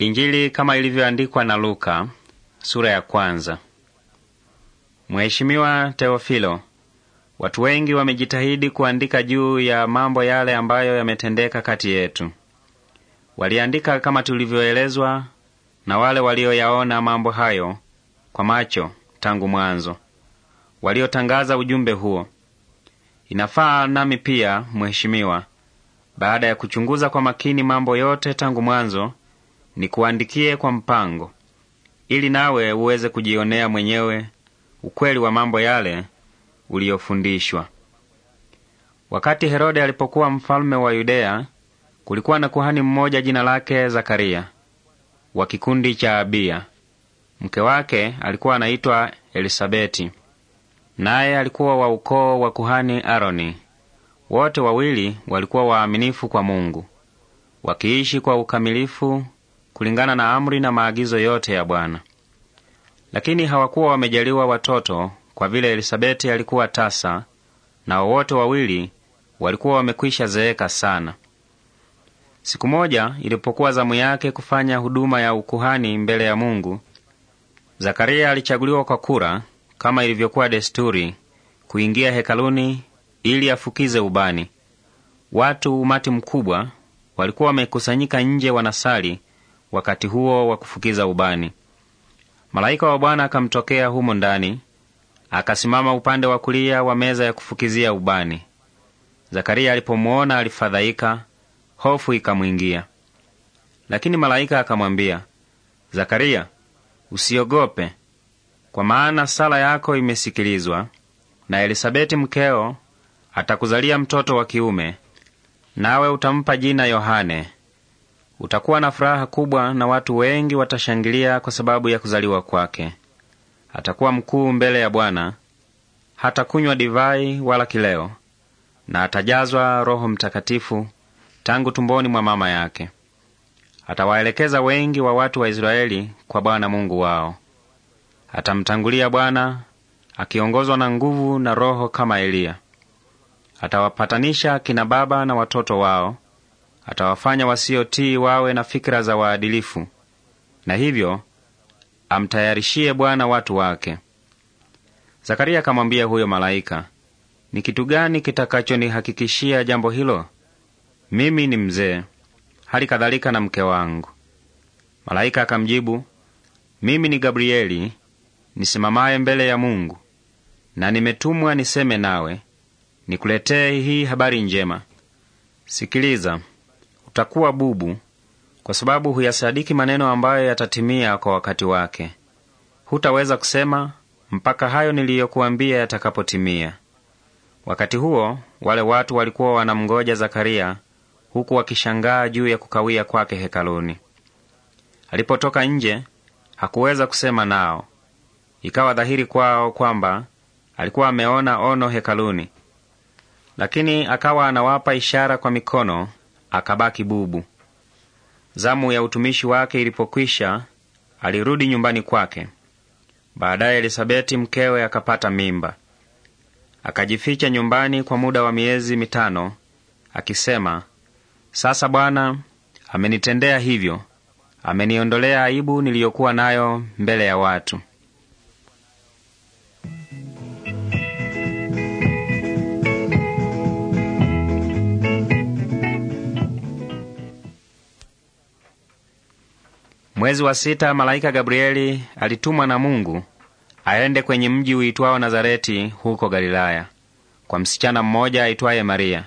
Injili kama ilivyoandikwa na Luka sura ya kwanza. Mheshimiwa Teofilo, watu wengi wamejitahidi kuandika juu ya mambo yale ambayo yametendeka kati yetu. Waliandika kama tulivyoelezwa na wale walioyaona mambo hayo kwa macho tangu mwanzo, waliotangaza ujumbe huo. Inafaa nami pia, mheshimiwa, baada ya kuchunguza kwa makini mambo yote tangu mwanzo nikuandikie kwa mpango, ili nawe uweze kujionea mwenyewe ukweli wa mambo yale uliyofundishwa. Wakati Herode alipokuwa mfalme wa Yudeya, kulikuwa na kuhani mmoja jina lake Zakaria wa kikundi cha Abiya. Mke wake alikuwa anaitwa Elisabeti, naye alikuwa wa ukoo wa kuhani Aroni. Wote wawili walikuwa waaminifu kwa Mungu, wakiishi kwa ukamilifu kulingana na amri na maagizo yote ya Bwana. Lakini hawakuwa wamejaliwa watoto, kwa vile Elisabeti alikuwa tasa, na wowote wawili walikuwa wamekwisha zeeka sana. Siku moja ilipokuwa zamu yake kufanya huduma ya ukuhani mbele ya Mungu, Zakaria alichaguliwa kwa kura, kama ilivyokuwa desturi, kuingia hekaluni ili afukize ubani. Watu umati mkubwa walikuwa wamekusanyika nje wanasali, wakati huo wa kufukiza ubani. Malaika wa Bwana akamtokea humo ndani, akasimama upande wa kulia wa meza ya kufukizia ubani. zakariya alipomuona alifadhaika, hofu ikamwingia. Lakini malaika akamwambia, zakariya usiogope, kwa maana sala yako imesikilizwa, na Elisabeti mkeo atakuzalia mtoto wa kiume, nawe utampa jina Yohane. Utakuwa na furaha kubwa na watu wengi watashangilia kwa sababu ya kuzaliwa kwake. Atakuwa mkuu mbele ya Bwana, hatakunywa divai wala kileo, na atajazwa Roho Mtakatifu tangu tumboni mwa mama yake. Atawaelekeza wengi wa watu wa Israeli kwa Bwana Mungu wao. Atamtangulia Bwana akiongozwa na nguvu na Roho kama Eliya. Atawapatanisha kina baba na watoto wao atawafanya wasiotii wawe na fikira za waadilifu, na hivyo amtayarishie Bwana watu wake. Zakaria akamwambia huyo malaika, ni kitu gani kitakachonihakikishia jambo hilo? Mimi ni mzee, hali kadhalika na mke wangu. Malaika akamjibu, mimi ni Gabrieli nisimamaye mbele ya Mungu, na nimetumwa niseme nawe nikuletee hii habari njema. Sikiliza, utakuwa bubu, kwa sababu huyasadiki maneno ambayo yatatimia kwa wakati wake. Hutaweza kusema mpaka hayo niliyokuambia yatakapotimia. Wakati huo wale watu walikuwa wanamngoja Zakaria huku wakishangaa juu ya kukawia kwake hekaluni. Alipotoka nje hakuweza kusema nao. Ikawa dhahiri kwao kwamba alikuwa ameona ono hekaluni, lakini akawa anawapa ishara kwa mikono akabaki bubu. Zamu ya utumishi wake ilipokwisha, alirudi nyumbani kwake. Baadaye Elisabeti mkewe akapata mimba, akajificha nyumbani kwa muda wa miezi mitano, akisema, sasa Bwana amenitendea hivyo, ameniondolea aibu niliyokuwa nayo mbele ya watu. Mwezi wa sita malaika Gabrieli alitumwa na Mungu aende kwenye mji uitwao Nazareti huko Galilaya, kwa msichana mmoja aitwaye Maria,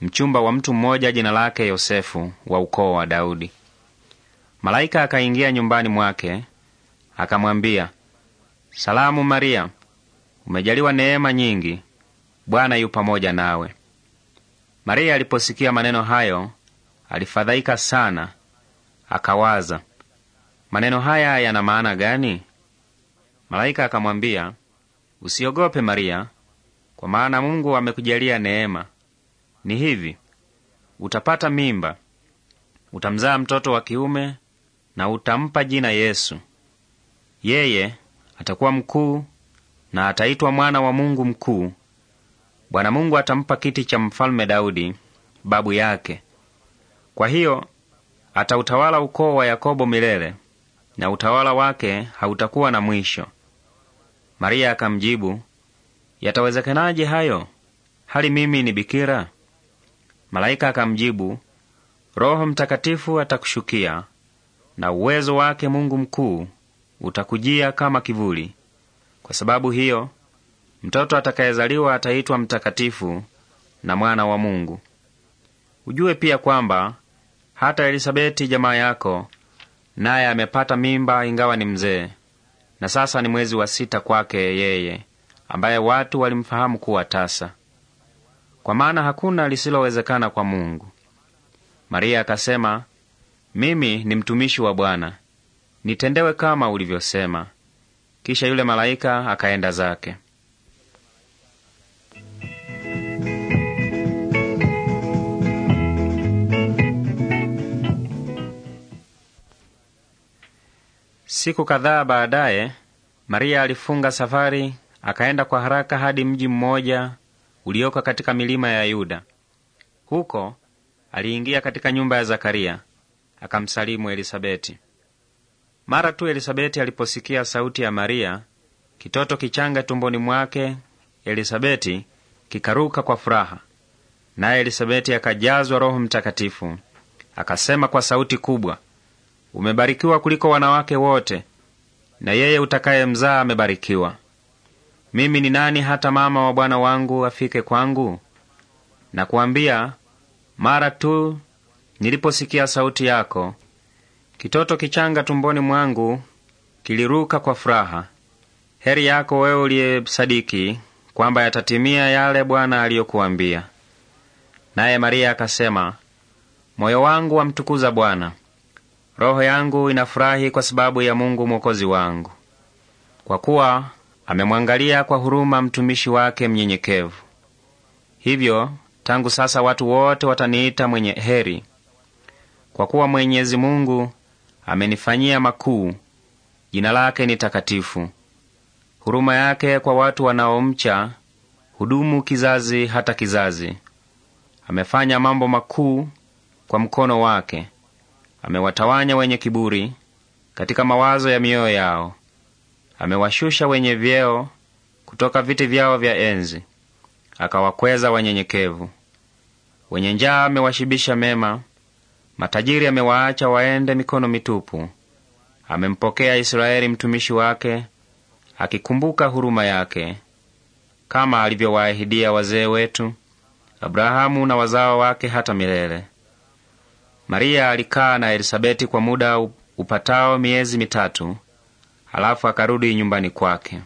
mchumba wa mtu mmoja jina lake Yosefu wa ukoo wa Daudi. Malaika akaingia nyumbani mwake akamwambia, salamu Maria, umejaliwa neema nyingi, Bwana yu pamoja nawe. Maria aliposikia maneno hayo alifadhaika sana, akawaza Maneno haya yana maana gani? Malaika akamwambia, usiogope Maria, kwa maana Mungu amekujalia neema. Ni hivi, utapata mimba, utamzaa mtoto wa kiume na utampa jina Yesu. Yeye atakuwa mkuu na ataitwa mwana wa Mungu Mkuu. Bwana Mungu atampa kiti cha mfalme Daudi babu yake, kwa hiyo atautawala ukoo wa Yakobo milele na utawala wake hautakuwa na mwisho. Maria akamjibu, yatawezekanaje hayo hali mimi ni bikira? Malaika akamjibu, Roho Mtakatifu atakushukia na uwezo wake Mungu mkuu utakujia kama kivuli. Kwa sababu hiyo, mtoto atakayezaliwa ataitwa mtakatifu na mwana wa Mungu. Ujue pia kwamba hata Elisabeti jamaa yako naye amepata mimba ingawa ni mzee, na sasa ni mwezi wa sita kwake yeye, ambaye watu walimfahamu kuwa tasa, kwa maana hakuna lisilowezekana kwa Mungu. Maria akasema, mimi ni mtumishi wa Bwana, nitendewe kama ulivyosema. Kisha yule malaika akaenda zake. Siku kadhaa baadaye, Maria alifunga safari akaenda kwa haraka hadi mji mmoja ulioko katika milima ya Yuda. Huko aliingia katika nyumba ya Zakaria akamsalimu Elisabeti. Mara tu Elisabeti aliposikia sauti ya Maria, kitoto kichanga tumboni mwake Elisabeti kikaruka kwa furaha, naye Elisabeti akajazwa Roho Mtakatifu akasema kwa sauti kubwa, Umebarikiwa kuliko wanawake wote, na yeye utakayemzaa amebarikiwa. Mimi ni nani hata mama wa Bwana wangu afike kwangu? Nakuambia, mara tu niliposikia sauti yako, kitoto kichanga tumboni mwangu kiliruka kwa furaha. Heri yako wewe uliyesadiki kwamba yatatimia yale Bwana aliyokuambia. Naye Maria akasema, moyo wangu wamtukuza Bwana, Roho yangu inafurahi kwa sababu ya Mungu mwokozi wangu, kwa kuwa amemwangalia kwa huruma mtumishi wake mnyenyekevu. Hivyo tangu sasa watu wote wataniita mwenye heri, kwa kuwa Mwenyezi Mungu amenifanyia makuu. Jina lake ni takatifu. Huruma yake kwa watu wanaomcha hudumu kizazi hata kizazi. Amefanya mambo makuu kwa mkono wake. Amewatawanya wenye kiburi katika mawazo ya mioyo yao, amewashusha wenye vyeo kutoka viti vyao vya enzi, akawakweza wanyenyekevu. Wenye njaa amewashibisha mema, matajiri amewaacha waende mikono mitupu. Amempokea Israeli mtumishi wake, akikumbuka huruma yake, kama alivyowaahidia wazee wetu Abrahamu na wazao wake hata milele. Maria alikaa na Elisabeti kwa muda upatao miezi mitatu, halafu akarudi nyumbani kwake.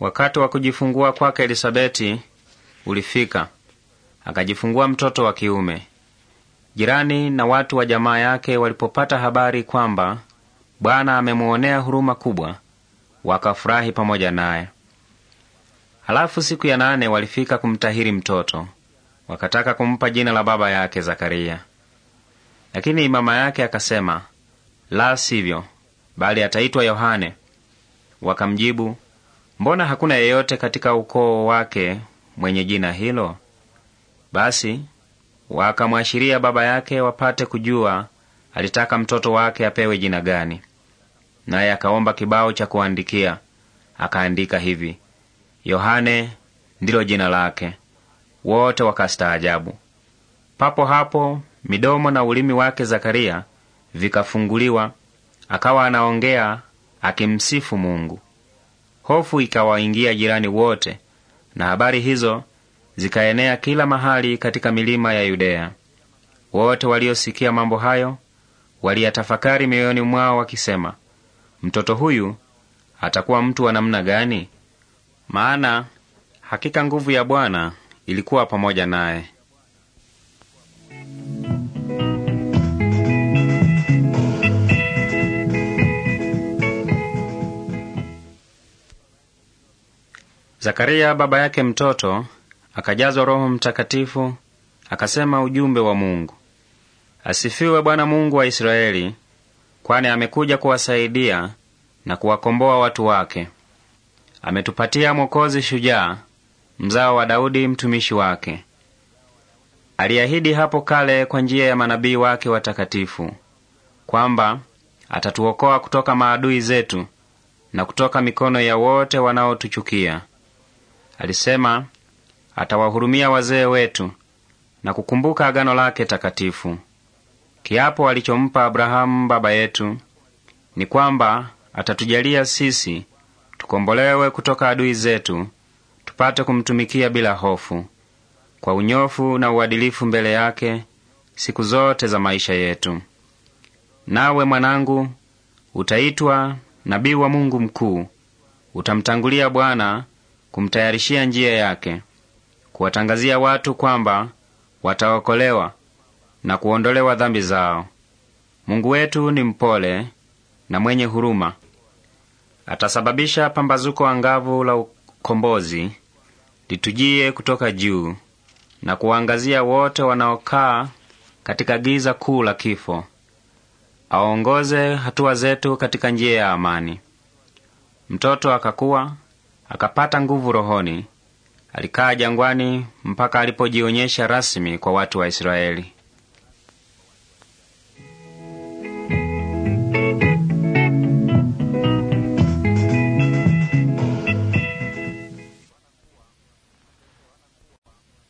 Wakati wa kujifungua kwake Elisabeti ulifika, akajifungua mtoto wa kiume. Jirani na watu wa jamaa yake walipopata habari kwamba Bwana amemuonea huruma kubwa, wakafurahi pamoja naye. Halafu siku ya nane walifika kumtahiri mtoto, wakataka kumpa jina la baba yake Zakaria, lakini mama yake akasema, la sivyo, bali ataitwa Yohane. Wakamjibu, mbona hakuna yeyote katika ukoo wake mwenye jina hilo? Basi wakamwashiria baba yake wapate kujua alitaka mtoto wake apewe jina gani naye akaomba kibao cha kuandikia, akaandika hivi: Yohane ndilo jina lake. Wote wakastaajabu. Papo hapo midomo na ulimi wake Zakaria vikafunguliwa, akawa anaongea akimsifu Mungu. Hofu ikawaingia jirani wote, na habari hizo zikaenea kila mahali katika milima ya Yudea. Wote waliosikia mambo hayo waliyatafakari mioyoni mwao wakisema, mtoto huyu atakuwa mtu wa namna gani? Maana hakika nguvu ya Bwana ilikuwa pamoja naye. Zakaria baba yake mtoto akajazwa Roho Mtakatifu, akasema ujumbe wa Mungu. Asifiwe Bwana Mungu wa Israeli, kwani amekuja kuwasaidia na kuwakomboa watu wake. Ametupatia mwokozi shujaa, mzao wa Daudi mtumishi wake. Aliahidi hapo kale kwa njia ya manabii wake watakatifu kwamba atatuokoa kutoka maadui zetu na kutoka mikono ya wote wanaotuchukia. Alisema atawahurumia wazee wetu na kukumbuka agano lake takatifu. Kiapo alichompa Abrahamu baba yetu ni kwamba atatujalia sisi tukombolewe kutoka adui zetu, tupate kumtumikia bila hofu, kwa unyofu na uadilifu mbele yake siku zote za maisha yetu. Nawe mwanangu, utaitwa nabii wa Mungu mkuu. Utamtangulia Bwana kumtayarishia njia yake, kuwatangazia watu kwamba wataokolewa na kuondolewa dhambi zao. Mungu wetu ni mpole na mwenye huruma, atasababisha pambazuko angavu la ukombozi litujie kutoka juu na kuwaangazia wote wanaokaa katika giza kuu la kifo. Aongoze hatua zetu katika njia ya amani. Mtoto akakuwa akapata nguvu rohoni, alikaa jangwani mpaka alipojionyesha rasmi kwa watu wa Israeli.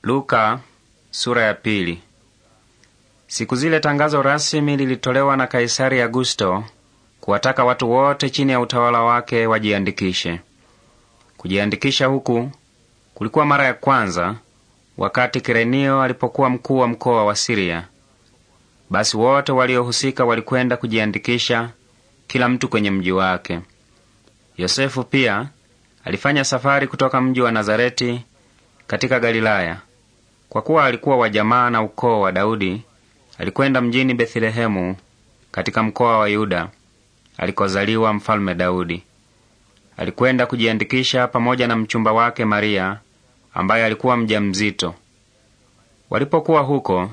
Luka, sura ya pili. Siku zile tangazo rasmi lilitolewa na Kaisari Augusto kuwataka watu wote chini ya utawala wake wajiandikishe. Kujiandikisha huku kulikuwa mara ya kwanza wakati Kirenio alipokuwa mkuu wa mkoa wa Siria. Basi wote waliohusika walikwenda kujiandikisha, kila mtu kwenye mji wake. Yosefu pia alifanya safari kutoka mji wa Nazareti katika Galilaya kwa kuwa alikuwa wa jamaa na ukoo wa Daudi, alikwenda mjini Bethlehemu katika mkoa wa Yuda alikozaliwa mfalme Daudi. Alikwenda kujiandikisha pamoja na mchumba wake Maria ambaye alikuwa mjamzito. Walipokuwa huko,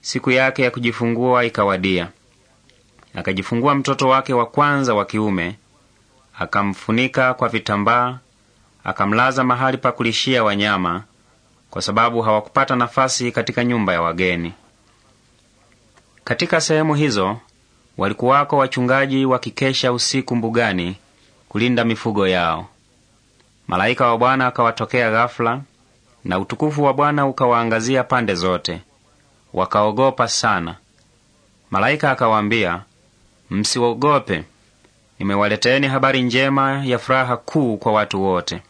siku yake ya kujifungua ikawadia. Akajifungua mtoto wake wa kwanza wa kiume, akamfunika kwa vitambaa, akamlaza mahali pa kulishia wanyama kwa sababu hawakupata nafasi katika nyumba ya wageni. Katika sehemu hizo walikuwako wachungaji wakikesha usiku mbugani kulinda mifugo yao. Malaika wa Bwana akawatokea ghafula, na utukufu wa Bwana ukawaangazia pande zote, wakaogopa sana. Malaika akawaambia, msiogope, nimewaleteeni habari njema ya furaha kuu kwa watu wote,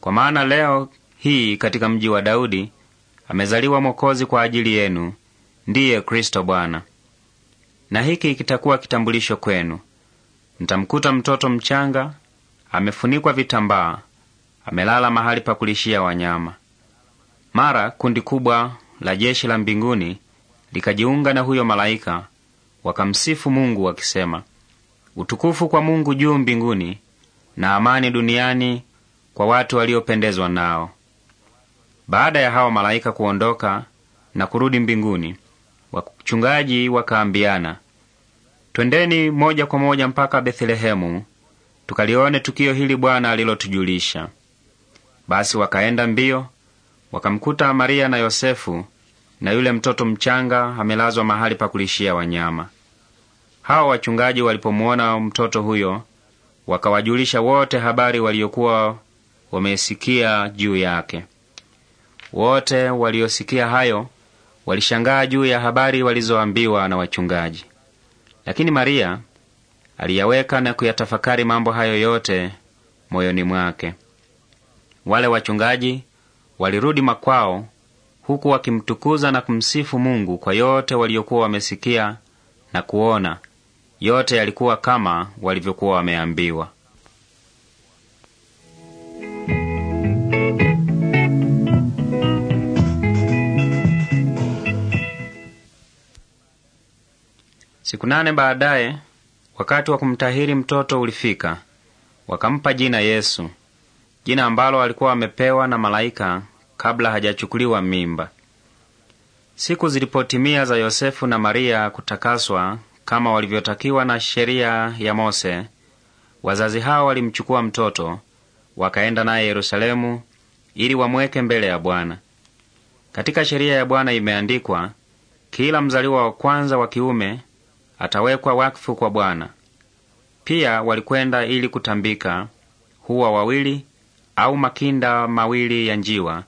kwa maana leo hii katika mji wa Daudi amezaliwa Mwokozi kwa ajili yenu, ndiye Kristo Bwana. Na hiki kitakuwa kitambulisho kwenu: mtamkuta mtoto mchanga amefunikwa vitambaa, amelala mahali pa kulishia wanyama. Mara kundi kubwa la jeshi la mbinguni likajiunga na huyo malaika, wakamsifu Mungu wakisema, utukufu kwa Mungu juu mbinguni na amani duniani kwa watu waliopendezwa nao. Baada ya hao malaika kuondoka na kurudi mbinguni, wachungaji wakaambiana, twendeni moja kwa moja mpaka Bethlehemu tukalione tukio hili Bwana alilotujulisha. Basi wakaenda mbio, wakamkuta Maria na Yosefu na yule mtoto mchanga amelazwa mahali pa kulishia wanyama. Hawa wachungaji walipomwona mtoto huyo, wakawajulisha wote habari waliokuwa wamesikia juu yake. Wote waliosikia hayo walishangaa juu ya habari walizoambiwa na wachungaji, lakini Maria aliyaweka na kuyatafakari mambo hayo yote moyoni mwake. Wale wachungaji walirudi makwao huku wakimtukuza na kumsifu Mungu kwa yote waliokuwa wamesikia na kuona. Yote yalikuwa kama walivyokuwa wameambiwa. Siku nane baadaye, wakati wa kumtahiri mtoto ulifika, wakampa jina Yesu, jina ambalo alikuwa amepewa na malaika kabla hajachukuliwa mimba. Siku zilipotimia za Yosefu na Maria kutakaswa kama walivyotakiwa na sheria ya Mose, wazazi hao walimchukua mtoto wakaenda naye Yerusalemu ili wamweke mbele ya Bwana. Katika sheria ya Bwana imeandikwa, kila mzaliwa wa kwanza wa kiume atawekwa wakfu kwa Bwana. Pia walikwenda ili kutambika huwa wawili au makinda mawili ya njiwa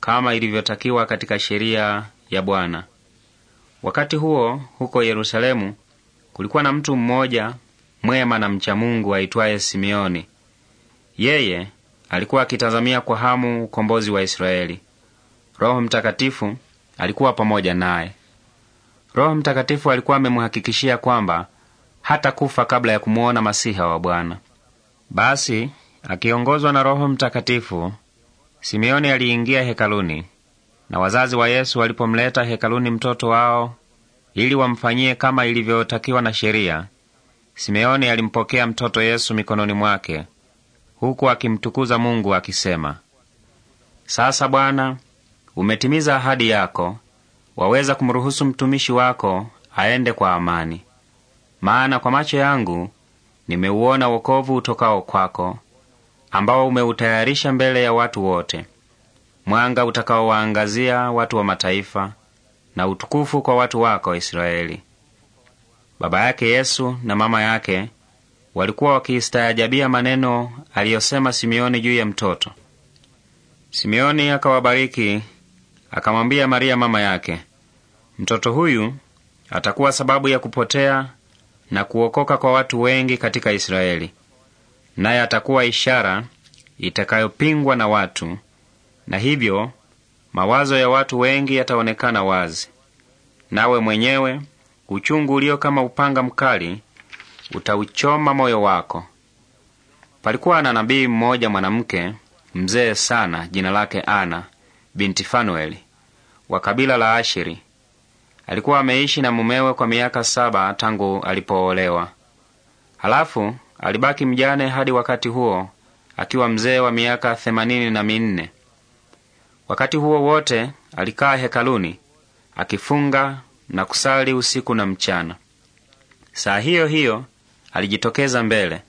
kama ilivyotakiwa katika sheria ya Bwana. Wakati huo huko Yerusalemu kulikuwa na mtu mmoja mwema na mcha Mungu aitwaye Simeoni. Yeye alikuwa akitazamia kwa hamu ukombozi wa Israeli. Roho Mtakatifu alikuwa pamoja naye. Roho Mtakatifu alikuwa amemhakikishia kwamba hata kufa kabla ya kumwona masiha wa Bwana. Basi akiongozwa na Roho Mtakatifu, Simeoni aliingia hekaluni, na wazazi wa Yesu walipomleta hekaluni mtoto wao ili wamfanyie kama ilivyotakiwa na sheria, Simeoni alimpokea mtoto Yesu mikononi mwake huku akimtukuza Mungu akisema, sasa Bwana, umetimiza ahadi yako waweza kumruhusu mtumishi wako aende kwa amani. Maana kwa macho yangu nimeuona wokovu utokao kwako, ambao umeutayarisha mbele ya watu wote, mwanga utakaowaangazia watu wa mataifa na utukufu kwa watu wako Israeli. Baba yake Yesu na mama yake walikuwa wakiistaajabia maneno aliyosema Simeoni juu ya mtoto. Simeoni akawabariki akamwambia Maria mama yake, Mtoto huyu atakuwa sababu ya kupotea na kuokoka kwa watu wengi katika Israeli, naye atakuwa ishara itakayopingwa na watu, na hivyo mawazo ya watu wengi yataonekana wazi. Nawe mwenyewe uchungu ulio kama upanga mkali utauchoma moyo wako. Palikuwa na nabii mmoja mwanamke mzee sana, jina lake Ana binti Fanueli wa kabila la ashiri Alikuwa ameishi na mumewe kwa miaka saba tangu alipoolewa. Halafu alibaki mjane hadi wakati huo akiwa mzee wa miaka themanini na minne. Wakati huo wote alikaa hekaluni akifunga na kusali usiku na mchana. Saa hiyo hiyo alijitokeza mbele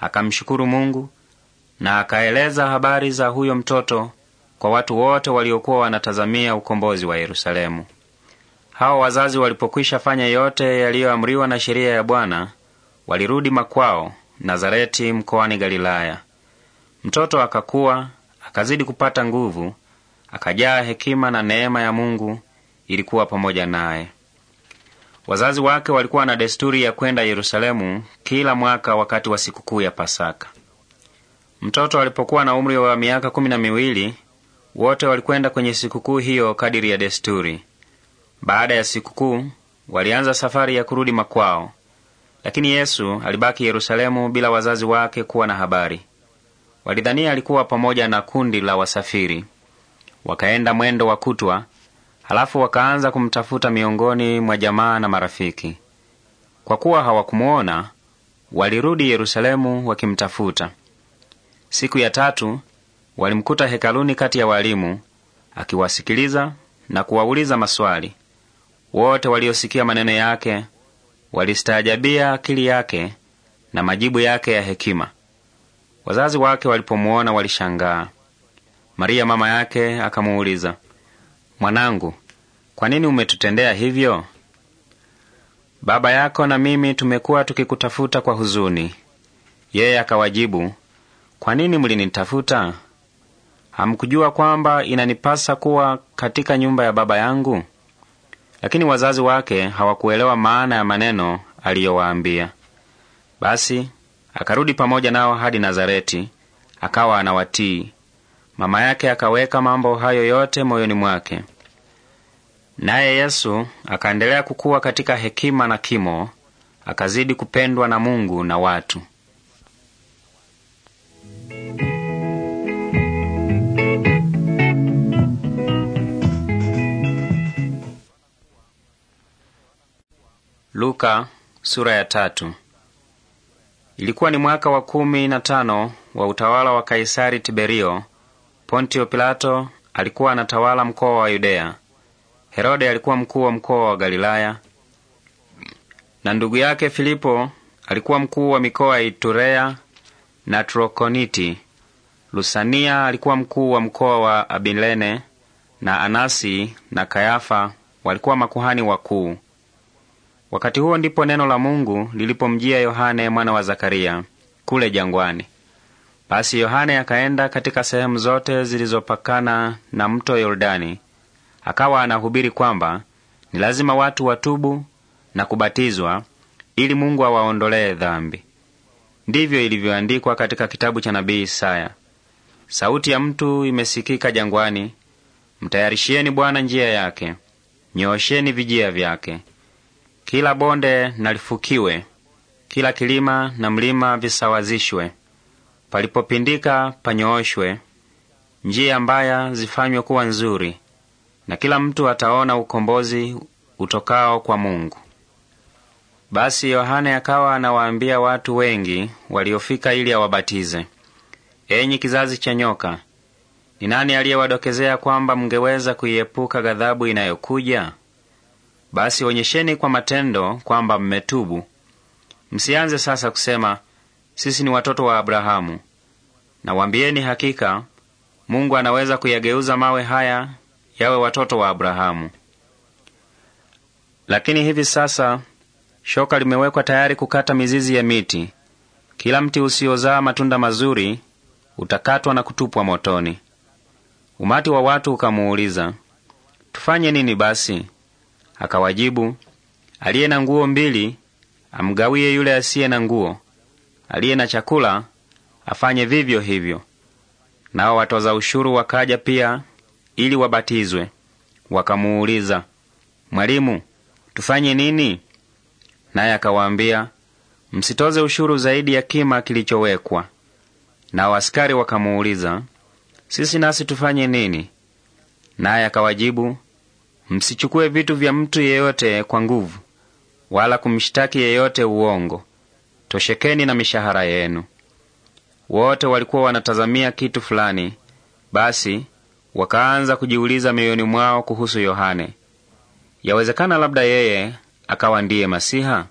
akamshukuru Mungu na akaeleza habari za huyo mtoto kwa watu wote waliokuwa wanatazamia ukombozi wa Yerusalemu. Hao wazazi walipokwisha fanya yote yaliyoamriwa na sheria ya Bwana, walirudi makwao Nazareti mkoani Galilaya. Mtoto akakuwa, akazidi kupata nguvu, akajaa hekima na neema ya Mungu ilikuwa pamoja naye. Wazazi wake walikuwa na desturi ya kwenda Yerusalemu kila mwaka wakati wa sikukuu ya Pasaka. Mtoto alipokuwa na umri wa miaka kumi na miwili, wote walikwenda kwenye sikukuu hiyo kadiri ya desturi. Baada ya sikukuu walianza safari ya kurudi makwao, lakini Yesu alibaki Yerusalemu bila wazazi wake kuwa na habari. Walidhania alikuwa pamoja na kundi la wasafiri. Wakaenda mwendo wa kutwa, halafu wakaanza kumtafuta miongoni mwa jamaa na marafiki. Kwa kuwa hawakumuona, walirudi Yerusalemu wakimtafuta. Siku ya tatu walimkuta hekaluni kati ya walimu, akiwasikiliza na kuwauliza maswali. Wote waliosikia maneno yake walistaajabia akili yake na majibu yake ya hekima. Wazazi wake walipomuona walishangaa. Maria mama yake akamuuliza, mwanangu, kwa nini umetutendea hivyo? Baba yako na mimi tumekuwa tukikutafuta kwa huzuni. Yeye akawajibu, kwa nini mlinitafuta? Hamkujua kwamba inanipasa kuwa katika nyumba ya baba yangu? lakini wazazi wake hawakuelewa maana ya maneno aliyowaambia. Basi akarudi pamoja nao hadi Nazareti, akawa anawatii. Mama yake akaweka mambo hayo yote moyoni mwake. Naye Yesu akaendelea kukua katika hekima na kimo, akazidi kupendwa na Mungu na watu. Luka, sura ya tatu. Ilikuwa ni mwaka wa kumi na tano wa utawala wa Kaisari Tiberio. Pontio Pilato alikuwa anatawala mkoa wa Yudea. Herode alikuwa mkuu wa mkoa wa Galilaya, na ndugu yake Filipo alikuwa mkuu wa mikoa ya Iturea na Trokoniti. Lusania alikuwa mkuu wa mkoa wa Abilene, na Anasi na Kayafa walikuwa makuhani wakuu. Wakati huo ndipo neno la Mungu lilipomjia Yohane mwana wa zakariya kule jangwani. Basi Yohane akaenda katika sehemu zote zilizopakana na mto Yordani, akawa anahubiri kwamba ni lazima watu watubu na kubatizwa ili Mungu awaondolee dhambi. Ndivyo ilivyoandikwa katika kitabu cha nabii Isaya: sauti ya mtu imesikika jangwani, mtayarishieni Bwana njia yake, nyoosheni vijia vyake. Kila bonde nalifukiwe kila kilima na mlima visawazishwe, palipopindika panyooshwe, njia mbaya zifanywe kuwa nzuri, na kila mtu ataona ukombozi utokao kwa Mungu. Basi Yohane akawa anawaambia watu wengi waliofika ili awabatize, enyi kizazi cha nyoka, ni nani aliyewadokezea kwamba mngeweza kuiepuka ghadhabu inayokuja? Basi onyesheni kwa matendo kwamba mmetubu. Msianze sasa kusema sisi ni watoto wa Abrahamu. Na hakika Mungu anaweza kuyageuza mawe haya yawe watoto wa Abrahamu. Lakini hivi sasa shoka limewekwa tayari kukata mizizi ya miti. Kila mti usiozaa matunda mazuri utakatwa na kutupwa motoni. Umati wa watu ukamuuliza, tufanye nini basi? Akawajibu, aliye na nguo mbili amgawie yule asiye na nguo, aliye na chakula afanye vivyo hivyo. Nao watoza ushuru wakaja pia ili wabatizwe. Wakamuuliza, Mwalimu, tufanye nini? Naye akawaambia, msitoze ushuru zaidi ya kima kilichowekwa. Nao askari wakamuuliza, sisi nasi tufanye nini? Naye akawajibu, Msichukue vitu vya mtu yeyote kwa nguvu, wala kumshtaki yeyote uongo. Toshekeni na mishahara yenu. Wote walikuwa wanatazamia kitu fulani, basi wakaanza kujiuliza mioyoni mwao kuhusu Yohane, yawezekana labda yeye akawa ndiye Masiha.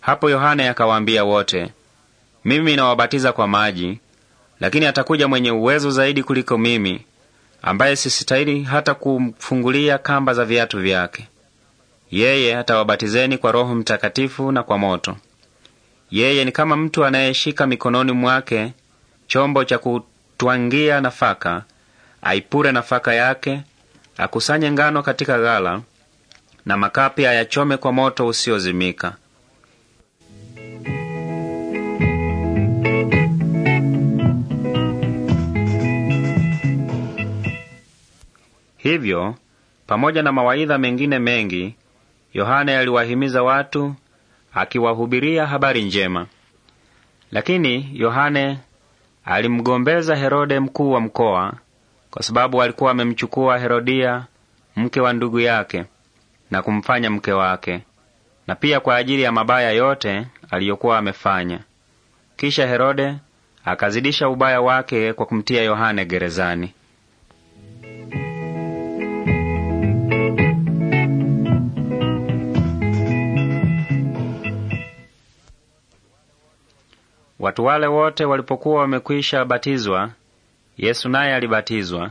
Hapo Yohane akawaambia wote, mimi nawabatiza kwa maji, lakini atakuja mwenye uwezo zaidi kuliko mimi ambaye sisitahili hata kumfungulia kamba za viatu vyake. Yeye atawabatizeni kwa Roho Mtakatifu na kwa moto. Yeye ni kama mtu anayeshika mikononi mwake chombo cha kutwangia nafaka, aipure nafaka yake, akusanye ngano katika ghala, na makapi ayachome kwa moto usiozimika. Hivyo, pamoja na mawaidha mengine mengi, Yohane aliwahimiza watu akiwahubiria habari njema. Lakini Yohane alimgombeza Herode mkuu wa mkoa, kwa sababu alikuwa amemchukua Herodia mke wa ndugu yake na kumfanya mke wake, na pia kwa ajili ya mabaya yote aliyokuwa amefanya. Kisha Herode akazidisha ubaya wake kwa kumtia Yohane gerezani. Watu wale wote walipokuwa wamekwisha batizwa, Yesu naye alibatizwa,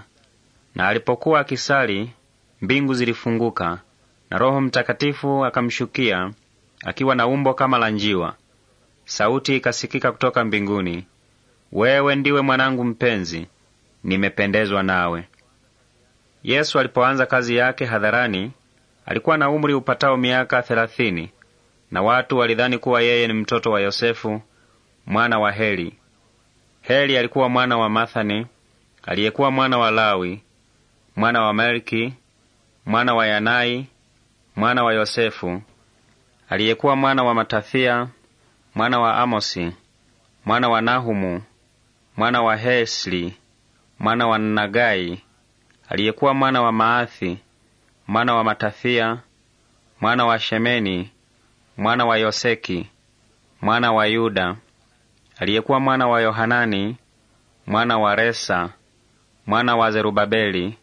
na alipokuwa akisali, mbingu zilifunguka na Roho Mtakatifu akamshukia akiwa na umbo kama la njiwa. Sauti ikasikika kutoka mbinguni, wewe ndiwe mwanangu mpenzi, nimependezwa nawe. Yesu alipoanza kazi yake hadharani alikuwa na umri upatao miaka thelathini, na watu walidhani kuwa yeye ni mtoto wa Yosefu mwana wa Heli. Heli alikuwa mwana wa Mathani, aliyekuwa mwana wa Lawi, mwana wa Melki, mwana wa Yanai, mwana wa Yosefu, aliyekuwa mwana wa Matathia, mwana wa Amosi, mwana wa Nahumu, mwana wa Hesli, mwana wa Nagai, aliyekuwa mwana wa Maathi, mwana wa Matathia, mwana wa Shemeni, mwana wa Yoseki, mwana wa Yuda, aliyekuwa mwana wa Yohanani, mwana wa Resa, mwana wa Zerubabeli,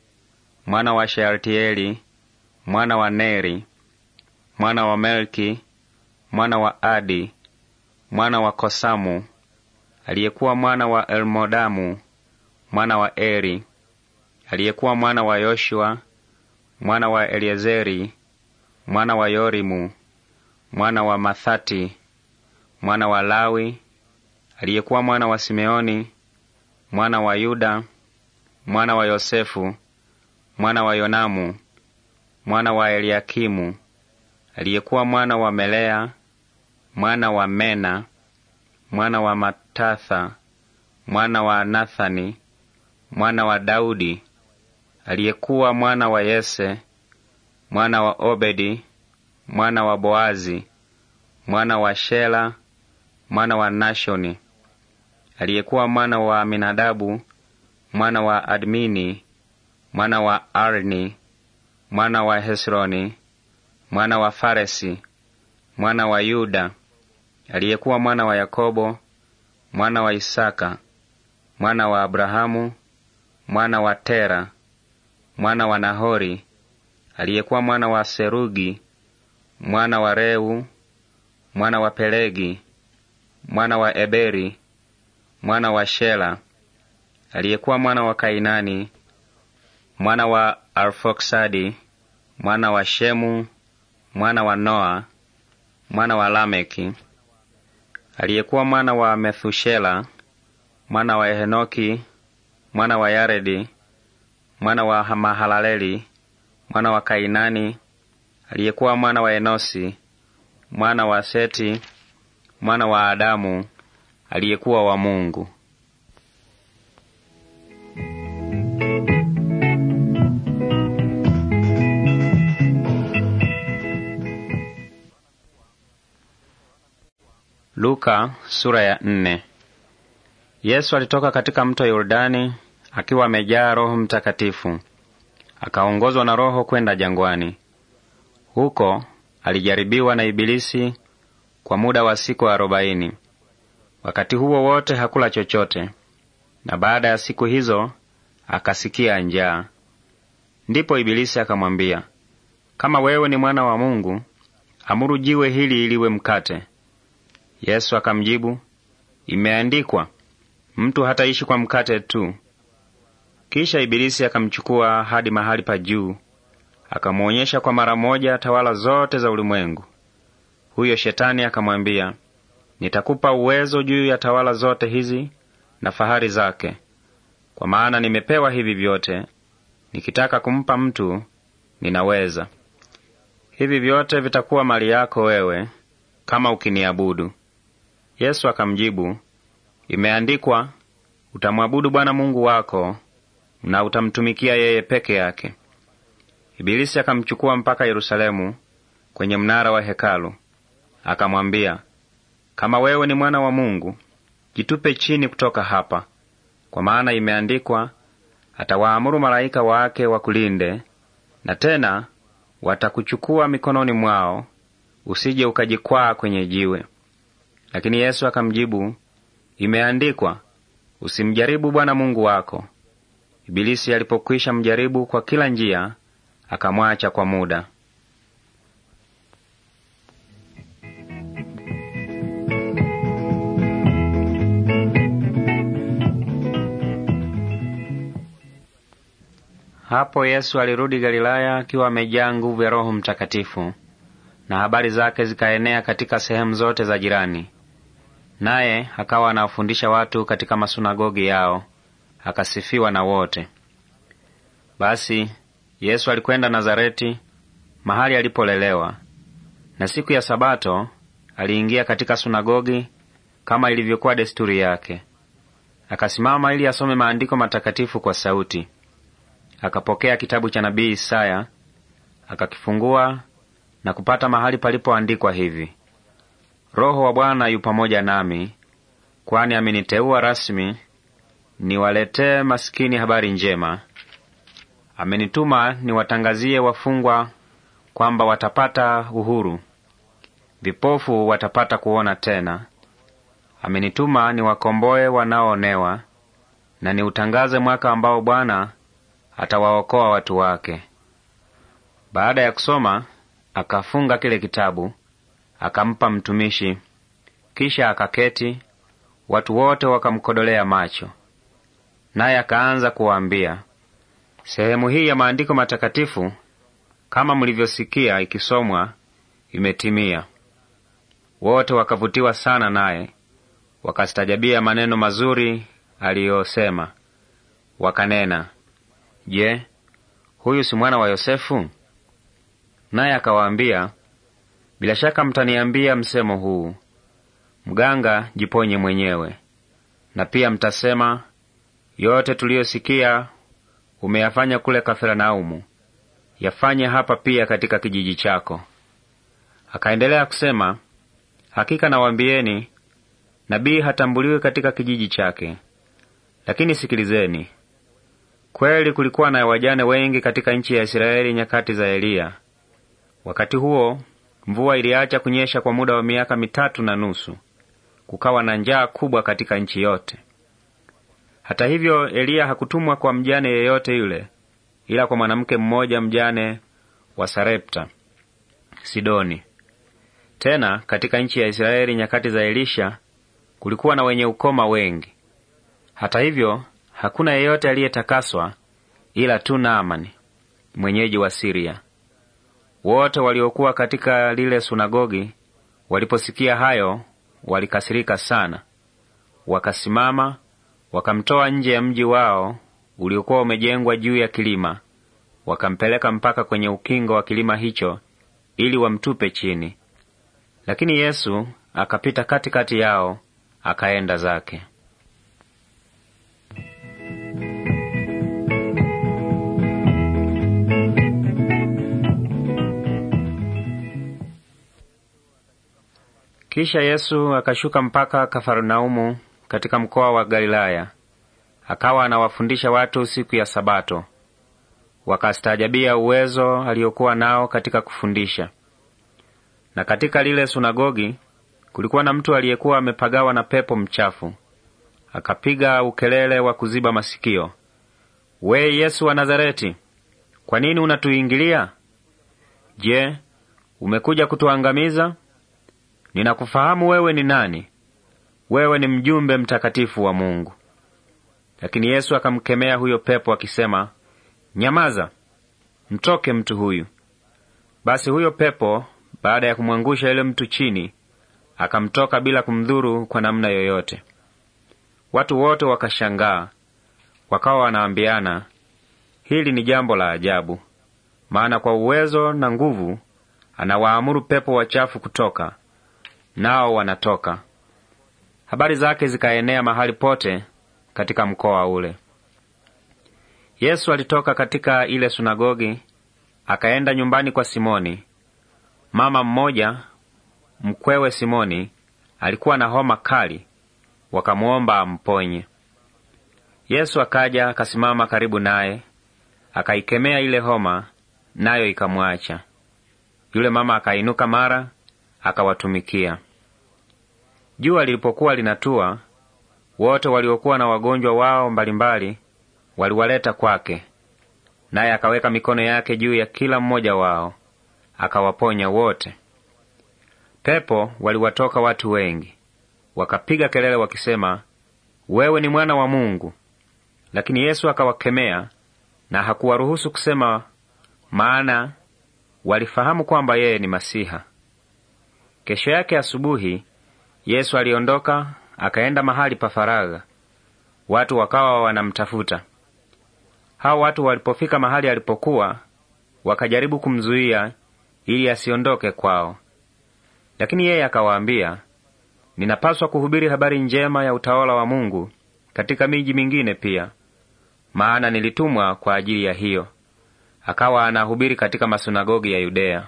mwana wa Shealtieli, mwana wa Neri, mwana wa Melki, mwana wa Adi, mwana wa Kosamu, aliyekuwa mwana wa Elmodamu, mwana wa Eri, aliyekuwa mwana wa Yoshua, mwana wa Eliezeri, mwana wa Yorimu, mwana wa Mathati, mwana wa Lawi, aliyekuwa mwana wa Simeoni, mwana wa Yuda, mwana wa Yosefu, mwana wa Yonamu, mwana wa Eliakimu, aliyekuwa mwana wa Melea, mwana wa Mena, mwana wa Matatha, mwana wa Nathani, mwana wa Daudi, aliyekuwa mwana wa Yese, mwana wa Obedi, mwana wa Boazi, mwana wa Shela, mwana wa Nashoni, aliyekuwa mwana wa Aminadabu, mwana wa Admini, mwana wa Arni, mwana wa Hesroni, mwana wa Faresi, mwana wa Yuda, aliyekuwa mwana wa Yakobo, mwana wa Isaka, mwana wa Abrahamu, mwana wa Tera, mwana wa Nahori, aliyekuwa mwana wa Serugi, mwana wa Reu, mwana wa Pelegi, mwana wa Eberi, mwana wa Shela aliyekuwa mwana wa Kainani mwana wa arfoksadi mwana wa Shemu mwana wa Noa mwana wa Lameki aliyekuwa mwana wa Methushela mwana wa Henoki mwana wa Yaredi mwana wa Mahalaleli mwana wa Kainani aliyekuwa mwana wa Enosi mwana wa Seti mwana wa Adamu aliyekuwa wa Mungu. Luka sura ya nne. Yesu alitoka katika mto Yordani akiwa amejaa Roho Mtakatifu, akaongozwa na Roho kwenda jangwani. Huko alijaribiwa na Ibilisi kwa muda wa siku arobaini. Wakati huo wote hakula chochote, na baada ya siku hizo akasikia njaa. Ndipo Ibilisi akamwambia, kama wewe ni mwana wa Mungu, amuru jiwe hili iliwe mkate. Yesu akamjibu, imeandikwa, mtu hataishi kwa mkate tu. Kisha Ibilisi akamchukua hadi mahali pa juu, akamwonyesha kwa mara moja tawala zote za ulimwengu. Huyo Shetani akamwambia, Nitakupa uwezo juu ya tawala zote hizi na fahari zake, kwa maana nimepewa hivi vyote. Nikitaka kumpa mtu, ninaweza. Hivi vyote vitakuwa mali yako wewe, kama ukiniabudu. Yesu akamjibu, imeandikwa, utamwabudu Bwana Mungu wako na utamtumikia yeye peke yake. Ibilisi akamchukua mpaka Yerusalemu kwenye mnara wa hekalu, akamwambia kama wewe ni mwana wa Mungu, jitupe chini kutoka hapa, kwa maana imeandikwa, atawaamuru malaika wake wakulinde, na tena watakuchukua mikononi mwao, usije ukajikwaa kwenye jiwe. Lakini Yesu akamjibu, imeandikwa, usimjaribu Bwana Mungu wako. Ibilisi alipokwisha mjaribu kwa kila njia, akamwacha kwa muda. Hapo Yesu alirudi Galilaya akiwa amejaa nguvu ya Roho Mtakatifu, na habari zake zikaenea katika sehemu zote za jirani. Naye akawa anawafundisha watu katika masunagogi yao, akasifiwa na wote. Basi Yesu alikwenda Nazareti, mahali alipolelewa, na siku ya Sabato aliingia katika sunagogi kama ilivyokuwa desturi yake. Akasimama ili asome maandiko matakatifu kwa sauti akapokea kitabu cha nabii Isaya akakifungua na kupata mahali palipoandikwa hivi: Roho wa Bwana yu pamoja nami, kwani ameniteua rasmi niwaletee masikini habari njema. Amenituma niwatangazie wafungwa kwamba watapata uhuru, vipofu watapata kuona tena. Amenituma niwakomboe wanaoonewa, na niutangaze mwaka ambao Bwana atawaokoa watu wake. Baada ya kusoma, akafunga kile kitabu, akampa mtumishi, kisha akaketi. Watu wote wakamkodolea macho, naye akaanza kuwaambia, sehemu hii ya maandiko matakatifu kama mlivyosikia ikisomwa imetimia. Wote wakavutiwa sana naye, wakastajabia maneno mazuri aliyosema, wakanena Je, huyu si mwana wa Yosefu? Naye akawaambia, bila shaka mtaniambia msemo huu, mganga jiponye mwenyewe, na pia mtasema, yote tuliyosikia umeyafanya kule Kafarnaumu, yafanye hapa pia katika kijiji chako. Akaendelea kusema, hakika nawaambieni, nabii hatambuliwi katika kijiji chake. Lakini sikilizeni, Kweli kulikuwa na wajane wengi katika nchi ya Israeli nyakati za Eliya. Wakati huo mvua iliacha kunyesha kwa muda wa miaka mitatu na nusu. Kukawa na njaa kubwa katika nchi yote. Hata hivyo, Eliya hakutumwa kwa mjane yeyote yule, ila kwa mwanamke mmoja mjane wa Sarepta, Sidoni. Tena katika nchi ya Israeli nyakati za Elisha kulikuwa na wenye ukoma wengi. Hata hivyo Hakuna yeyote aliyetakaswa ila tu Naamani mwenyeji wa Siria. Wote waliokuwa katika lile sunagogi waliposikia hayo walikasirika sana, wakasimama wakamtoa nje ya mji wao uliokuwa umejengwa juu ya kilima, wakampeleka mpaka kwenye ukingo wa kilima hicho ili wamtupe chini. Lakini Yesu akapita katikati yao akaenda zake. Kisha Yesu akashuka mpaka Kafarnaumu katika mkoa wa Galilaya, akawa anawafundisha watu siku ya Sabato. Wakastaajabia uwezo aliokuwa nao katika kufundisha. Na katika lile sunagogi kulikuwa na mtu aliyekuwa amepagawa na pepo mchafu, akapiga ukelele wa kuziba masikio, "We Yesu wa Nazareti, kwa nini unatuingilia? Je, umekuja kutuangamiza?" ninakufahamu wewe ni nani, wewe ni mjumbe mtakatifu wa Mungu. Lakini Yesu akamkemea huyo pepo akisema, Nyamaza, mtoke mtu huyu. Basi huyo pepo baada ya kumwangusha yule mtu chini, akamtoka bila kumdhuru kwa namna yoyote. Watu wote wakashangaa, wakawa wanaambiana, hili ni jambo la ajabu, maana kwa uwezo na nguvu anawaamuru pepo wachafu kutoka, nao wanatoka. Habari zake zikaenea mahali pote katika mkoa ule. Yesu alitoka katika ile sunagogi akaenda nyumbani kwa Simoni. Mama mmoja mkwewe Simoni alikuwa na homa kali, wakamwomba amponye. Yesu akaja akasimama karibu naye, akaikemea ile homa, nayo ikamwacha. Yule mama akainuka mara akawatumikia. Jua lilipokuwa linatua, wote waliokuwa na wagonjwa wao mbalimbali waliwaleta kwake, naye akaweka mikono yake juu ya kila mmoja wao akawaponya wote. Pepo waliwatoka watu wengi, wakapiga kelele wakisema, wewe ni mwana wa Mungu. Lakini Yesu akawakemea na hakuwaruhusu kusema, maana walifahamu kwamba yeye ni Masiha. Kesho yake asubuhi Yesu aliondoka akaenda mahali pa faragha, watu wakawa wanamtafuta. Hao watu walipofika mahali alipokuwa, wakajaribu kumzuia ili asiondoke kwao, lakini yeye akawaambia, ninapaswa kuhubiri habari njema ya utawala wa Mungu katika miji mingine pia, maana nilitumwa kwa ajili ya hiyo. Akawa anahubiri katika masunagogi ya Yudeya.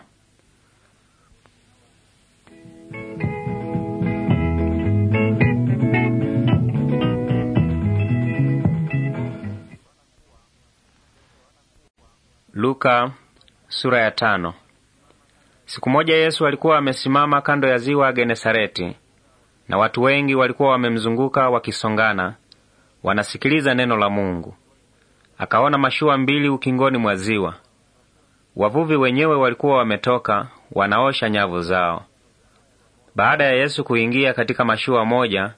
Luka, sura ya tano. Siku moja Yesu alikuwa amesimama kando ya ziwa Genesareti, na watu wengi walikuwa wamemzunguka wakisongana, wanasikiliza neno la Mungu. Akaona mashua mbili ukingoni mwa ziwa. Wavuvi wenyewe walikuwa wametoka, wanaosha nyavu zao. Baada ya Yesu kuingia katika mashua moja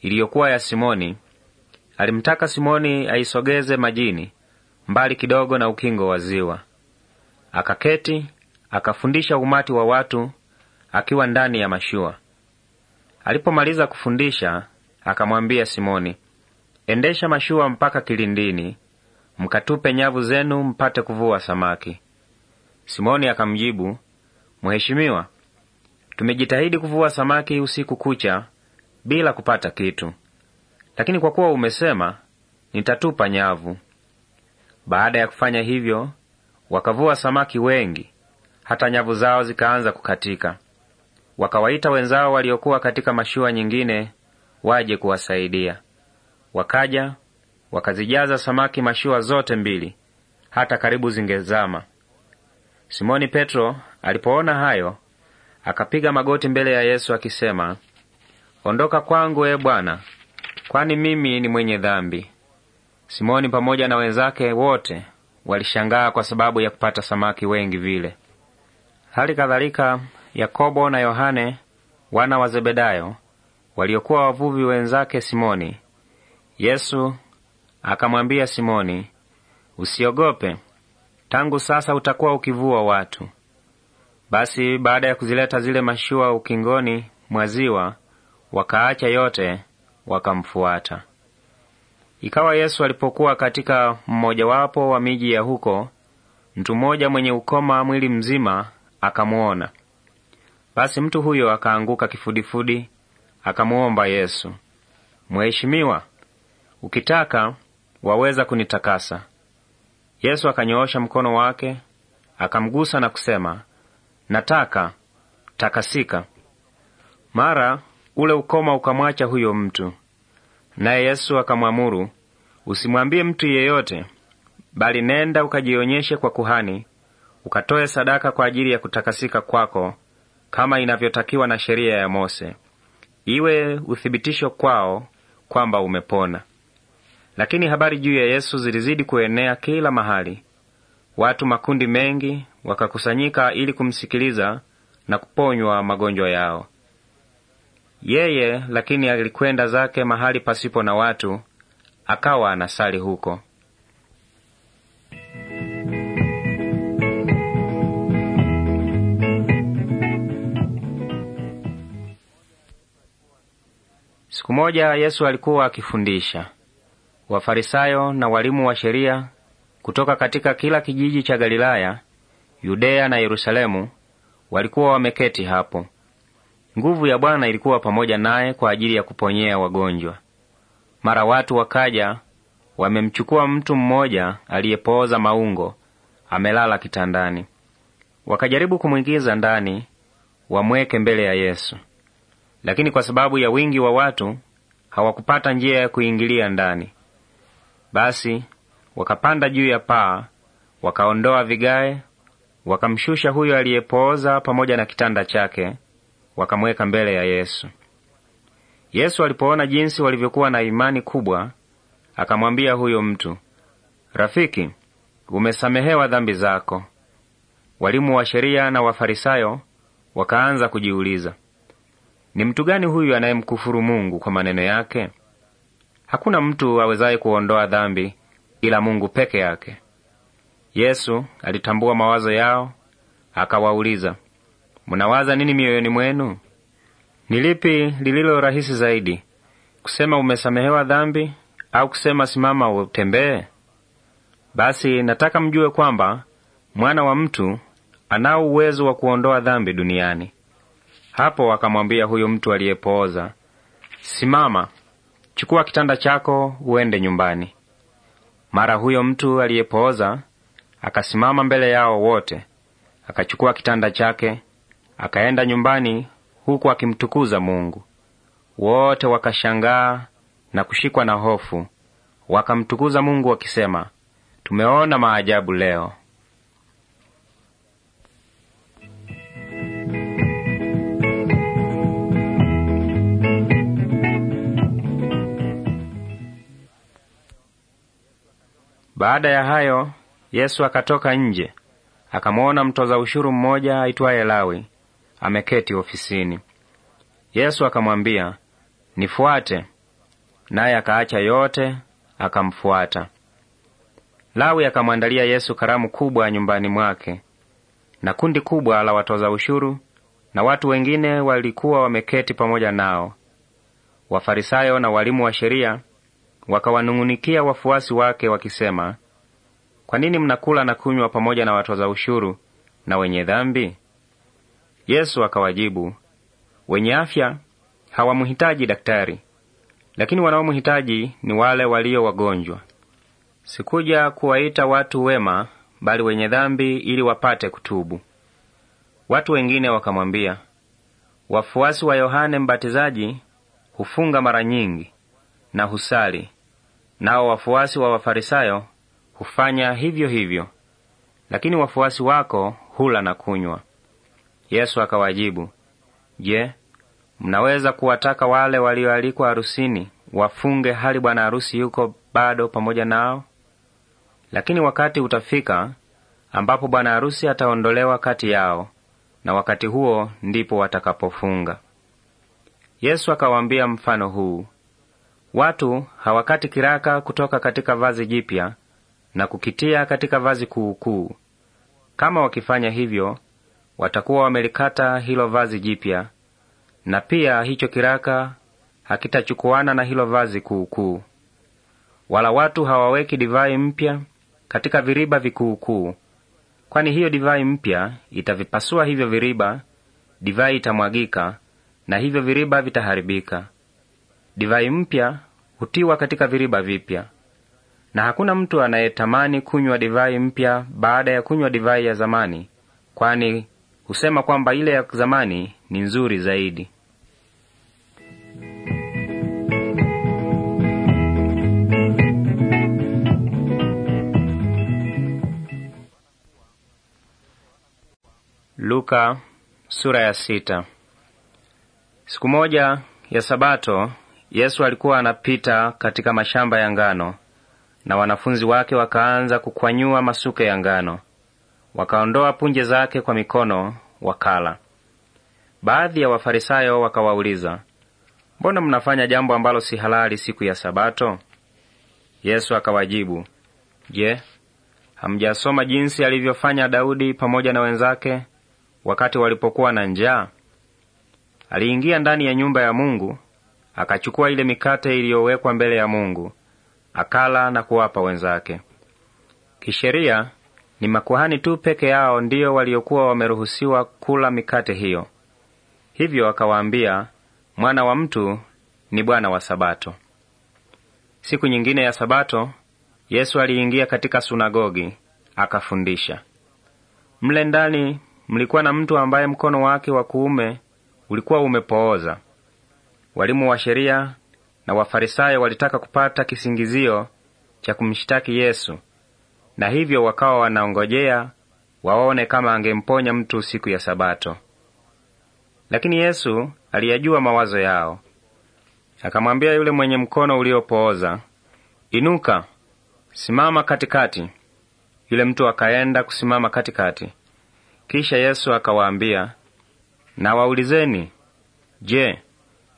iliyokuwa ya Simoni, alimtaka Simoni aisogeze majini mbali kidogo na ukingo wa ziwa. Akaketi akafundisha umati wa watu akiwa ndani ya mashua. Alipomaliza kufundisha, akamwambia Simoni, endesha mashua mpaka kilindini, mkatupe nyavu zenu mpate kuvua samaki. Simoni akamjibu, Mheshimiwa, tumejitahidi kuvua samaki usiku kucha bila kupata kitu, lakini kwa kuwa umesema, nitatupa nyavu. Baada ya kufanya hivyo, wakavua samaki wengi, hata nyavu zao zikaanza kukatika. Wakawaita wenzao waliokuwa katika mashua nyingine waje kuwasaidia. Wakaja wakazijaza samaki mashua zote mbili, hata karibu zingezama. Simoni Petro alipoona hayo, akapiga magoti mbele ya Yesu akisema, ondoka kwangu, e Bwana, kwani mimi ni mwenye dhambi. Simoni pamoja na wenzake wote walishangaa kwa sababu ya kupata samaki wengi vile. Hali kadhalika Yakobo na Yohane wana wa Zebedayo waliokuwa wavuvi wenzake Simoni. Yesu akamwambia Simoni, usiogope, tangu sasa utakuwa ukivua watu. Basi baada ya kuzileta zile mashua ukingoni mwa ziwa, wakaacha yote wakamfuata. Ikawa Yesu alipokuwa katika mmojawapo wa miji ya huko, mtu mmoja mwenye ukoma mwili mzima akamuona. Basi mtu huyo akaanguka kifudifudi, akamuomba Yesu, Mheshimiwa, ukitaka waweza kunitakasa. Yesu akanyoosha mkono wake akamgusa na kusema, nataka, takasika. Mara ule ukoma ukamwacha huyo mtu. Naye Yesu akamwamuru, usimwambie mtu yeyote, bali nenda ukajionyeshe kwa kuhani, ukatoe sadaka kwa ajili ya kutakasika kwako kama inavyotakiwa na sheria ya Mose, iwe uthibitisho kwao kwamba umepona. Lakini habari juu ya Yesu zilizidi kuenea kila mahali. Watu makundi mengi wakakusanyika ili kumsikiliza na kuponywa magonjwa yao. Yeye lakini alikwenda zake mahali pasipo na watu, akawa anasali huko. Siku moja Yesu alikuwa akifundisha. Wafarisayo na walimu wa sheria kutoka katika kila kijiji cha Galilaya, Yudeya na Yerusalemu walikuwa wameketi hapo. Nguvu ya Bwana ilikuwa pamoja naye kwa ajili ya kuponyea wagonjwa. Mara watu wakaja, wamemchukua mtu mmoja aliyepooza maungo, amelala kitandani. Wakajaribu kumwingiza ndani, wamweke mbele ya Yesu, lakini kwa sababu ya wingi wa watu hawakupata njia ya kuingilia ndani. Basi wakapanda juu ya paa, wakaondoa vigae, wakamshusha huyo aliyepooza pamoja na kitanda chake wakamweka mbele ya Yesu. Yesu alipoona jinsi walivyokuwa na imani kubwa, akamwambia huyo mtu, Rafiki, umesamehewa dhambi zako. Walimu wa sheria na Wafarisayo wakaanza kujiuliza, ni mtu gani huyu anayemkufuru Mungu kwa maneno yake? Hakuna mtu awezaye kuondoa dhambi ila Mungu peke yake. Yesu alitambua mawazo yao, akawauliza, Mnawaza nini mioyoni mwenu? Ni lipi lililo rahisi zaidi, kusema umesamehewa dhambi au kusema simama utembee? Basi nataka mjue kwamba mwana wa mtu anao uwezo wa kuondoa dhambi duniani. Hapo akamwambia huyo mtu aliyepooza, simama, chukua kitanda chako uende nyumbani. Mara huyo mtu aliyepooza akasimama mbele yao wote, akachukua kitanda chake Akaenda nyumbani huku akimtukuza Mungu. Wote wakashangaa na kushikwa na hofu, wakamtukuza Mungu wakisema, tumeona maajabu leo. Baada ya hayo Yesu akatoka nje akamwona mtoza ushuru mmoja aitwaye Lawi ameketi ofisini. Yesu akamwambia, nifuate, naye akaacha yote akamfuata. Lawi akamwandalia Yesu karamu kubwa nyumbani mwake, na kundi kubwa la watoza ushuru na watu wengine walikuwa wameketi pamoja nao. Wafarisayo na walimu wa sheria wakawanung'unikia wafuasi wake wakisema, kwa nini mnakula na kunywa pamoja na watoza ushuru na wenye dhambi? Yesu akawajibu, wenye afya hawamhitaji daktari, lakini wanaomhitaji ni wale walio wagonjwa. Sikuja kuwaita watu wema, bali wenye dhambi ili wapate kutubu. Watu wengine wakamwambia, wafuasi wa Yohane Mbatizaji hufunga mara nyingi na husali, nao wafuasi wa Wafarisayo hufanya hivyo hivyo, lakini wafuasi wako hula na kunywa. Yesu akawajibu, Je, mnaweza kuwataka wale walioalikwa harusini wafunge hali bwana harusi yuko bado pamoja nao? Lakini wakati utafika ambapo bwana harusi ataondolewa kati yao, na wakati huo ndipo watakapofunga. Yesu akawaambia mfano huu: watu hawakati kiraka kutoka katika vazi jipya na kukitia katika vazi kuukuu. Kama wakifanya hivyo, watakuwa wamelikata hilo vazi jipya, na pia hicho kiraka hakitachukuana na hilo vazi kuukuu. Wala watu hawaweki divai mpya katika viriba vikuukuu, kwani hiyo divai mpya itavipasua hivyo viriba, divai itamwagika na hivyo viriba vitaharibika. Divai mpya hutiwa katika viriba vipya. Na hakuna mtu anayetamani kunywa divai mpya baada ya kunywa divai ya zamani, kwani husema kwamba ile ya zamani ni nzuri zaidi. Luka, sura ya sita. Siku moja ya Sabato Yesu alikuwa anapita katika mashamba ya ngano na wanafunzi wake wakaanza kukwanyua masuke ya ngano. Wakaondoa punje zake kwa mikono wakala. Baadhi ya Wafarisayo wakawauliza, mbona mnafanya jambo ambalo si halali siku ya Sabato? Yesu akawajibu, Je, hamjasoma jinsi alivyofanya Daudi pamoja na wenzake wakati walipokuwa na njaa? Aliingia ndani ya nyumba ya Mungu, akachukua ile mikate iliyowekwa mbele ya Mungu, akala na kuwapa wenzake. Kisheria ni makuhani tu peke yao ndiyo waliokuwa wameruhusiwa kula mikate hiyo. Hivyo akawaambia, mwana wa mtu ni Bwana wa Sabato. Siku nyingine ya Sabato, Yesu aliingia katika sunagogi akafundisha. Mle ndani mlikuwa na mtu ambaye mkono wake wa kuume ulikuwa umepooza. Walimu wa sheria na Wafarisayo walitaka kupata kisingizio cha kumshtaki Yesu na hivyo wakawa wanaongojea waone kama angemponya mtu siku ya Sabato. Lakini Yesu aliyajua mawazo yao, akamwambia yule mwenye mkono uliopooza, inuka, simama katikati. Yule mtu akaenda kusimama katikati. Kisha Yesu akawaambia, nawaulizeni, je,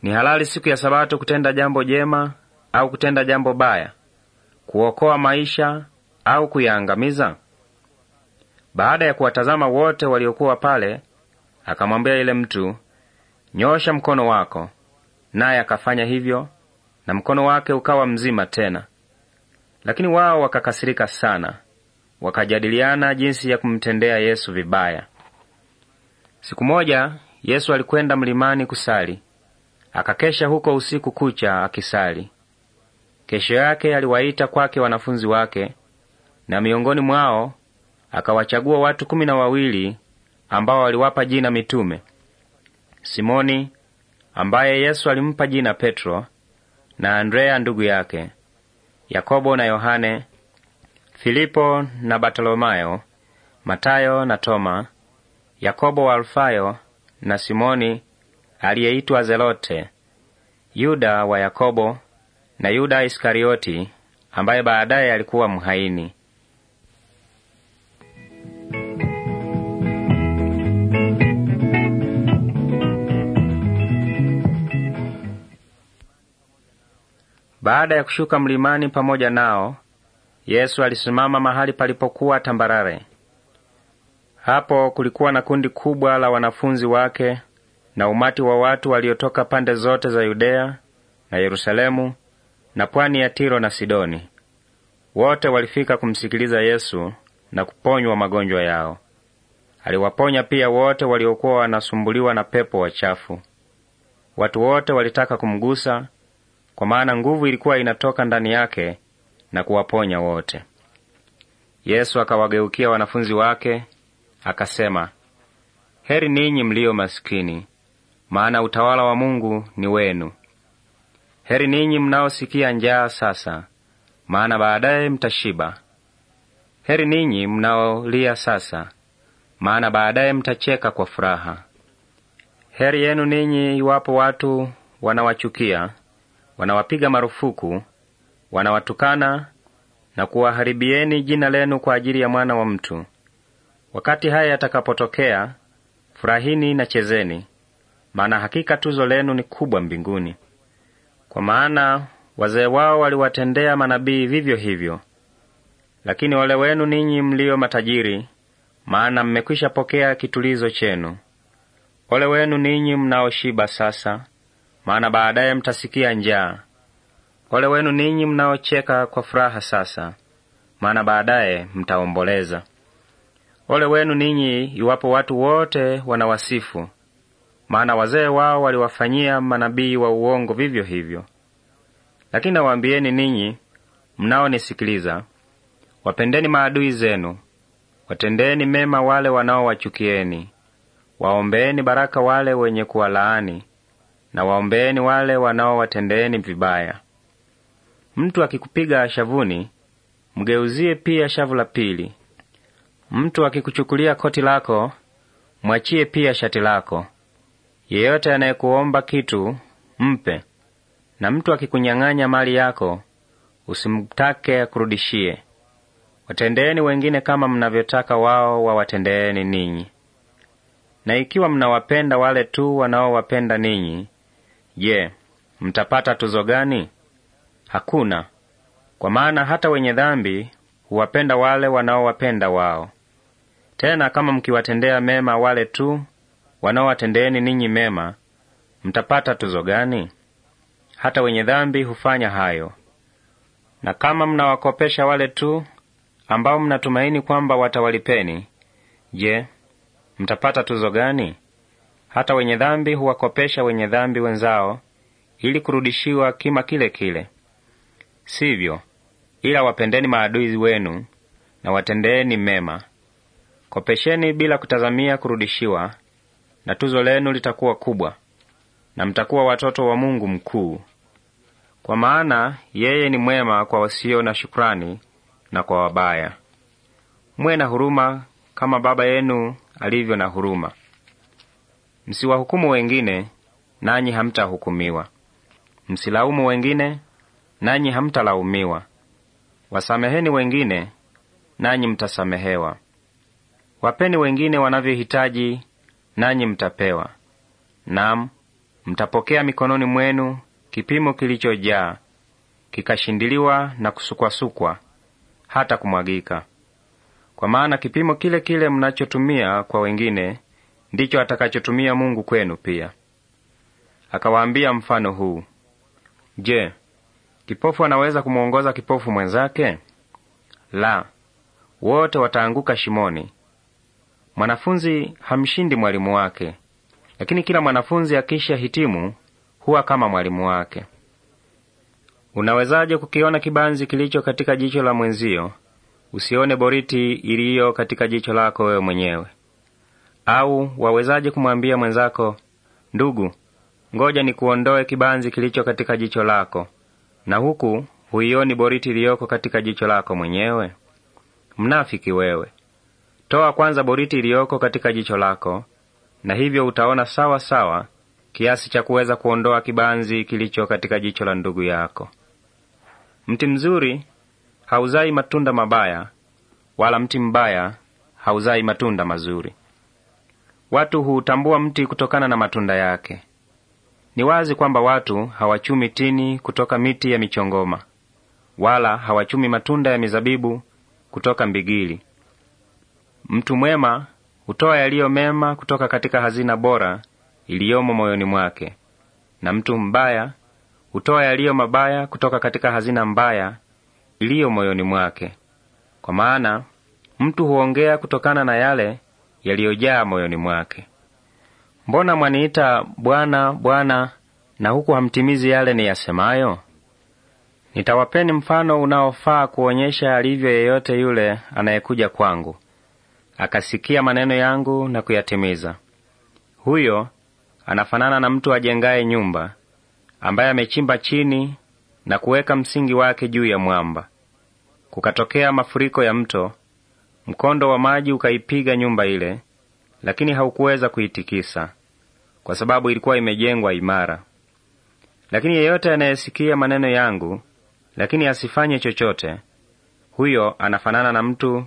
ni halali siku ya Sabato kutenda jambo jema au kutenda jambo baya, kuokoa maisha au kuyaangamiza? Baada ya kuwatazama wote waliokuwa pale, akamwambia yule mtu, nyosha mkono wako. Naye akafanya hivyo, na mkono wake ukawa mzima tena. Lakini wao wakakasirika sana, wakajadiliana jinsi ya kumtendea Yesu vibaya. Siku moja Yesu alikwenda mlimani kusali, akakesha huko usiku kucha akisali. Kesho yake aliwaita kwake wanafunzi wake na miongoni mwao akawachagua watu kumi na wawili ambao waliwapa jina mitume: Simoni ambaye Yesu alimpa jina Petro, na Andrea ndugu yake, Yakobo na Yohane, Filipo na Bartolomayo, Matayo na Toma, Yakobo wa Alfayo na Simoni aliyeitwa Zelote, Yuda wa Yakobo na Yuda Iskarioti ambaye baadaye alikuwa mhaini. Baada ya kushuka mlimani pamoja nao, Yesu alisimama mahali palipokuwa tambarare. Hapo kulikuwa na kundi kubwa la wanafunzi wake na umati wa watu waliotoka pande zote za Yudea na Yerusalemu na pwani ya Tiro na Sidoni. Wote walifika kumsikiliza Yesu na kuponywa magonjwa yao. Aliwaponya pia wote waliokuwa wanasumbuliwa na pepo wachafu. Watu wote walitaka kumgusa, kwa maana nguvu ilikuwa inatoka ndani yake na kuwaponya wote. Yesu akawageukia wanafunzi wake akasema, heri ninyi mliyo masikini, maana utawala wa Mungu ni wenu. Heri ninyi mnaosikia njaa sasa, maana baadaye mtashiba. Heri ninyi mnaolia sasa, maana baadaye mtacheka kwa furaha. Heri yenu ninyi iwapo watu wanawachukia wanawapiga marufuku, wanawatukana na kuwaharibieni jina lenu kwa ajili ya mwana wa mtu. Wakati haya yatakapotokea, furahini na chezeni, maana hakika tuzo lenu ni kubwa mbinguni, kwa maana wazee wao waliwatendea manabii vivyo hivyo. Lakini wale wenu ninyi mlio matajiri, maana mmekwisha pokea kitulizo chenu. Ole wenu ninyi mnaoshiba sasa, maana baadaye mtasikia njaa. Ole wenu ninyi mnaocheka kwa furaha sasa, maana baadaye mtaomboleza. Ole wenu ninyi iwapo watu wote wanawasifu, maana wazee wao waliwafanyia manabii wa uongo vivyo hivyo. Lakini nawaambieni ninyi mnaonisikiliza, wapendeni maadui zenu, watendeni mema wale wanaowachukieni, waombeeni baraka wale wenye kuwalaani, na waombeeni wale wanaowatendeeni vibaya. Mtu akikupiga shavuni, mgeuzie pia shavu la pili. Mtu akikuchukulia koti lako, mwachie pia shati lako. Yeyote anayekuomba kitu mpe, na mtu akikunyang'anya mali yako usimtake akurudishie. Watendeeni wengine kama mnavyotaka wao wawatendeeni ninyi. Na ikiwa mnawapenda wale tu wanaowapenda ninyi, Je, mtapata tuzo gani? Hakuna, kwa maana hata wenye dhambi huwapenda wale wanaowapenda wao. Tena kama mkiwatendea mema wale tu wanaowatendeeni ninyi mema, mtapata tuzo gani? Hata wenye dhambi hufanya hayo. Na kama mnawakopesha wale tu ambao mnatumaini kwamba watawalipeni, je, mtapata tuzo gani? Hata wenye dhambi huwakopesha wenye dhambi wenzao ili kurudishiwa kima kile kile. Sivyo, ila wapendeni maadui wenu na watendeeni mema. Kopesheni bila kutazamia kurudishiwa, na tuzo lenu litakuwa kubwa, na mtakuwa watoto wa Mungu mkuu, kwa maana yeye ni mwema kwa wasio na shukrani na kwa wabaya. Mwe na huruma kama Baba yenu alivyo na huruma. Msiwahukumu wengine, nanyi hamtahukumiwa. Msilaumu wengine, nanyi hamtalaumiwa. Wasameheni wengine, nanyi mtasamehewa. Wapeni wengine wanavyohitaji, nanyi mtapewa. Naam, mtapokea mikononi mwenu kipimo kilichojaa, kikashindiliwa na kusukwasukwa hata kumwagika. Kwa maana kipimo kile kile mnachotumia kwa wengine ndicho atakachotumia Mungu kwenu pia. Akawaambia mfano huu: Je, kipofu anaweza kumwongoza kipofu mwenzake? La, wote wataanguka shimoni. Mwanafunzi hamshindi mwalimu wake, lakini kila mwanafunzi akisha hitimu huwa kama mwalimu wake. Unawezaje kukiona kibanzi kilicho katika jicho la mwenzio, usione boriti iliyo katika jicho lako wewe mwenyewe? Au wawezaje kumwambia mwenzako, ndugu, ngoja nikuondoe kibanzi kilicho katika jicho lako, na huku huioni boriti iliyoko katika jicho lako mwenyewe? Mnafiki wewe! Toa kwanza boriti iliyoko katika jicho lako, na hivyo utaona sawa sawa kiasi cha kuweza kuondoa kibanzi kilicho katika jicho la ndugu yako. Mti mzuri hauzai matunda mabaya, wala mti mbaya hauzai matunda mazuri. Watu huutambua mti kutokana na matunda yake. Ni wazi kwamba watu hawachumi tini kutoka miti ya michongoma, wala hawachumi matunda ya mizabibu kutoka mbigili. Mtu mwema hutoa yaliyo mema kutoka katika hazina bora iliyomo moyoni mwake, na mtu mbaya hutoa yaliyo mabaya kutoka katika hazina mbaya iliyo moyoni mwake, kwa maana mtu huongea kutokana na yale yaliyojaa moyoni mwake. Mbona mwaniita Bwana, Bwana, na huku hamtimizi yale niyasemayo? Nitawapeni mfano unaofaa kuonyesha alivyo yeyote yule anayekuja kwangu akasikia maneno yangu na kuyatimiza. Huyo anafanana na mtu ajengaye nyumba, ambaye amechimba chini na kuweka msingi wake juu ya mwamba. Kukatokea mafuriko ya mto, Mkondo wa maji ukaipiga nyumba ile, lakini haukuweza kuitikisa, kwa sababu ilikuwa imejengwa imara. Lakini yeyote anayesikia maneno yangu lakini asifanye chochote, huyo anafanana na mtu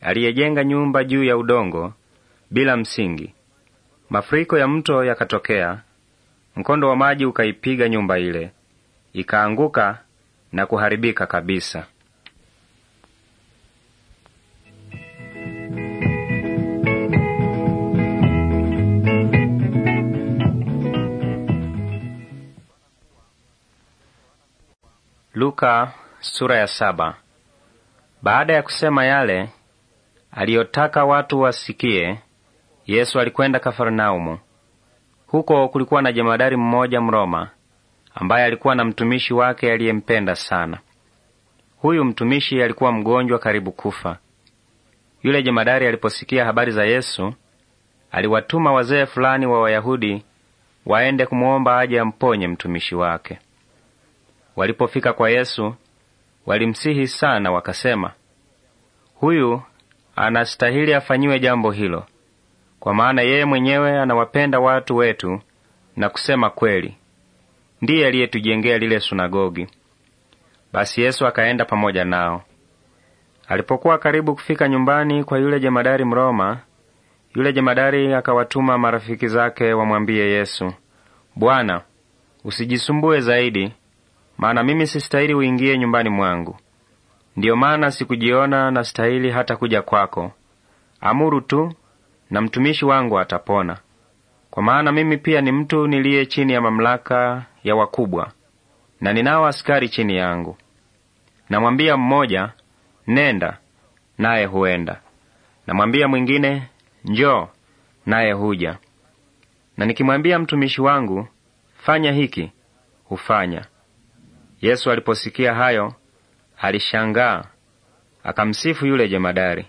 aliyejenga nyumba juu ya udongo bila msingi. Mafuriko ya mto yakatokea, mkondo wa maji ukaipiga nyumba ile, ikaanguka na kuharibika kabisa. Luka sura ya saba. Baada ya kusema yale aliyotaka watu wasikie, Yesu alikwenda Kafarnaumu. Huko kulikuwa na jemadari mmoja Mroma ambaye alikuwa na mtumishi wake aliyempenda sana. Huyu mtumishi alikuwa mgonjwa karibu kufa. Yule jemadari aliposikia habari za Yesu, aliwatuma wazee fulani wa Wayahudi waende kumwomba aje amponye mtumishi wake. Walipofika kwa Yesu, walimsihi sana, wakasema, huyu anastahili afanyiwe jambo hilo, kwa maana yeye mwenyewe anawapenda watu wetu na kusema kweli. Ndiye aliyetujengea lile sunagogi. Basi Yesu akaenda pamoja nao. Alipokuwa karibu kufika nyumbani kwa yule jemadari Mroma, yule jemadari akawatuma marafiki zake wamwambie Yesu, Bwana, usijisumbue zaidi, maana mimi sistahili uingie nyumbani mwangu. Ndiyo maana sikujiona na stahili hata kuja kwako. Amuru tu, na mtumishi wangu atapona, kwa maana mimi pia ni mtu niliye chini ya mamlaka ya wakubwa, na ninao askari chini yangu. Namwambia mmoja, nenda, naye huenda; namwambia mwingine, njoo, naye huja; na nikimwambia mtumishi wangu, fanya hiki, hufanya. Yesu aliposikia hayo alishangaa, akamsifu yule jemadari.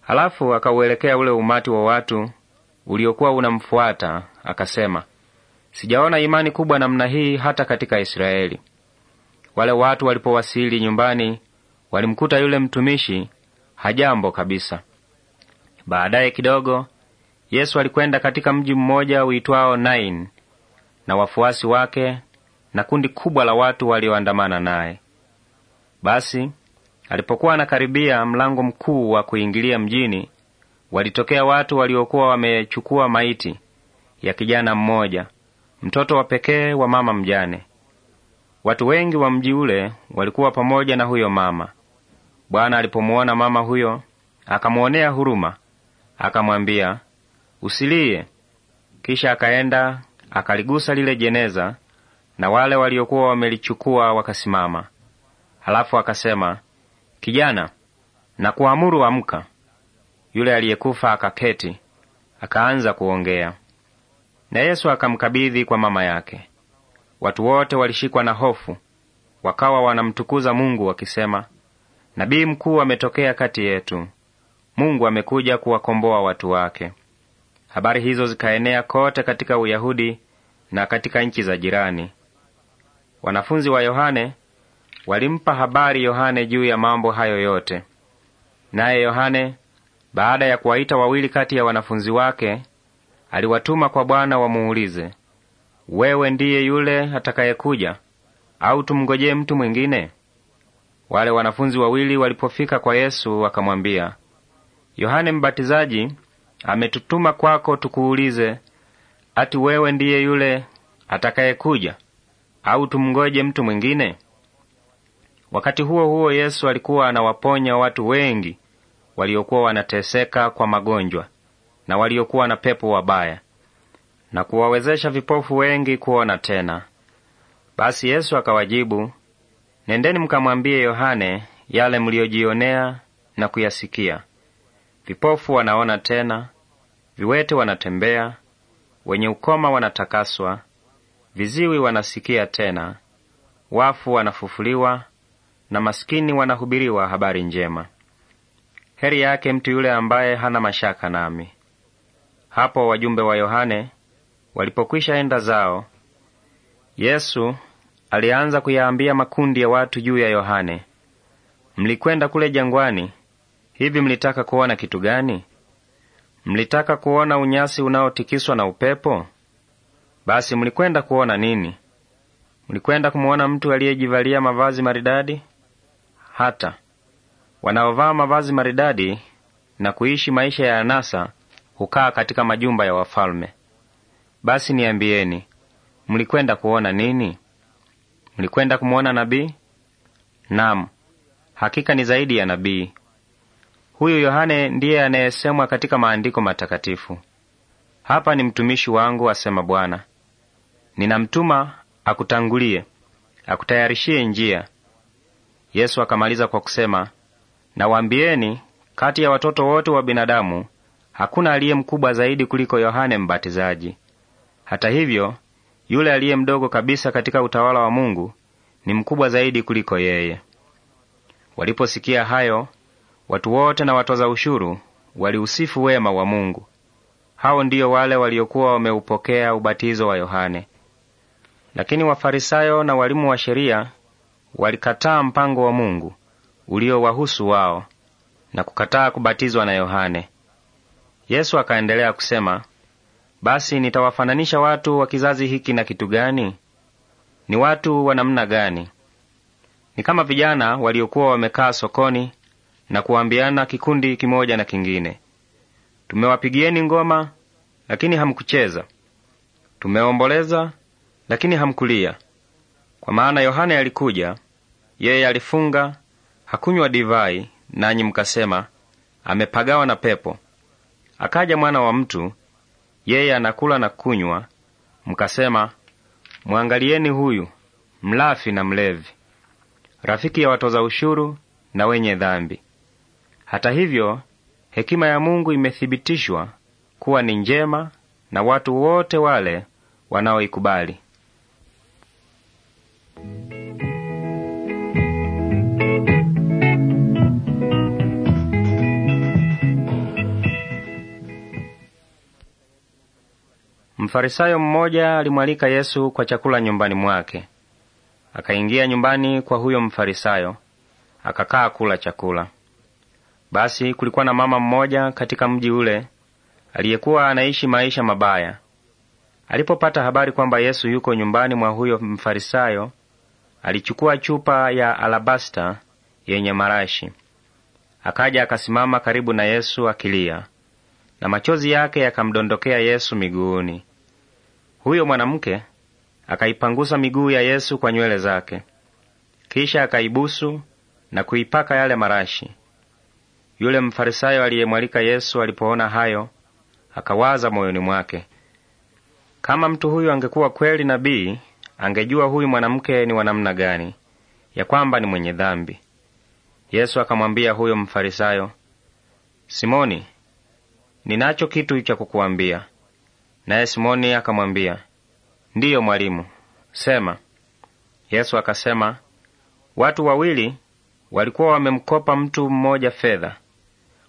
Halafu akauelekea ule umati wa watu uliokuwa unamfuata akasema, sijaona imani kubwa namna hii hata katika Israeli. Wale watu walipowasili nyumbani walimkuta yule mtumishi hajambo kabisa. Baadaye kidogo, Yesu alikwenda katika mji mmoja uitwao Nain na wafuasi wake na kundi kubwa la watu walioandamana naye. Basi alipokuwa anakaribia mlango mkuu wa kuingilia mjini, walitokea watu waliokuwa wamechukua maiti ya kijana mmoja, mtoto wa pekee wa mama mjane. Watu wengi wa mji ule walikuwa pamoja na huyo mama. Bwana alipomuona mama huyo, akamuonea huruma, akamwambia, "Usilie." Kisha akaenda akaligusa lile jeneza na wale waliokuwa wamelichukua wakasimama. Halafu akasema, kijana, nakuamuru amka. Yule aliyekufa akaketi, akaanza kuongea, na Yesu akamkabidhi kwa mama yake. Watu wote walishikwa na hofu, wakawa wanamtukuza Mungu wakisema, nabii mkuu ametokea kati yetu. Mungu amekuja kuwakomboa watu wake. Habari hizo zikaenea kote katika Uyahudi na katika nchi za jirani. Wanafunzi wa Yohane walimpa habari Yohane juu ya mambo hayo yote. Naye Yohane, baada ya kuwaita wawili kati ya wanafunzi wake, aliwatuma kwa Bwana wamuulize, wewe ndiye yule atakayekuja au tumngojee mtu mwingine? Wale wanafunzi wawili walipofika kwa Yesu wakamwambia, Yohane Mbatizaji ametutuma kwako tukuulize, ati wewe ndiye yule atakayekuja au tumngoje mtu mwingine? Wakati huo huo, Yesu alikuwa anawaponya watu wengi waliokuwa wanateseka kwa magonjwa na waliokuwa na pepo wabaya na kuwawezesha vipofu wengi kuona tena. Basi Yesu akawajibu, nendeni mkamwambie Yohane yale mliyojionea na kuyasikia: vipofu wanaona tena, viwete wanatembea, wenye ukoma wanatakaswa, Viziwi wanasikia tena, wafu wanafufuliwa, na maskini wanahubiriwa habari njema. Heri yake mtu yule ambaye hana mashaka nami. Hapo wajumbe wa Yohane walipokwisha enda zao, Yesu alianza kuyaambia makundi ya watu juu ya Yohane, mlikwenda kule jangwani, hivi mlitaka kuona kitu gani? Mlitaka kuona unyasi unaotikiswa na upepo? Basi mlikwenda kuona nini? Mlikwenda kumuona mtu aliyejivalia mavazi maridadi? Hata wanaovaa mavazi maridadi na kuishi maisha ya anasa hukaa katika majumba ya wafalme. Basi niambieni, mlikwenda kuona nini? Mlikwenda kumwona nabii? Naam, hakika ni zaidi ya nabii. Huyu Yohane ndiye anayesemwa katika maandiko matakatifu, hapa ni mtumishi wangu, asema Bwana, ninamtuma akutangulie, akutayarishie njia. Yesu akamaliza kwa kusema, nawaambieni, kati ya watoto wote wa binadamu hakuna aliye mkubwa zaidi kuliko Yohane Mbatizaji. Hata hivyo, yule aliye mdogo kabisa katika utawala wa Mungu ni mkubwa zaidi kuliko yeye. Waliposikia hayo, watu wote na watoza ushuru waliusifu wema wa Mungu. Hao ndiyo wale waliokuwa wameupokea ubatizo wa Yohane. Lakini Wafarisayo na walimu wa sheria walikataa mpango wa Mungu uliowahusu wao na kukataa kubatizwa na Yohane. Yesu akaendelea kusema, basi nitawafananisha watu wa kizazi hiki na kitu gani? Ni watu wa namna gani? Ni kama vijana waliokuwa wamekaa sokoni na kuambiana kikundi kimoja na kingine, tumewapigieni ngoma, lakini hamkucheza; tumeomboleza, lakini hamkulia. Kwa maana Yohane alikuja, yeye alifunga, hakunywa divai, nanyi mkasema amepagawa na pepo. Akaja mwana wa mtu, yeye anakula na kunywa, mkasema mwangalieni huyu mlafi na mlevi, rafiki ya watoza ushuru na wenye dhambi. Hata hivyo hekima ya Mungu imethibitishwa kuwa ni njema na watu wote wale wanaoikubali. Mfarisayo mmoja alimwalika Yesu kwa chakula nyumbani mwake. Akaingia nyumbani kwa huyo Mfarisayo akakaa kula chakula. Basi kulikuwa na mama mmoja katika mji ule aliyekuwa anaishi maisha mabaya. Alipopata habari kwamba Yesu yuko nyumbani mwa huyo Mfarisayo, Alichukua chupa ya alabasta yenye marashi, akaja akasimama karibu na Yesu akilia, na machozi yake yakamdondokea Yesu miguuni. Huyo mwanamke akaipangusa miguu ya Yesu kwa nywele zake, kisha akaibusu na kuipaka yale marashi. Yule Mfarisayo aliyemwalika Yesu alipoona hayo, akawaza moyoni mwake, kama mtu huyu angekuwa kweli nabii angejua huyu mwanamke ni wanamna gani, ya kwamba ni mwenye dhambi. Yesu akamwambia huyo Mfarisayo, Simoni, ninacho kitu cha kukuambia. Naye Simoni akamwambia, ndiyo Mwalimu, sema. Yesu akasema, watu wawili walikuwa wamemkopa mtu mmoja fedha.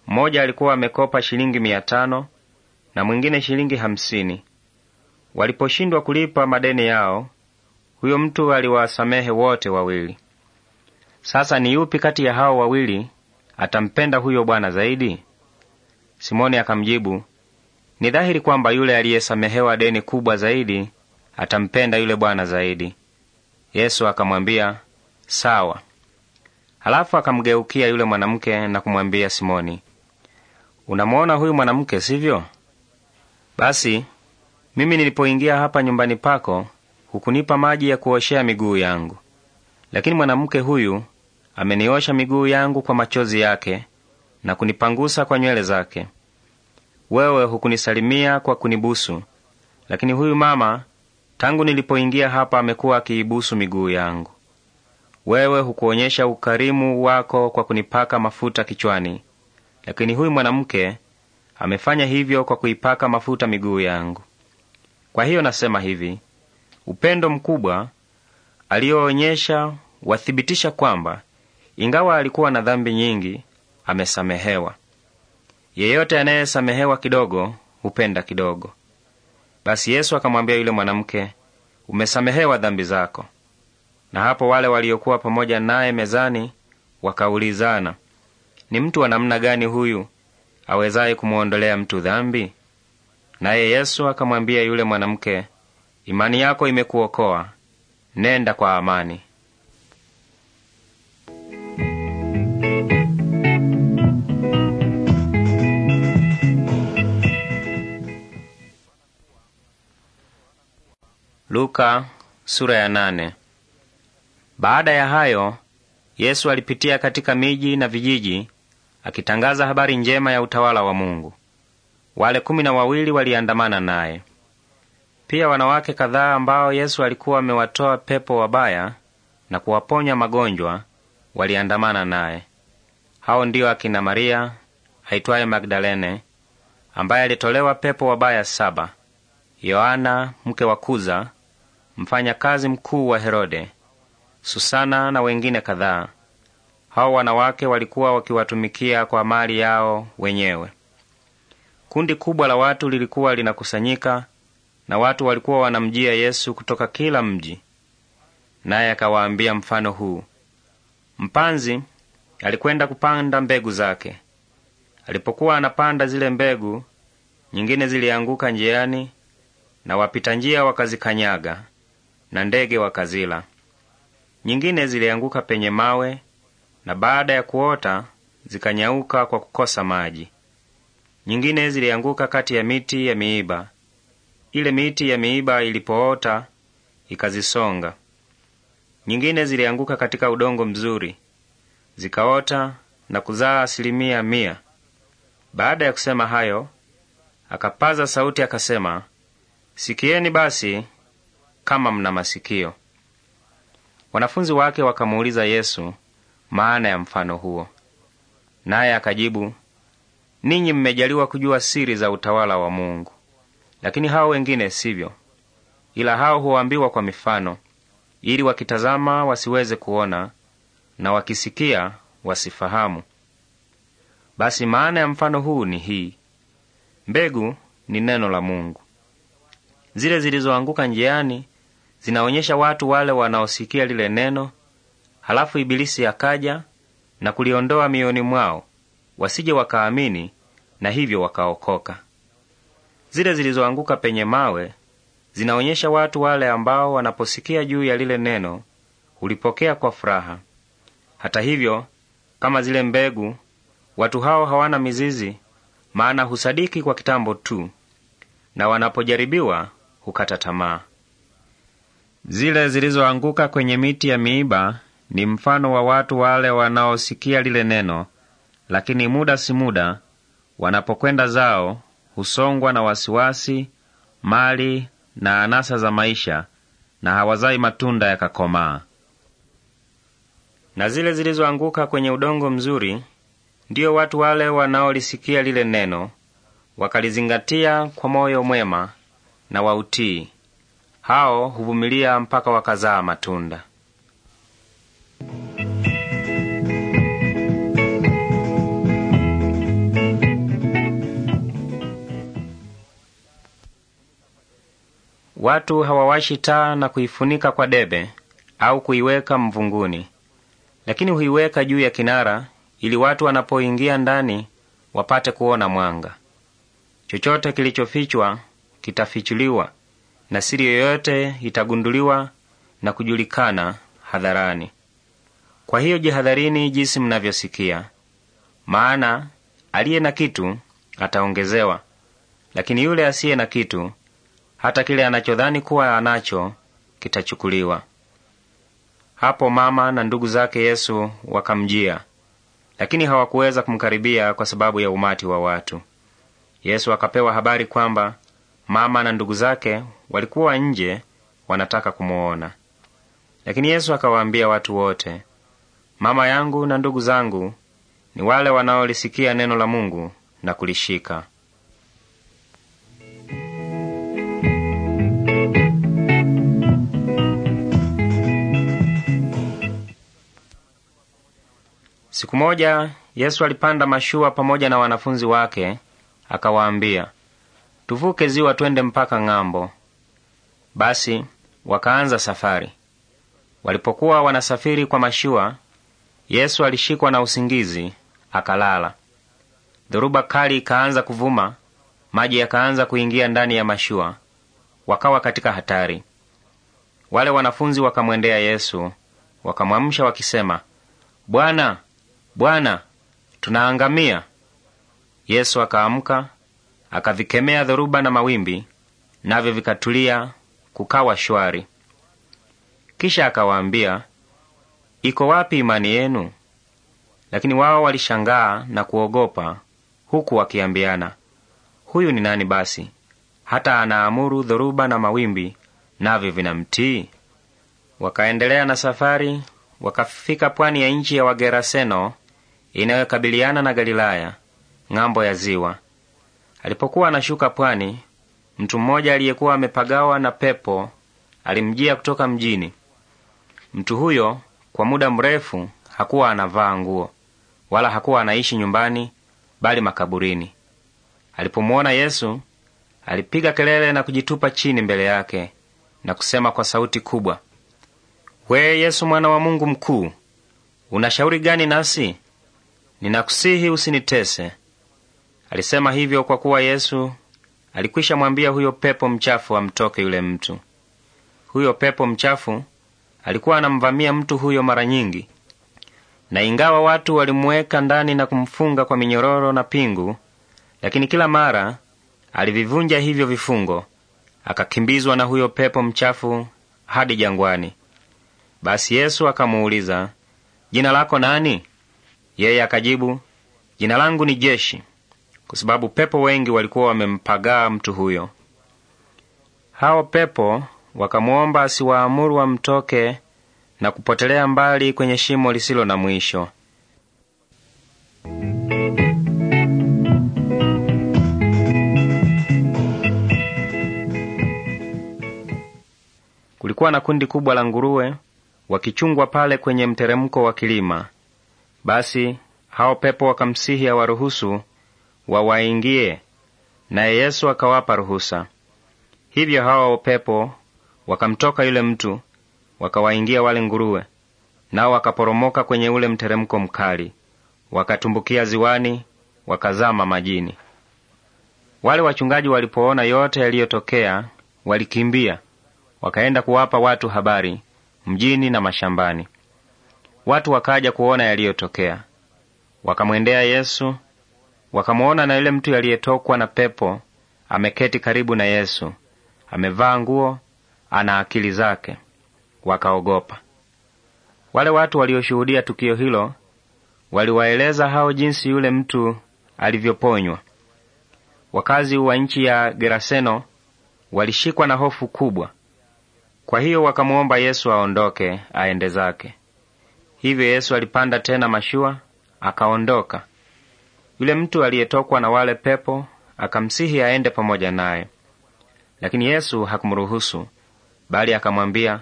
Mmoja alikuwa amekopa shilingi mia tano na mwingine shilingi hamsini. Waliposhindwa kulipa madeni yao, huyo mtu aliwasamehe wote wawili. Sasa ni yupi kati ya hao wawili atampenda huyo bwana zaidi? Simoni akamjibu, ni dhahiri kwamba yule aliyesamehewa deni kubwa zaidi atampenda yule bwana zaidi. Yesu akamwambia, sawa. Halafu akamgeukia yule mwanamke na kumwambia Simoni, unamwona huyu mwanamke, sivyo? Basi mimi nilipoingia hapa nyumbani pako hukunipa maji ya kuoshea miguu yangu, lakini mwanamke huyu ameniosha miguu yangu kwa machozi yake na kunipangusa kwa nywele zake. Wewe hukunisalimia kwa kunibusu, lakini huyu mama tangu nilipoingia hapa amekuwa akiibusu miguu yangu. Wewe hukuonyesha ukarimu wako kwa kunipaka mafuta kichwani, lakini huyu mwanamke amefanya hivyo kwa kuipaka mafuta miguu yangu. Kwa hiyo nasema hivi, Upendo mkubwa aliyoonyesha wathibitisha kwamba ingawa alikuwa na dhambi nyingi, amesamehewa. Yeyote anayesamehewa kidogo hupenda kidogo. Basi Yesu akamwambia yule mwanamke, umesamehewa dhambi zako. Na hapo wale waliokuwa pamoja naye mezani wakaulizana, ni mtu wa namna gani huyu awezaye kumwondolea mtu dhambi? Naye Yesu akamwambia yule mwanamke, imani yako imekuokoa, nenda kwa amani. Luka, sura ya nane. Baada ya hayo Yesu alipitia katika miji na vijiji akitangaza habari njema ya utawala wa Mungu. Wale kumi na wawili waliandamana naye. Pia wanawake kadhaa ambao Yesu alikuwa amewatoa pepo wabaya na kuwaponya magonjwa waliandamana naye. Hao ndiyo akina Maria aitwaye Magdalene, ambaye alitolewa pepo wabaya saba, Yohana mke wa Kuza, mfanya kazi mkuu wa Herode, Susana na wengine kadhaa. Hao wanawake walikuwa wakiwatumikia kwa mali yao wenyewe. Kundi kubwa la watu lilikuwa linakusanyika na watu walikuwa wanamjia Yesu kutoka kila mji. Naye akawaambia mfano huu: mpanzi alikwenda kupanda mbegu zake. Alipokuwa anapanda zile mbegu, nyingine zilianguka njiani, na wapita njia wakazikanyaga, na ndege wakazila. Nyingine zilianguka penye mawe, na baada ya kuota zikanyauka kwa kukosa maji. Nyingine zilianguka kati ya miti ya miiba, ile miti ya miiba ilipoota ikazisonga, nyingine zilianguka katika udongo mzuri zikaota na kuzaa asilimia mia. Baada ya kusema hayo, akapaza sauti akasema, sikieni basi kama mna masikio. Wanafunzi wake wakamuuliza Yesu maana ya mfano huo, naye akajibu, ninyi mmejaliwa kujua siri za utawala wa Mungu, lakini hao wengine sivyo, ila hao huambiwa kwa mifano, ili wakitazama wasiweze kuona na wakisikia wasifahamu. Basi maana ya mfano huu ni hii: mbegu ni neno la Mungu. Zile zilizoanguka njiani zinaonyesha watu wale wanaosikia lile neno, halafu Ibilisi akaja na kuliondoa mioyoni mwao, wasije wakaamini na hivyo wakaokoka. Zile zilizoanguka penye mawe zinaonyesha watu wale ambao wanaposikia juu ya lile neno hulipokea kwa furaha. Hata hivyo, kama zile mbegu, watu hao hawana mizizi, maana husadiki kwa kitambo tu, na wanapojaribiwa hukata tamaa. Zile zilizoanguka kwenye miti ya miiba ni mfano wa watu wale wanaosikia lile neno, lakini muda si muda wanapokwenda zao husongwa na wasiwasi, mali na anasa za maisha, na hawazai matunda yakakomaa. Na zile zilizoanguka kwenye udongo mzuri ndiyo watu wale wanaolisikia lile neno, wakalizingatia kwa moyo mwema na wautii. Hao huvumilia mpaka wakazaa matunda. Watu hawawashi taa na kuifunika kwa debe au kuiweka mvunguni, lakini huiweka juu ya kinara, ili watu wanapoingia ndani wapate kuona mwanga. Chochote kilichofichwa kitafichuliwa, na siri yoyote itagunduliwa na kujulikana hadharani. Kwa hiyo jihadharini jinsi mnavyosikia, maana aliye na kitu ataongezewa, lakini yule asiye na kitu hata kile anachodhani kuwa anacho kitachukuliwa. Hapo mama na ndugu zake Yesu wakamjia, lakini hawakuweza kumkaribia kwa sababu ya umati wa watu. Yesu akapewa habari kwamba mama na ndugu zake walikuwa nje wanataka kumuona, lakini Yesu akawaambia watu wote, mama yangu na ndugu zangu ni wale wanaolisikia neno la Mungu na kulishika. Siku moja Yesu alipanda mashua pamoja na wanafunzi wake, akawaambia, tuvuke ziwa twende mpaka ng'ambo. Basi wakaanza safari. Walipokuwa wanasafiri kwa mashua, Yesu alishikwa na usingizi akalala. Dhoruba kali ikaanza kuvuma, maji yakaanza kuingia ndani ya mashua, wakawa katika hatari. Wale wanafunzi wakamwendea Yesu wakamwamsha wakisema, Bwana, Bwana, tunaangamia. Yesu akaamka akavikemea dhoruba na mawimbi, navyo vikatulia, kukawa shwari. Kisha akawaambia, iko wapi imani yenu? Lakini wao walishangaa na kuogopa, huku wakiambiana, huyu ni nani basi hata anaamuru dhoruba na mawimbi navyo vinamtii? Wakaendelea na safari, wakafika pwani ya nchi ya Wageraseno inayokabiliana na Galilaya ng'ambo ya ziwa. Alipokuwa anashuka pwani, mtu mmoja aliyekuwa amepagawa na pepo alimjia kutoka mjini. Mtu huyo kwa muda mrefu hakuwa anavaa nguo wala hakuwa anaishi nyumbani, bali makaburini. Alipomuona Yesu, alipiga kelele na kujitupa chini mbele yake na kusema kwa sauti kubwa, we Yesu, mwana wa Mungu mkuu, unashauri gani nasi? ninakusihi usinitese. Alisema hivyo kwa kuwa Yesu alikwisha mwambia huyo pepo mchafu amtoke yule mtu. Huyo pepo mchafu alikuwa anamvamia mtu huyo mara nyingi, na ingawa watu walimuweka ndani na kumfunga kwa minyororo na pingu, lakini kila mara alivivunja hivyo vifungo, akakimbizwa na huyo pepo mchafu hadi jangwani. Basi Yesu akamuuliza, jina lako nani? Yeye akajibu, jina langu ni Jeshi, kwa sababu pepo wengi walikuwa wamempagaa mtu huyo. Hao pepo wakamwomba asiwaamuru wamtoke na kupotelea mbali kwenye shimo lisilo na mwisho. Kulikuwa na kundi kubwa la nguruwe wakichungwa pale kwenye mteremko wa kilima. Basi hao pepo wakamsihi awaruhusu wawaingie, naye Yesu akawapa ruhusa. Hivyo hao pepo wakamtoka yule mtu, wakawaingia wale nguruwe, nao wakaporomoka kwenye ule mteremko mkali, wakatumbukia ziwani, wakazama majini. Wale wachungaji walipoona yote yaliyotokea, walikimbia wakaenda kuwapa watu habari mjini na mashambani. Watu wakaja kuona yaliyotokea, wakamwendea Yesu, wakamwona na yule mtu aliyetokwa na pepo ameketi karibu na Yesu, amevaa nguo, ana akili zake, wakaogopa. Wale watu walioshuhudia tukio hilo waliwaeleza hao jinsi yule mtu alivyoponywa. Wakazi wa nchi ya Geraseno walishikwa na hofu kubwa, kwa hiyo wakamwomba Yesu aondoke aende zake. Hivyo Yesu alipanda tena mashua akaondoka. Yule mtu aliyetokwa na wale pepo akamsihi aende pamoja naye, lakini Yesu hakumruhusu, bali akamwambia,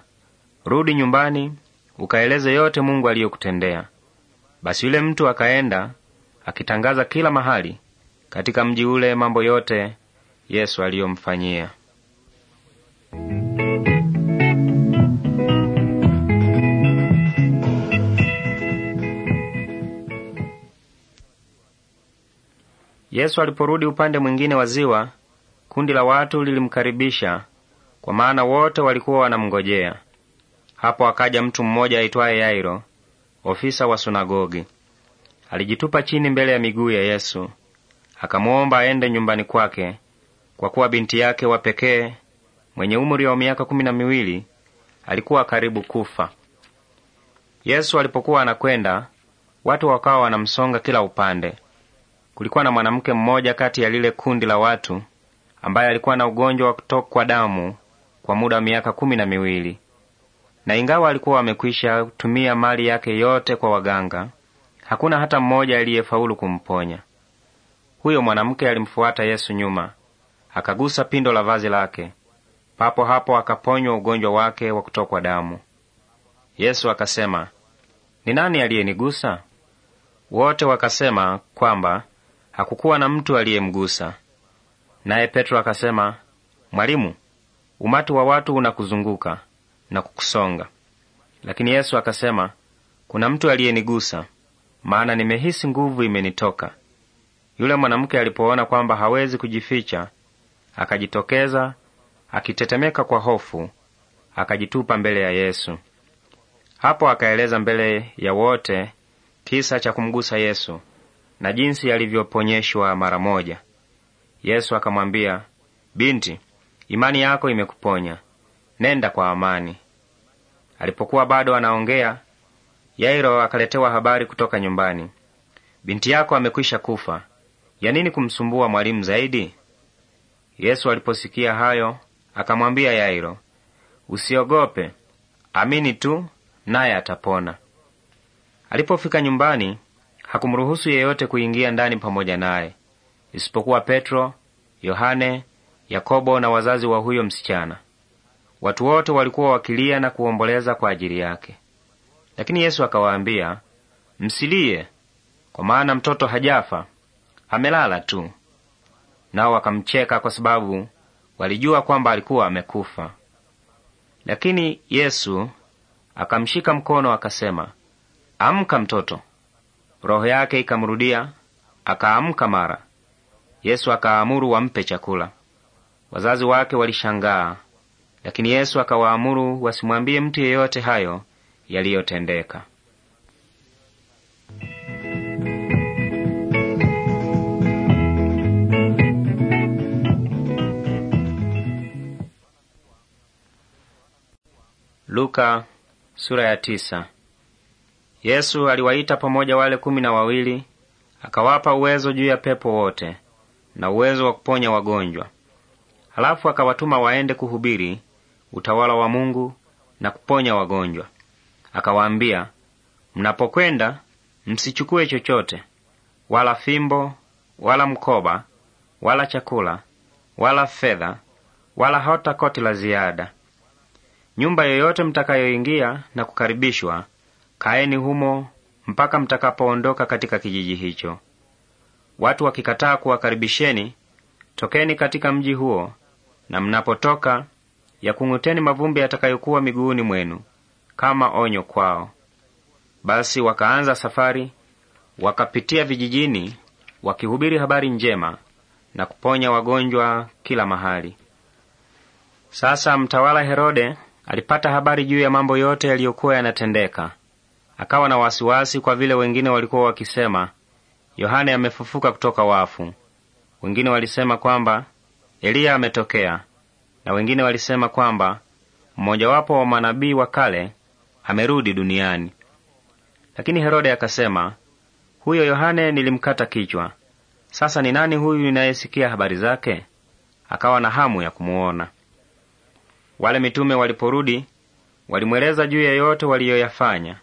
rudi nyumbani ukaeleze yote Mungu aliyokutendea. Basi yule mtu akaenda akitangaza kila mahali katika mji ule mambo yote Yesu aliyomfanyia. Yesu aliporudi upande mwingine wa ziwa, kundi la watu lilimkaribisha, kwa maana wote walikuwa wanamngojea. Hapo akaja mtu mmoja aitwaye Yairo, ofisa wa sunagogi. Alijitupa chini mbele ya miguu ya Yesu, akamwomba aende nyumbani kwake, kwa kuwa binti yake wa pekee mwenye umri wa miaka kumi na miwili alikuwa karibu kufa. Yesu alipokuwa anakwenda, watu wakawa wanamsonga kila upande. Kulikuwa na mwanamke mmoja kati ya lile kundi la watu ambaye alikuwa na ugonjwa wa kutokwa damu kwa muda wa miaka kumi na miwili, na ingawa alikuwa amekwisha tumia mali yake yote kwa waganga, hakuna hata mmoja aliyefaulu kumponya. Huyo mwanamke alimfuata Yesu nyuma, akagusa pindo la vazi lake. Papo hapo akaponywa ugonjwa wake wa kutokwa damu. Yesu akasema, ni nani aliyenigusa? Wote wakasema kwamba hakukuwa na mtu aliyemgusa. Naye Petro akasema, Mwalimu, umati wa watu unakuzunguka na kukusonga. Lakini Yesu akasema, kuna mtu aliyenigusa, maana nimehisi nguvu imenitoka. Yule mwanamke alipoona kwamba hawezi kujificha, akajitokeza akitetemeka kwa hofu, akajitupa mbele ya Yesu. Hapo akaeleza mbele ya wote kisa cha kumgusa Yesu na jinsi yalivyoponyeshwa mara moja. Yesu akamwambia, binti, imani yako imekuponya, nenda kwa amani. Alipokuwa bado anaongea, Yairo akaletewa habari kutoka nyumbani, binti yako amekwisha kufa, ya nini kumsumbua mwalimu zaidi? Yesu aliposikia hayo akamwambia Yairo, usiogope, amini tu, naye atapona. Alipofika nyumbani, hakumruhusu yeyote kuingia ndani pamoja naye isipokuwa Petro, Yohane, Yakobo na wazazi wa huyo msichana. Watu wote walikuwa wakilia na kuomboleza kwa ajili yake, lakini Yesu akawaambia, msilie, kwa maana mtoto hajafa, amelala tu. Nao wakamcheka kwa sababu walijua kwamba alikuwa amekufa. Lakini Yesu akamshika mkono akasema, amka mtoto, Roho yake ikamrudia akaamka mara. Yesu akaamuru wampe chakula. Wazazi wake walishangaa, lakini Yesu akawaamuru wasimwambie mtu yeyote hayo yaliyotendeka. Luka sura ya tisa. Yesu aliwaita pamoja wale kumi na wawili akawapa uwezo juu ya pepo wote na uwezo wa kuponya wagonjwa. Halafu akawatuma waende kuhubiri utawala wa Mungu na kuponya wagonjwa. Akawaambia, mnapokwenda msichukue chochote, wala fimbo, wala mkoba, wala chakula, wala fedha, wala hata koti la ziada. Nyumba yoyote mtakayoingia na kukaribishwa kaeni humo mpaka mtakapoondoka katika kijiji hicho. Watu wakikataa kuwakaribisheni, tokeni katika mji huo, na mnapotoka yakung'uteni mavumbi yatakayokuwa miguuni mwenu kama onyo kwao. Basi wakaanza safari, wakapitia vijijini, wakihubiri habari njema na kuponya wagonjwa kila mahali. Sasa mtawala Herode alipata habari juu ya mambo yote yaliyokuwa yanatendeka. Akawa na wasiwasi kwa vile wengine walikuwa wakisema, Yohane amefufuka kutoka wafu, wengine walisema kwamba Eliya ametokea, na wengine walisema kwamba mmojawapo wa manabii wa kale amerudi duniani. Lakini Herode akasema, huyo Yohane nilimkata kichwa. Sasa ni nani huyu ninayesikia habari zake? Akawa na hamu ya kumuona. Wale mitume waliporudi, walimweleza juu ya yote waliyoyafanya.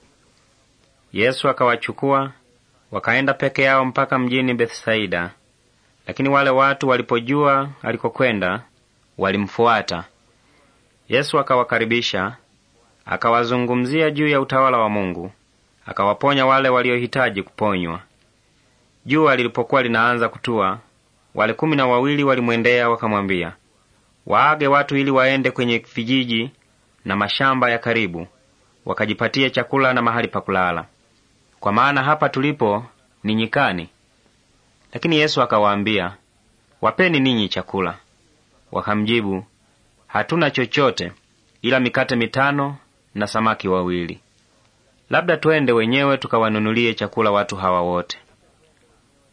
Yesu akawachukua wakaenda peke yao mpaka mjini Bethsaida, lakini wale watu walipojua alikokwenda walimfuata. Yesu akawakaribisha, akawazungumzia juu ya utawala wa Mungu, akawaponya wale waliohitaji kuponywa. Jua lilipokuwa linaanza kutua, wale kumi na wawili walimwendea wakamwambia, waage watu ili waende kwenye vijiji na mashamba ya karibu wakajipatie chakula na mahali pa kulala kwa maana hapa tulipo ni nyikani. Lakini Yesu akawaambia, wapeni ninyi chakula. Wakamjibu, hatuna chochote ila mikate mitano na samaki wawili, labda twende wenyewe tukawanunulie chakula watu hawa wote.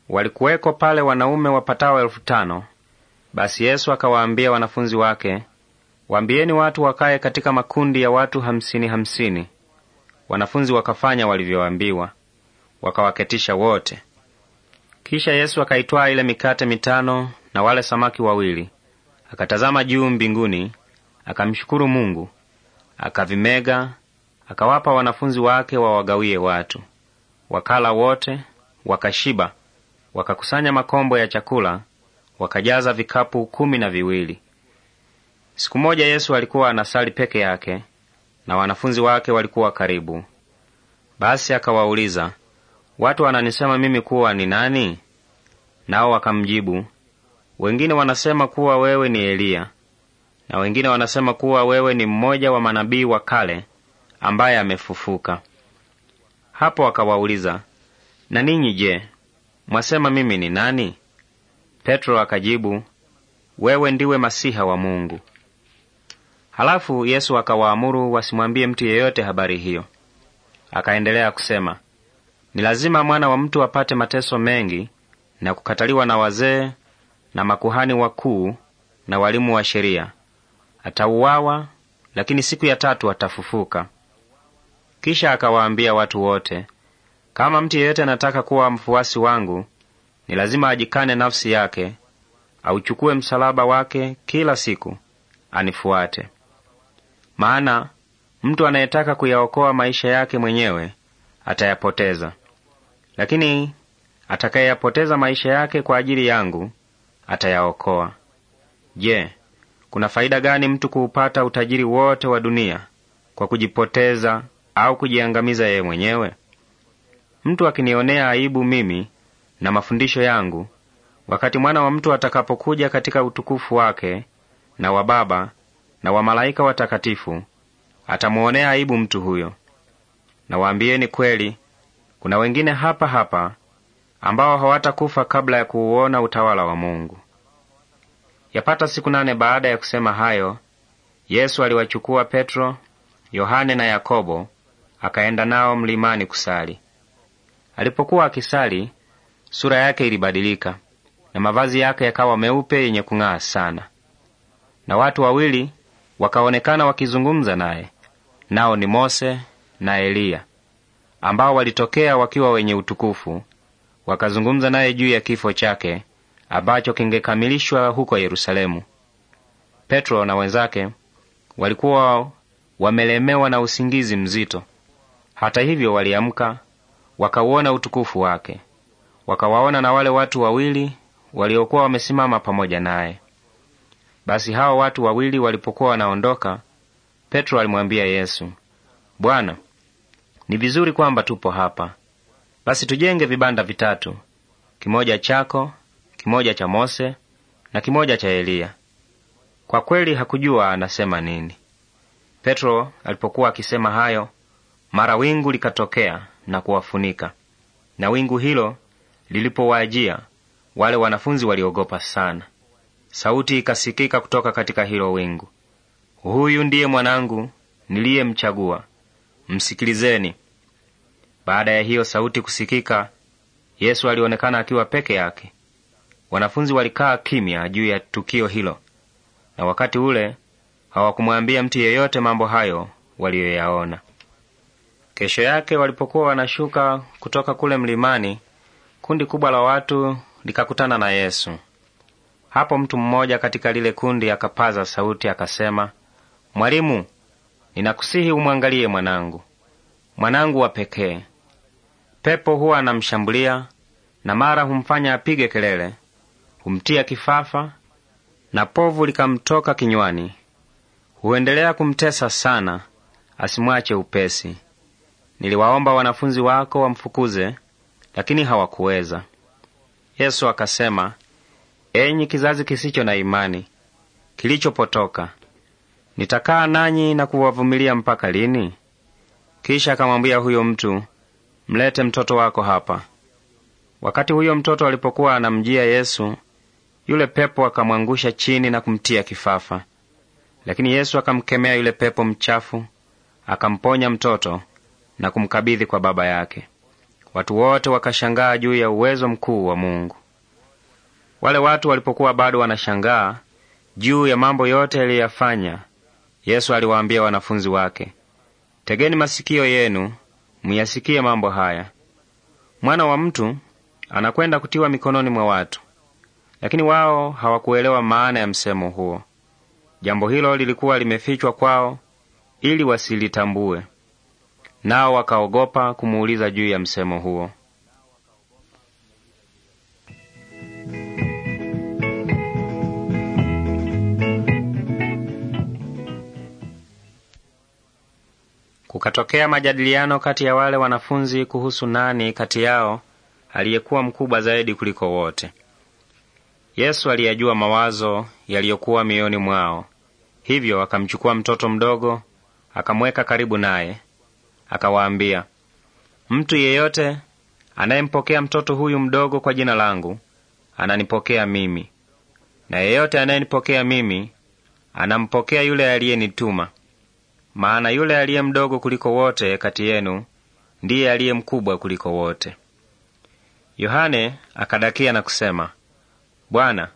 Walikuweko pale wanaume wapatao elfu tano. Basi Yesu akawaambia wanafunzi wake, waambieni watu wakaye katika makundi ya watu hamsini hamsini. Wanafunzi wakafanya walivyoambiwa wakawaketisha wote. Kisha Yesu akaitwaa ile mikate mitano na wale samaki wawili, akatazama juu mbinguni, akamshukuru Mungu, akavimega, akawapa wanafunzi wake wawagawie watu. Wakala wote, wakashiba, wakakusanya makombo ya chakula, wakajaza vikapu kumi na viwili. Siku moja Yesu alikuwa anasali peke yake, na wanafunzi wake walikuwa karibu. Basi akawauliza, watu wananisema mimi kuwa ni nani? Nao wakamjibu, wengine wanasema kuwa wewe ni Eliya, na wengine wanasema kuwa wewe ni mmoja wa manabii wa kale ambaye amefufuka. Hapo akawauliza, na ninyi je, mwasema mimi ni nani? Petro akajibu, wewe ndiwe masiha wa Mungu. Halafu Yesu akawaamuru wasimwambie mtu yeyote habari hiyo. Akaendelea kusema, ni lazima mwana wa mtu apate mateso mengi na kukataliwa na wazee na makuhani wakuu na walimu wa sheria, atauawa, lakini siku ya tatu atafufuka. Kisha akawaambia watu wote, kama mtu yeyote anataka kuwa mfuasi wangu, ni lazima ajikane nafsi yake, auchukue msalaba wake kila siku, anifuate. Maana mtu anayetaka kuyaokoa maisha yake mwenyewe atayapoteza, lakini atakayeyapoteza maisha yake kwa ajili yangu atayaokoa. Je, kuna faida gani mtu kuupata utajiri wote wa dunia kwa kujipoteza au kujiangamiza yeye mwenyewe? Mtu akinionea aibu mimi na mafundisho yangu, wakati mwana wa mtu atakapokuja katika utukufu wake na wa Baba na wa malaika watakatifu, atamwonea aibu mtu huyo. Nawaambieni kweli, kuna wengine hapa hapa ambao hawatakufa kabla ya kuuona utawala wa Mungu. Yapata siku nane baada ya kusema hayo, Yesu aliwachukua Petro, Yohane na Yakobo akaenda nao mlimani kusali. Alipokuwa akisali, sura yake ilibadilika na mavazi yake yakawa meupe yenye kung'aa sana, na watu wawili wakaonekana wakizungumza naye, nao ni Mose na Eliya ambao walitokea wakiwa wenye utukufu, wakazungumza naye juu ya kifo chake ambacho kingekamilishwa huko Yerusalemu. Petro na wenzake walikuwa wamelemewa na usingizi mzito. Hata hivyo, waliamka wakauona utukufu wake, wakawaona na wale watu wawili waliokuwa wamesimama pamoja naye. Basi hao watu wawili walipokuwa wanaondoka, Petro alimwambia Yesu, Bwana, ni vizuri kwamba tupo hapa. Basi tujenge vibanda vitatu, kimoja chako, kimoja cha Mose na kimoja cha Eliya. Kwa kweli hakujua anasema nini. Petro alipokuwa akisema hayo, mara wingu likatokea na kuwafunika, na wingu hilo lilipowajia wale wanafunzi waliogopa sana. Sauti ikasikika kutoka katika hilo wingu, huyu ndiye mwanangu niliyemchagua, msikilizeni. Baada ya hiyo sauti kusikika, Yesu alionekana akiwa peke yake. Wanafunzi walikaa kimya juu ya tukio hilo, na wakati ule hawakumwambia mtu yeyote mambo hayo waliyoyaona. Kesho yake walipokuwa wanashuka kutoka kule mlimani, kundi kubwa la watu likakutana na Yesu. Hapo mtu mmoja katika lile kundi akapaza sauti akasema, Mwalimu, Ninakusihi umwangalie mwanangu, mwanangu wa pekee. Pepo huwa anamshambulia na mara humfanya apige kelele, humtia kifafa na povu likamtoka kinywani. Huendelea kumtesa sana, asimwache upesi. Niliwaomba wanafunzi wako wamfukuze, lakini hawakuweza. Yesu akasema, enyi kizazi kisicho na imani kilichopotoka, nitakaa nanyi na kuwavumilia mpaka lini? Kisha akamwambia huyo mtu, mlete mtoto wako hapa. Wakati huyo mtoto alipokuwa anamjia Yesu, yule pepo akamwangusha chini na kumtia kifafa. Lakini Yesu akamkemea yule pepo mchafu, akamponya mtoto na kumkabidhi kwa baba yake. Watu wote wakashangaa juu ya uwezo mkuu wa Mungu. Wale watu walipokuwa bado wanashangaa juu ya mambo yote yaliyoyafanya, Yesu aliwaambia wanafunzi wake, tegeni masikio yenu muyasikie mambo haya. Mwana wa mtu anakwenda kutiwa mikononi mwa watu. Lakini wao hawakuelewa maana ya msemo huo. Jambo hilo lilikuwa limefichwa kwao ili wasilitambue, nao wakaogopa kumuuliza juu ya msemo huo. Kukatokea majadiliano kati ya wale wanafunzi kuhusu nani kati yao aliyekuwa mkubwa zaidi kuliko wote. Yesu aliyajua mawazo yaliyokuwa mioyoni mwao, hivyo akamchukua mtoto mdogo akamweka karibu naye, akawaambia, mtu yeyote anayempokea mtoto huyu mdogo kwa jina langu ananipokea mimi, na yeyote anayenipokea mimi anampokea yule aliyenituma. Maana yule aliye mdogo kuliko wote kati yenu ndiye aliye mkubwa kuliko wote. Yohane akadakia na kusema, Bwana,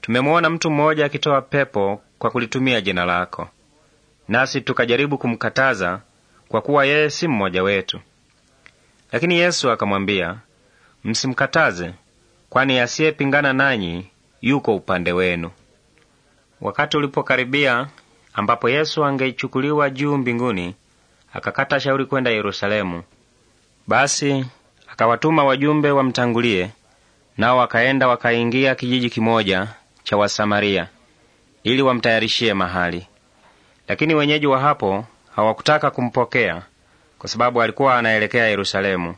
tumemwona mtu mmoja akitoa pepo kwa kulitumia jina lako, nasi tukajaribu kumkataza kwa kuwa yeye si mmoja wetu. Lakini Yesu akamwambia, msimkataze, kwani asiyepingana nanyi yuko upande wenu. Wakati ulipokaribia, ambapo Yesu angechukuliwa juu mbinguni, akakata shauri kwenda Yerusalemu. Basi akawatuma wajumbe wamtangulie, nao wakaenda wakaingia kijiji kimoja cha Wasamaria ili wamtayarishie mahali. Lakini wenyeji wa hapo hawakutaka kumpokea kwa sababu alikuwa anaelekea Yerusalemu.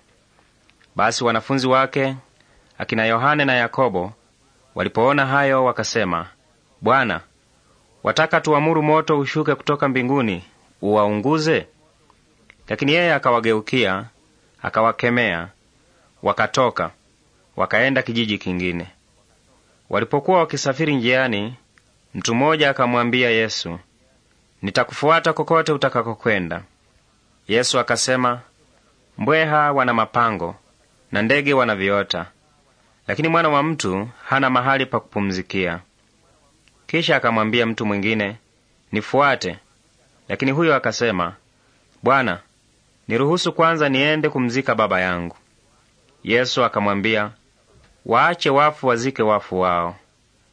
Basi wanafunzi wake akina Yohane na Yakobo walipoona hayo, wakasema, Bwana, Wataka tuamuru moto ushuke kutoka mbinguni uwaunguze? Lakini yeye akawageukia, akawakemea, wakatoka, wakaenda kijiji kingine. Walipokuwa wakisafiri njiani, mtu mmoja akamwambia Yesu, nitakufuata kokote utakakokwenda. Yesu akasema, mbweha wana mapango na ndege wana viota, lakini mwana wa mtu hana mahali pa kupumzikia. Kisha akamwambia mtu mwingine, nifuate. Lakini huyo akasema, Bwana, niruhusu kwanza niende kumzika baba yangu. Yesu akamwambia, waache wafu wazike wafu wao,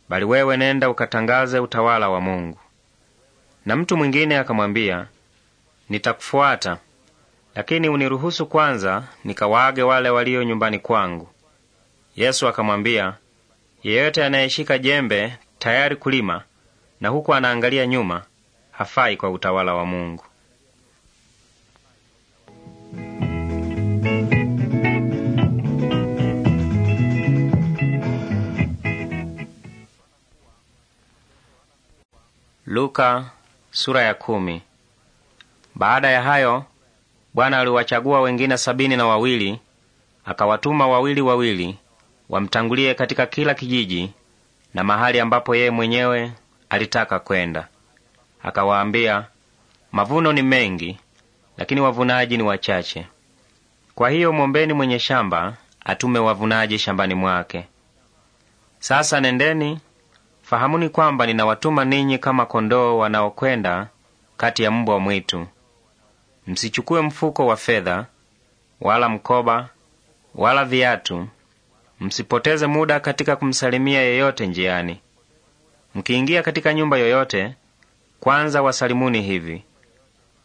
bali wewe nenda ukatangaze utawala wa Mungu. Na mtu mwingine akamwambia, nitakufuata, lakini uniruhusu kwanza nikawaage wale walio nyumbani kwangu. Yesu akamwambia, yeyote anayeshika jembe tayari kulima na huku anaangalia nyuma, hafai kwa utawala wa Mungu. Luka, sura ya kumi. Baada ya hayo Bwana aliwachagua wengine sabini na wawili akawatuma wawili wawili wamtangulie katika kila kijiji na mahali ambapo yeye mwenyewe alitaka kwenda. Akawaambia, mavuno ni mengi, lakini wavunaji ni wachache. Kwa hiyo mwombeni mwenye shamba atume wavunaji shambani mwake. Sasa nendeni, fahamuni kwamba ninawatuma ninyi kama kondoo wanaokwenda kati ya mbwa mwitu. Msichukue mfuko wa fedha wala mkoba wala viatu Msipoteze muda katika kumsalimia yeyote njiani. Mkiingia katika nyumba yoyote, kwanza wasalimuni hivi: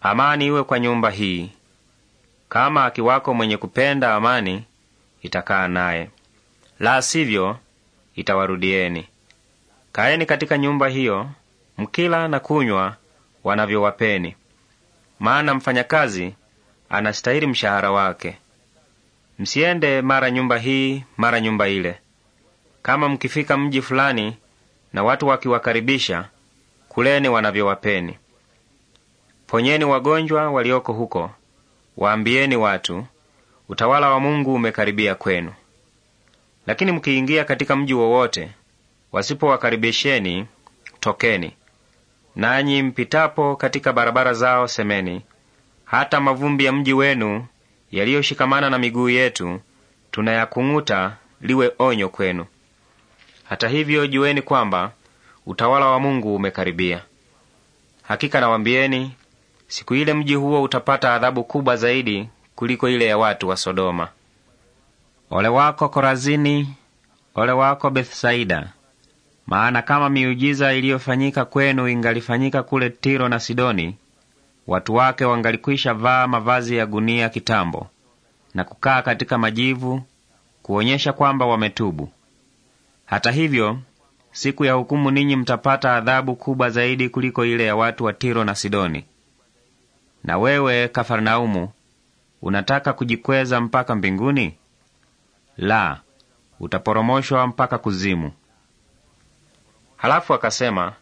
amani iwe kwa nyumba hii. Kama akiwako mwenye kupenda amani, itakaa naye, la sivyo itawarudieni. Kaeni katika nyumba hiyo mkila na kunywa wanavyowapeni, maana mfanyakazi anastahili mshahara wake. Msiende mara nyumba hii mara nyumba ile. Kama mkifika mji fulani na watu wakiwakaribisha, kuleni wanavyowapeni. Ponyeni wagonjwa walioko huko, waambieni watu, utawala wa Mungu umekaribia kwenu. Lakini mkiingia katika mji wowote, wasipowakaribisheni, tokeni. Nanyi mpitapo katika barabara zao, semeni, hata mavumbi ya mji wenu yaliyoshikamana na miguu yetu tunayakung'uta liwe onyo kwenu. Hata hivyo, jueni kwamba utawala wa Mungu umekaribia. Hakika nawambieni, siku ile mji huo utapata adhabu kubwa zaidi kuliko ile ya watu wa Sodoma. Ole wako Korazini! Ole wako Bethsaida! Maana kama miujiza iliyofanyika kwenu ingalifanyika kule Tiro na Sidoni, watu wake wangalikwisha vaa mavazi ya gunia kitambo na kukaa katika majivu kuonyesha kwamba wametubu. Hata hivyo, siku ya hukumu ninyi mtapata adhabu kubwa zaidi kuliko ile ya watu wa Tiro na Sidoni. Na wewe Kafarnaumu, unataka kujikweza mpaka mbinguni? La, utaporomoshwa mpaka kuzimu. Halafu akasema,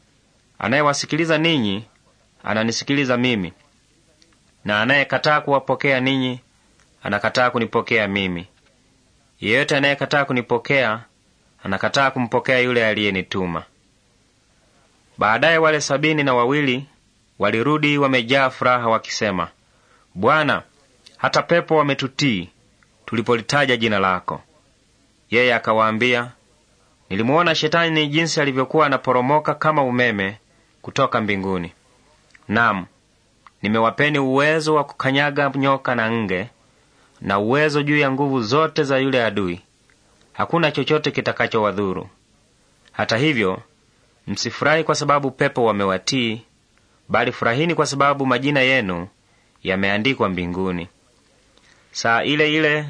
anayewasikiliza ninyi ananisikiliza mimi, na anayekataa kuwapokea ninyi anakataa kunipokea mimi. Yeyote anayekataa kunipokea anakataa kumpokea yule aliyenituma. Baadaye wale sabini na wawili walirudi wamejaa furaha, wakisema, Bwana, hata pepo wametutii tulipolitaja jina lako. Yeye akawaambia, nilimuona Shetani jinsi alivyokuwa anaporomoka kama umeme kutoka mbinguni. Naam, nimewapeni uwezo wa kukanyaga nyoka na nge na uwezo juu ya nguvu zote za yule adui. Hakuna chochote kitakachowadhuru. Hata hivyo, msifurahi kwa sababu pepo wamewatii, bali furahini kwa sababu majina yenu yameandikwa mbinguni. Saa ile ile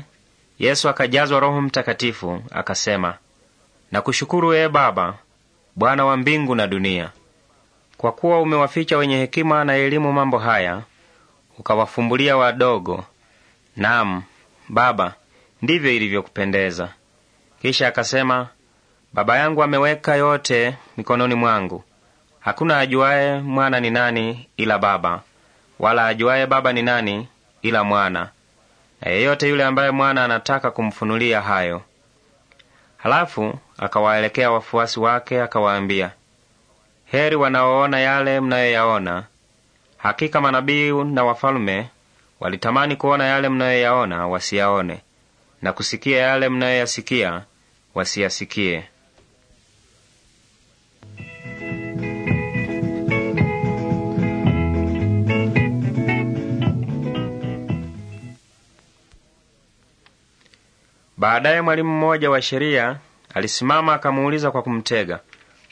Yesu akajazwa Roho Mtakatifu akasema, nakushukuru ee Baba, Bwana wa mbingu na dunia kwa kuwa umewaficha wenye hekima na elimu mambo haya, ukawafumbulia wadogo. Naam, Baba, ndivyo ilivyokupendeza. Kisha akasema, Baba yangu ameweka yote mikononi mwangu. Hakuna ajuaye mwana ni nani ila Baba, wala ajuaye Baba ni nani ila Mwana, na yeyote yule ambaye Mwana anataka kumfunulia hayo. Halafu akawaelekea wafuasi wake akawaambia, Heri wanaoona yale mnayoyaona. Hakika manabii na wafalume walitamani kuona yale mnayoyaona wasiyaone, na kusikia yale mnayoyasikia wasiyasikie. Baadaye mwalimu mmoja wa sheria alisimama akamuuliza kwa kumtega,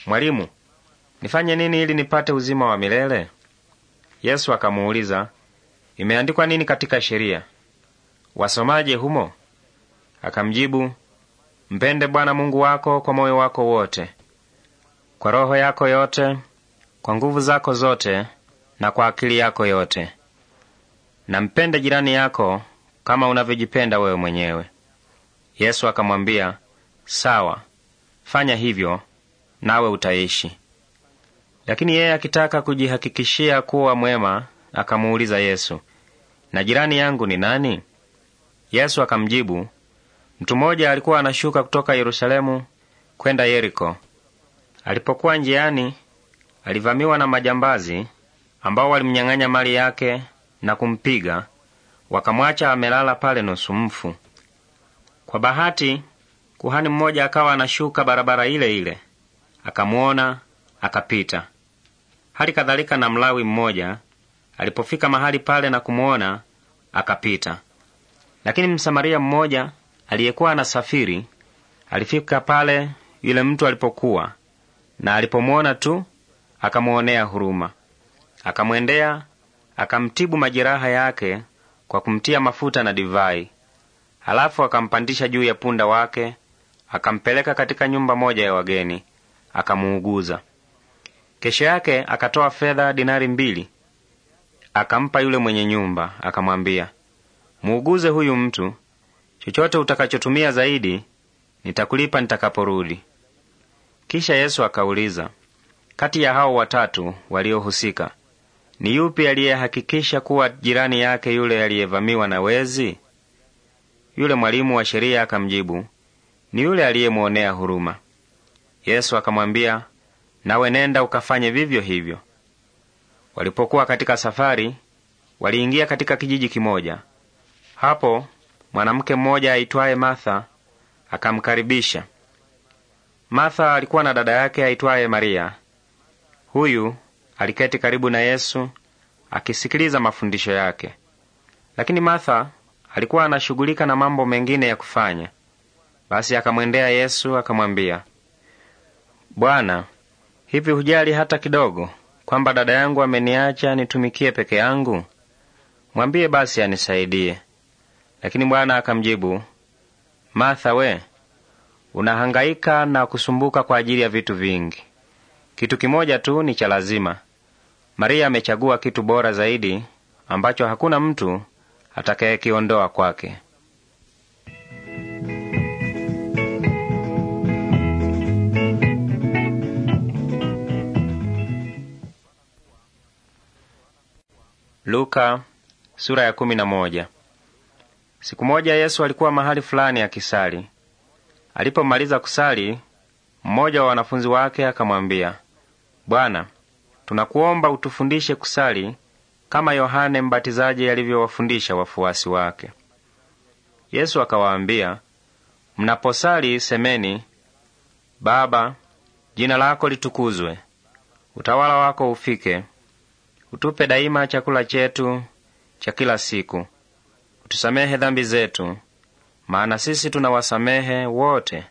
Mwalimu, nifanye nini ili nipate uzima wa milele? Yesu akamuuliza, imeandikwa nini katika sheria? Wasomaje humo? Akamjibu, mpende Bwana Mungu wako kwa moyo wako wote, kwa roho yako yote, kwa nguvu zako zote, na kwa akili yako yote, na mpende jirani yako kama unavyojipenda wewe mwenyewe. Yesu akamwambia, sawa, fanya hivyo nawe utaishi. Lakini yeye akitaka kujihakikishia kuwa mwema, akamuuliza Yesu, na jirani yangu ni nani? Yesu akamjibu, mtu mmoja alikuwa anashuka kutoka Yerusalemu kwenda Yeriko. Alipokuwa njiani, alivamiwa na majambazi ambao walimnyang'anya mali yake na kumpiga, wakamwacha amelala pale nusu mfu. Kwa bahati, kuhani mmoja akawa anashuka barabara ile ile, akamuona, akapita. Hali kadhalika na Mlawi mmoja alipofika mahali pale na kumwona akapita. Lakini Msamaria mmoja aliyekuwa anasafiri alifika pale yule mtu alipokuwa, na alipomwona tu akamwonea huruma, akamwendea, akamtibu majeraha yake kwa kumtia mafuta na divai, halafu akampandisha juu ya punda wake, akampeleka katika nyumba moja ya wageni, akamuuguza. Kesho yake akatoa fedha dinari mbili akampa yule mwenye nyumba, akamwambia, muuguze huyu mtu, chochote utakachotumia zaidi nitakulipa nitakaporudi. Kisha Yesu akauliza, kati ya hao watatu waliohusika ni yupi aliyehakikisha kuwa jirani yake yule aliyevamiwa na wezi? Yule mwalimu wa sheria akamjibu, ni yule aliyemwonea huruma. Yesu akamwambia, nawe nenda ukafanye vivyo hivyo. Walipokuwa katika safari, waliingia katika kijiji kimoja. Hapo mwanamke mmoja aitwaye Martha akamkaribisha. Martha alikuwa na dada yake aitwaye Maria. Huyu aliketi karibu na Yesu akisikiliza mafundisho yake, lakini Martha alikuwa anashughulika na mambo mengine ya kufanya. Basi akamwendea Yesu akamwambia, Bwana, Hivi hujali hata kidogo kwamba dada yangu ameniacha nitumikie peke yangu? Mwambie basi anisaidie. Lakini Bwana akamjibu, Martha, we unahangaika na kusumbuka kwa ajili ya vitu vingi. Kitu kimoja tu ni cha lazima. Maria amechagua kitu bora zaidi, ambacho hakuna mtu atakayekiondoa kwake. Luka, sura ya kumi na moja. Siku moja Yesu alikuwa mahali fulani akisali. Alipomaliza kusali, mmoja wa wanafunzi wake akamwambia, Bwana, tunakuomba utufundishe kusali kama Yohane Mbatizaji alivyowafundisha wafuasi wake. Yesu akawaambia, mnaposali semeni, Baba, jina lako litukuzwe, utawala wako ufike Utupe daima chakula chetu cha kila siku. Utusamehe dhambi zetu, maana sisi tunawasamehe wote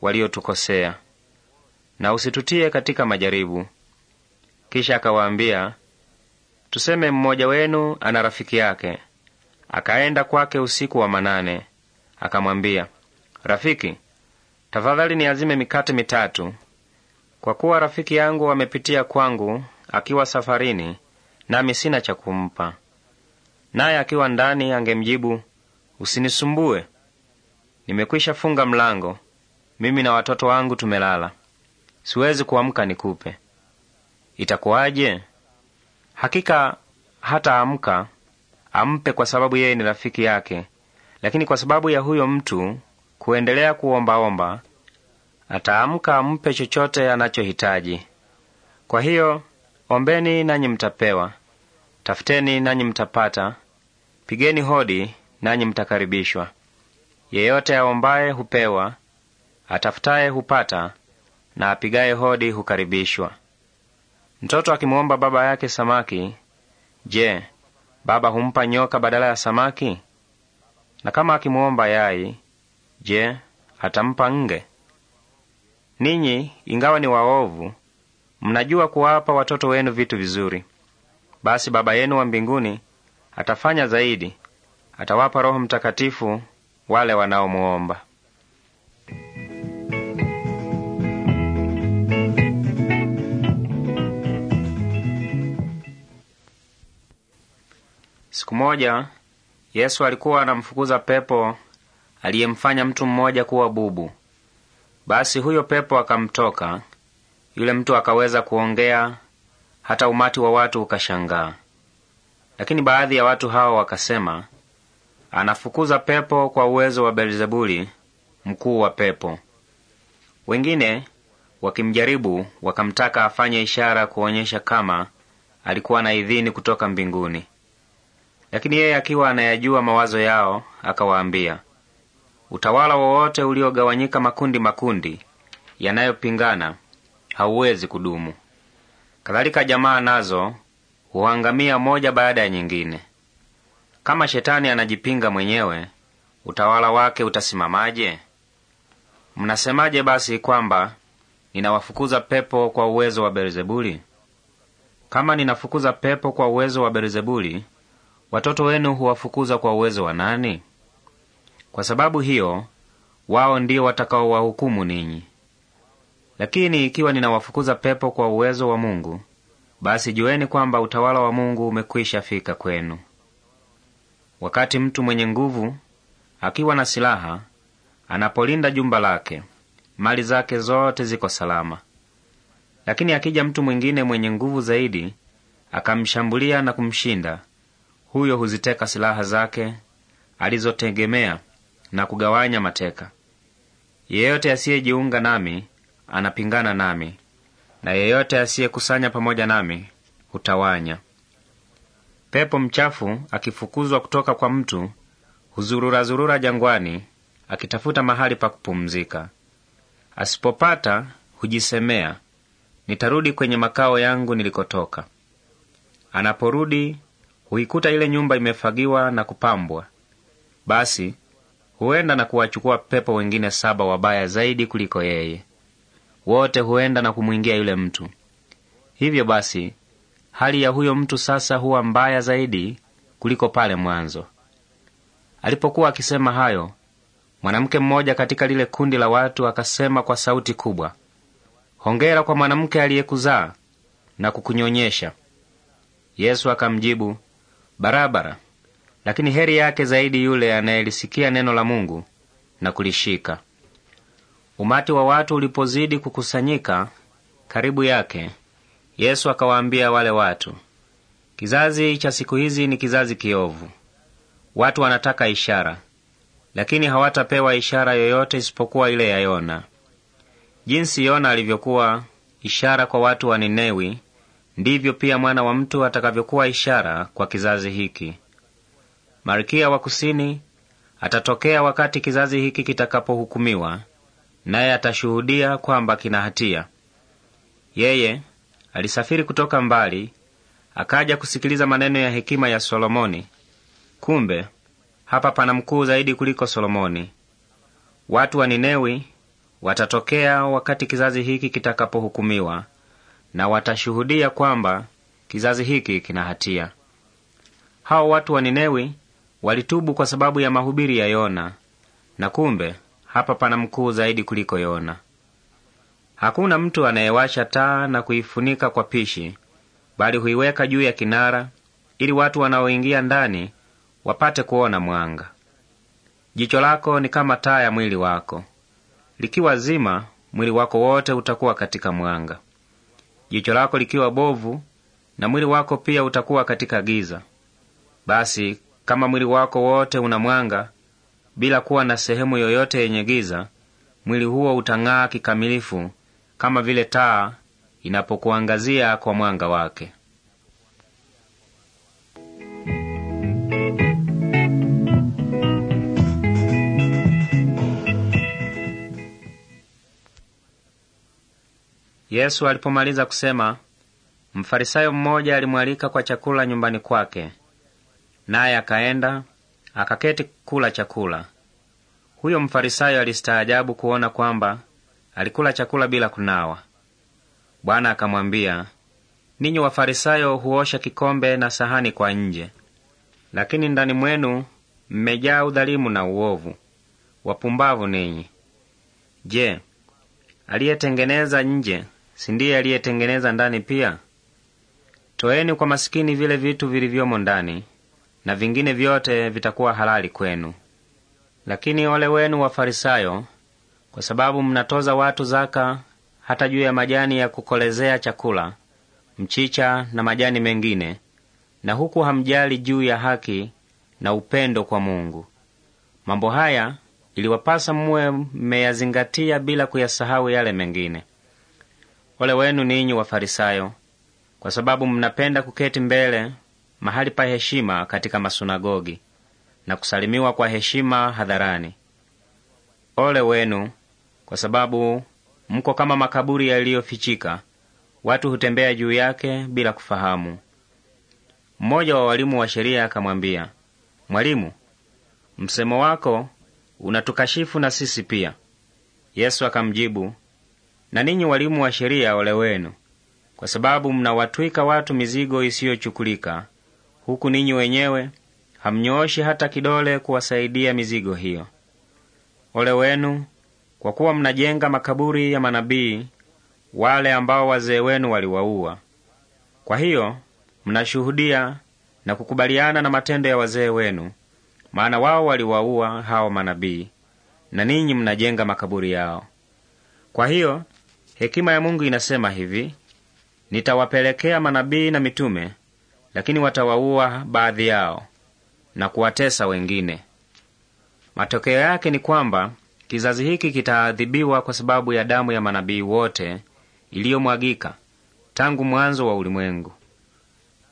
waliotukosea, na usitutie katika majaribu. Kisha akawaambia, tuseme mmoja wenu ana rafiki yake, akaenda kwake usiku wa manane, akamwambia, rafiki, tafadhali niazime mikate mitatu, kwa kuwa rafiki yangu amepitia kwangu akiwa safarini nami sina cha kumpa. Naye akiwa ndani angemjibu, usinisumbue, nimekwisha funga mlango, mimi na watoto wangu tumelala, siwezi kuamka nikupe. Itakuwaje? Hakika hata amka ampe, kwa sababu yeye ni rafiki yake, lakini kwa sababu ya huyo mtu kuendelea kuombaomba, ataamka ampe chochote anachohitaji. Kwa hiyo Ombeni nanyi mtapewa, tafuteni nanyi mtapata, pigeni hodi nanyi mtakaribishwa. Yeyote aombaye hupewa, atafutaye hupata, na apigaye hodi hukaribishwa. Mtoto akimwomba baba yake samaki, je, baba humpa nyoka badala ya samaki? Na kama akimwomba yai, je, atampa nge? Ninyi ingawa ni waovu Mnajua kuwapa watoto wenu vitu vizuri, basi Baba yenu wa mbinguni atafanya zaidi, atawapa Roho Mtakatifu wale wanaomuomba. Siku moja Yesu alikuwa anamfukuza pepo aliyemfanya mtu mmoja kuwa bubu. Basi huyo pepo akamtoka yule mtu akaweza kuongea hata umati wa watu ukashangaa. Lakini baadhi ya watu hao wakasema, anafukuza pepo kwa uwezo wa Beelzebuli, mkuu wa pepo. Wengine wakimjaribu wakamtaka afanye ishara kuonyesha kama alikuwa na idhini kutoka mbinguni. Lakini yeye akiwa anayajua mawazo yao, akawaambia, utawala wowote uliogawanyika makundi makundi yanayopingana hauwezi kudumu. Kadhalika jamaa nazo huangamia moja baada ya nyingine. Kama shetani anajipinga mwenyewe, utawala wake utasimamaje? Mnasemaje basi kwamba ninawafukuza pepo kwa uwezo wa Beelzebuli? Kama ninafukuza pepo kwa uwezo wa Beelzebuli, watoto wenu huwafukuza kwa uwezo wa nani? Kwa sababu hiyo, wao ndio watakaowahukumu ninyi. Lakini ikiwa ninawafukuza pepo kwa uwezo wa Mungu, basi jueni kwamba utawala wa Mungu umekwisha fika kwenu. Wakati mtu mwenye nguvu akiwa na silaha anapolinda jumba lake, mali zake zote ziko salama. Lakini akija mtu mwingine mwenye nguvu zaidi akamshambulia na kumshinda, huyo huziteka silaha zake alizotegemea na kugawanya mateka. Yeyote asiyejiunga nami anapingana nami, na yeyote asiyekusanya pamoja nami hutawanya. Pepo mchafu akifukuzwa kutoka kwa mtu huzururazurura jangwani akitafuta mahali pa kupumzika. Asipopata hujisemea, nitarudi kwenye makao yangu nilikotoka. Anaporudi huikuta ile nyumba imefagiwa na kupambwa. Basi huenda na kuwachukua pepo wengine saba wabaya zaidi kuliko yeye wote huenda na kumwingia yule mtu. Hivyo basi, hali ya huyo mtu sasa huwa mbaya zaidi kuliko pale mwanzo. Alipokuwa akisema hayo, mwanamke mmoja katika lile kundi la watu akasema kwa sauti kubwa, hongera kwa mwanamke aliyekuzaa na kukunyonyesha. Yesu akamjibu, barabara, lakini heri yake zaidi yule anayelisikia neno la Mungu na kulishika. Umati wa watu ulipozidi kukusanyika karibu yake, Yesu akawaambia wale watu, kizazi cha siku hizi ni kizazi kiovu. Watu wanataka ishara, lakini hawatapewa ishara yoyote isipokuwa ile ya Yona. Jinsi Yona alivyokuwa ishara kwa watu wa Ninewi, ndivyo pia mwana wa mtu atakavyokuwa ishara kwa kizazi hiki. Malkia wa kusini atatokea wakati kizazi hiki kitakapohukumiwa naye atashuhudia kwamba kina hatia. Yeye alisafiri kutoka mbali, akaja kusikiliza maneno ya hekima ya Solomoni. Kumbe hapa pana mkuu zaidi kuliko Solomoni. Watu wa Ninewi watatokea wakati kizazi hiki kitakapohukumiwa, na watashuhudia kwamba kizazi hiki kina hatia. Hao watu wa Ninewi walitubu kwa sababu ya mahubiri ya Yona, na kumbe hapa pana mkuu zaidi kuliko Yona. Hakuna mtu anayewasha taa na kuifunika kwa pishi, bali huiweka juu ya kinara, ili watu wanaoingia ndani wapate kuona mwanga. Jicho lako ni kama taa ya mwili wako. Likiwa zima, mwili wako wote utakuwa katika mwanga. Jicho lako likiwa bovu, na mwili wako pia utakuwa katika giza. Basi kama mwili wako wote una mwanga, bila kuwa na sehemu yoyote yenye giza, mwili huo utang'aa kikamilifu kama vile taa inapokuangazia kwa mwanga wake. Yesu alipomaliza kusema, Mfarisayo mmoja alimwalika kwa chakula nyumbani kwake, naye akaenda akaketi kula chakula. Huyo Mfarisayo alistaajabu kuona kwamba alikula chakula bila kunawa. Bwana akamwambia, ninyi Wafarisayo huosha kikombe na sahani kwa nje, lakini ndani mwenu mmejaa udhalimu na uovu. Wapumbavu ninyi! Je, aliyetengeneza nje si ndiye aliyetengeneza ndani pia? Toeni kwa masikini vile vitu vilivyomo ndani, na vingine vyote vitakuwa halali kwenu. Lakini ole wenu Wafarisayo, kwa sababu mnatoza watu zaka hata juu ya majani ya kukolezea chakula, mchicha na majani mengine, na huku hamjali juu ya haki na upendo kwa Mungu. Mambo haya iliwapasa muwe mmeyazingatia bila kuyasahau yale mengine. Ole wenu ninyi Wafarisayo, kwa sababu mnapenda kuketi mbele mahali pa heshima katika masunagogi na kusalimiwa kwa heshima hadharani. Ole wenu, kwa sababu mko kama makaburi yaliyofichika, watu hutembea juu yake bila kufahamu. Mmoja wa walimu wa sheria akamwambia, Mwalimu, msemo wako unatukashifu na sisi pia. Yesu akamjibu, na ninyi walimu wa sheria, ole wenu, kwa sababu mnawatwika watu mizigo isiyochukulika huku ninyi wenyewe hamnyooshi hata kidole kuwasaidia mizigo hiyo. Ole wenu kwa kuwa mnajenga makaburi ya manabii wale ambao wazee wenu waliwaua. Kwa hiyo mnashuhudia na kukubaliana na matendo ya wazee wenu, maana wao waliwaua hao manabii, na ninyi mnajenga makaburi yao. Kwa hiyo hekima ya Mungu inasema hivi: nitawapelekea manabii na mitume lakini watawaua baadhi yao na kuwatesa wengine. Matokeo yake ni kwamba kizazi hiki kitaadhibiwa kwa sababu ya damu ya manabii wote iliyomwagika tangu mwanzo wa ulimwengu.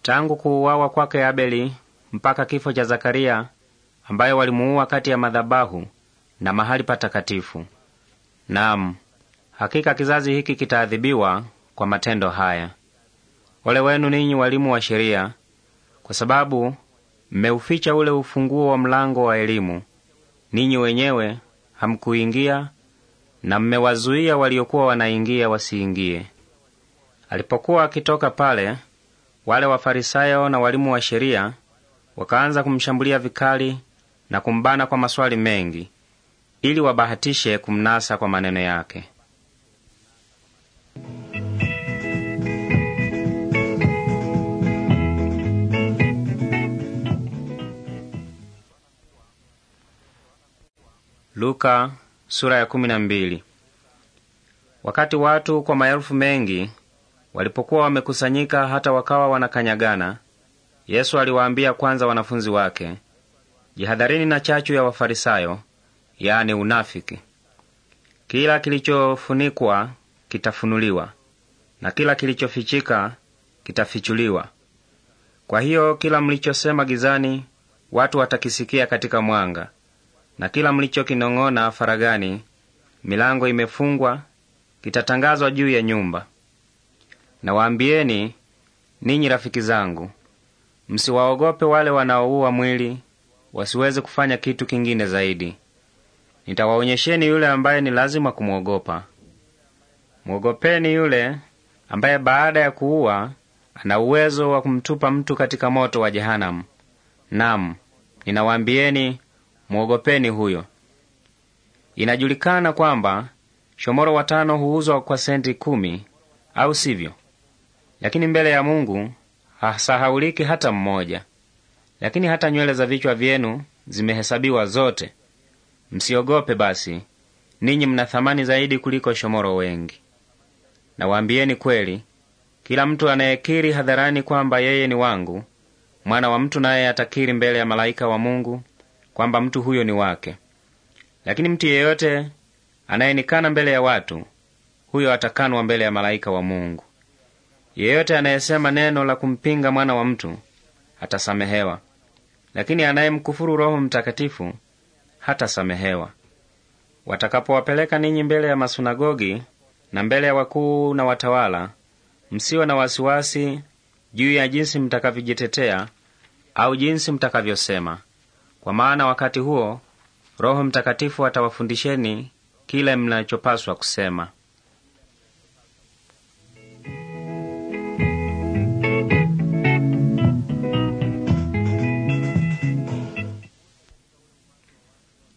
Tangu kuuawa kwake Abeli mpaka kifo cha Zakaria ambaye walimuua kati ya madhabahu na mahali patakatifu. Naam, hakika kizazi hiki kitaadhibiwa kwa matendo haya. Ole wenu ninyi walimu wa sheria, kwa sababu mmeuficha ule ufunguo wa mlango wa elimu; ninyi wenyewe hamkuingia, na mmewazuia waliokuwa wanaingia wasiingie. Alipokuwa akitoka pale, wale Wafarisayo na walimu wa sheria wakaanza kumshambulia vikali na kumbana kwa maswali mengi, ili wabahatishe kumnasa kwa maneno yake. Luka sura ya kumi na mbili. Wakati watu kwa maelfu mengi walipokuwa wamekusanyika hata wakawa wanakanyagana, Yesu aliwaambia kwanza wanafunzi wake, jihadharini na chachu ya Wafarisayo, yaani unafiki. Kila kilichofunikwa kitafunuliwa na kila kilichofichika kitafichuliwa. Kwa hiyo kila mlichosema gizani watu watakisikia katika mwanga, na kila kinong'ona faragani, milango imefungwa, kitatangazwa juu ya nyumba. Nawaambieni ninyi rafiki zangu, msiwaogope wale wanaouwa mwili, wasiweze kufanya kitu kingine zaidi. Nitawaonyesheni yule ambaye ni lazima kumwogopa. Mwogopeni yule ambaye baada ya kuua ana uwezo wa kumtupa mtu katika moto wa jehanamu. Nam, ninawaambieni mwogopeni huyo. Inajulikana kwamba shomoro watano huuzwa kwa senti kumi, au sivyo? Lakini mbele ya Mungu hasahauliki hata mmoja. Lakini hata nywele za vichwa vyenu zimehesabiwa zote. Msiogope basi, ninyi mna thamani zaidi kuliko shomoro wengi. Nawaambieni kweli, kila mtu anayekiri hadharani kwamba yeye ni wangu, mwana wa mtu naye atakiri mbele ya malaika wa Mungu kwamba mtu huyo ni wake. Lakini mtu yeyote anayenikana mbele ya watu, huyo atakanwa mbele ya malaika wa Mungu. Yeyote anayesema neno la kumpinga mwana wa mtu atasamehewa, lakini anayemkufuru Roho Mtakatifu hatasamehewa. Watakapowapeleka ninyi mbele ya masunagogi na mbele ya wakuu na watawala, msiwe na wasiwasi juu ya jinsi mtakavyojitetea au jinsi mtakavyosema. Kwa maana wakati huo Roho Mtakatifu atawafundisheni kila mnachopaswa kusema.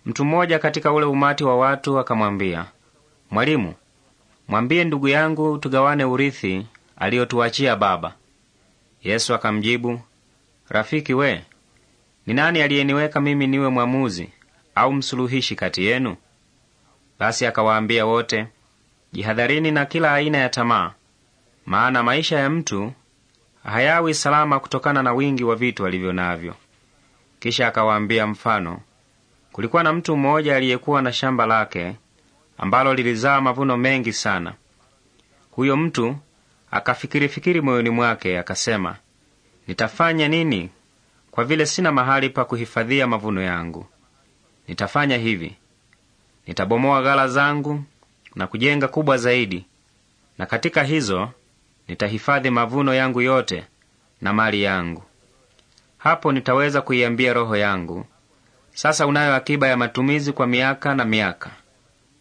Mtu mmoja katika ule umati wa watu akamwambia, Mwalimu, mwambie ndugu yangu tugawane urithi aliyotuachia baba. Yesu akamjibu, Rafiki we ni nani aliyeniweka mimi niwe mwamuzi au msuluhishi kati yenu? Basi akawaambia wote, jihadharini na kila aina ya tamaa, maana maisha ya mtu hayawi salama kutokana na wingi wa vitu alivyo navyo. Kisha akawaambia mfano, kulikuwa na mtu mmoja aliyekuwa na shamba lake ambalo lilizaa mavuno mengi sana. Huyo mtu akafikirifikiri moyoni mwake, akasema, nitafanya nini kwa vile sina mahali pa kuhifadhia mavuno yangu, nitafanya hivi: nitabomoa ghala zangu na kujenga kubwa zaidi, na katika hizo nitahifadhi mavuno yangu yote na mali yangu. Hapo nitaweza kuiambia roho yangu, sasa unayo akiba ya matumizi kwa miaka na miaka.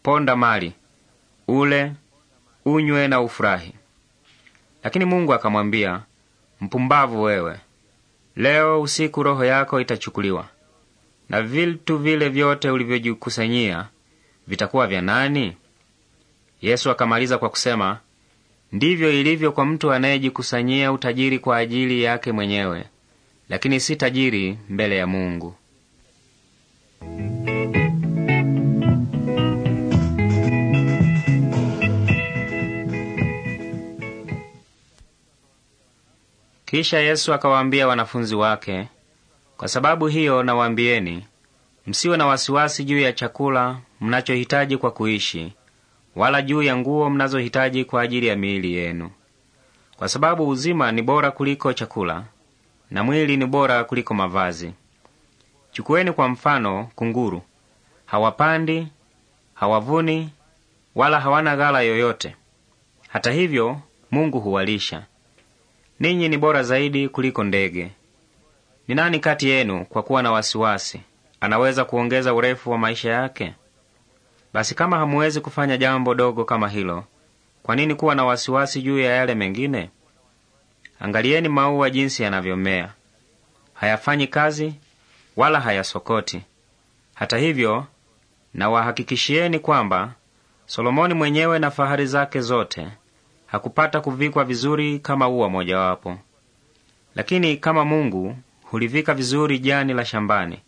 Ponda mali, ule, unywe na ufurahi. Lakini Mungu akamwambia, mpumbavu wewe, Leo usiku roho yako itachukuliwa, na vitu vile vyote ulivyojikusanyia vitakuwa vya nani? Yesu akamaliza kwa kusema, ndivyo ilivyo kwa mtu anayejikusanyia utajiri kwa ajili yake mwenyewe, lakini si tajiri mbele ya Mungu. Kisha Yesu akawaambia wanafunzi wake, kwa sababu hiyo nawaambieni, msiwe na wasiwasi juu ya chakula mnachohitaji kwa kuishi, wala juu ya nguo mnazohitaji kwa ajili ya miili yenu, kwa sababu uzima ni bora kuliko chakula na mwili ni bora kuliko mavazi. Chukueni kwa mfano kunguru. Hawapandi, hawavuni, wala hawana ghala yoyote. Hata hivyo Mungu huwalisha ninyi ni bora zaidi kuliko ndege. Ni nani kati yenu kwa kuwa na wasiwasi anaweza kuongeza urefu wa maisha yake? Basi kama hamuwezi kufanya jambo dogo kama hilo, kwa nini kuwa na wasiwasi juu ya yale mengine? Angalieni maua jinsi yanavyomea, hayafanyi kazi wala hayasokoti. Hata hivyo, nawahakikishieni kwamba Solomoni mwenyewe na fahari zake zote hakupata kuvikwa vizuri kama ua mojawapo. Lakini kama Mungu hulivika vizuri jani la shambani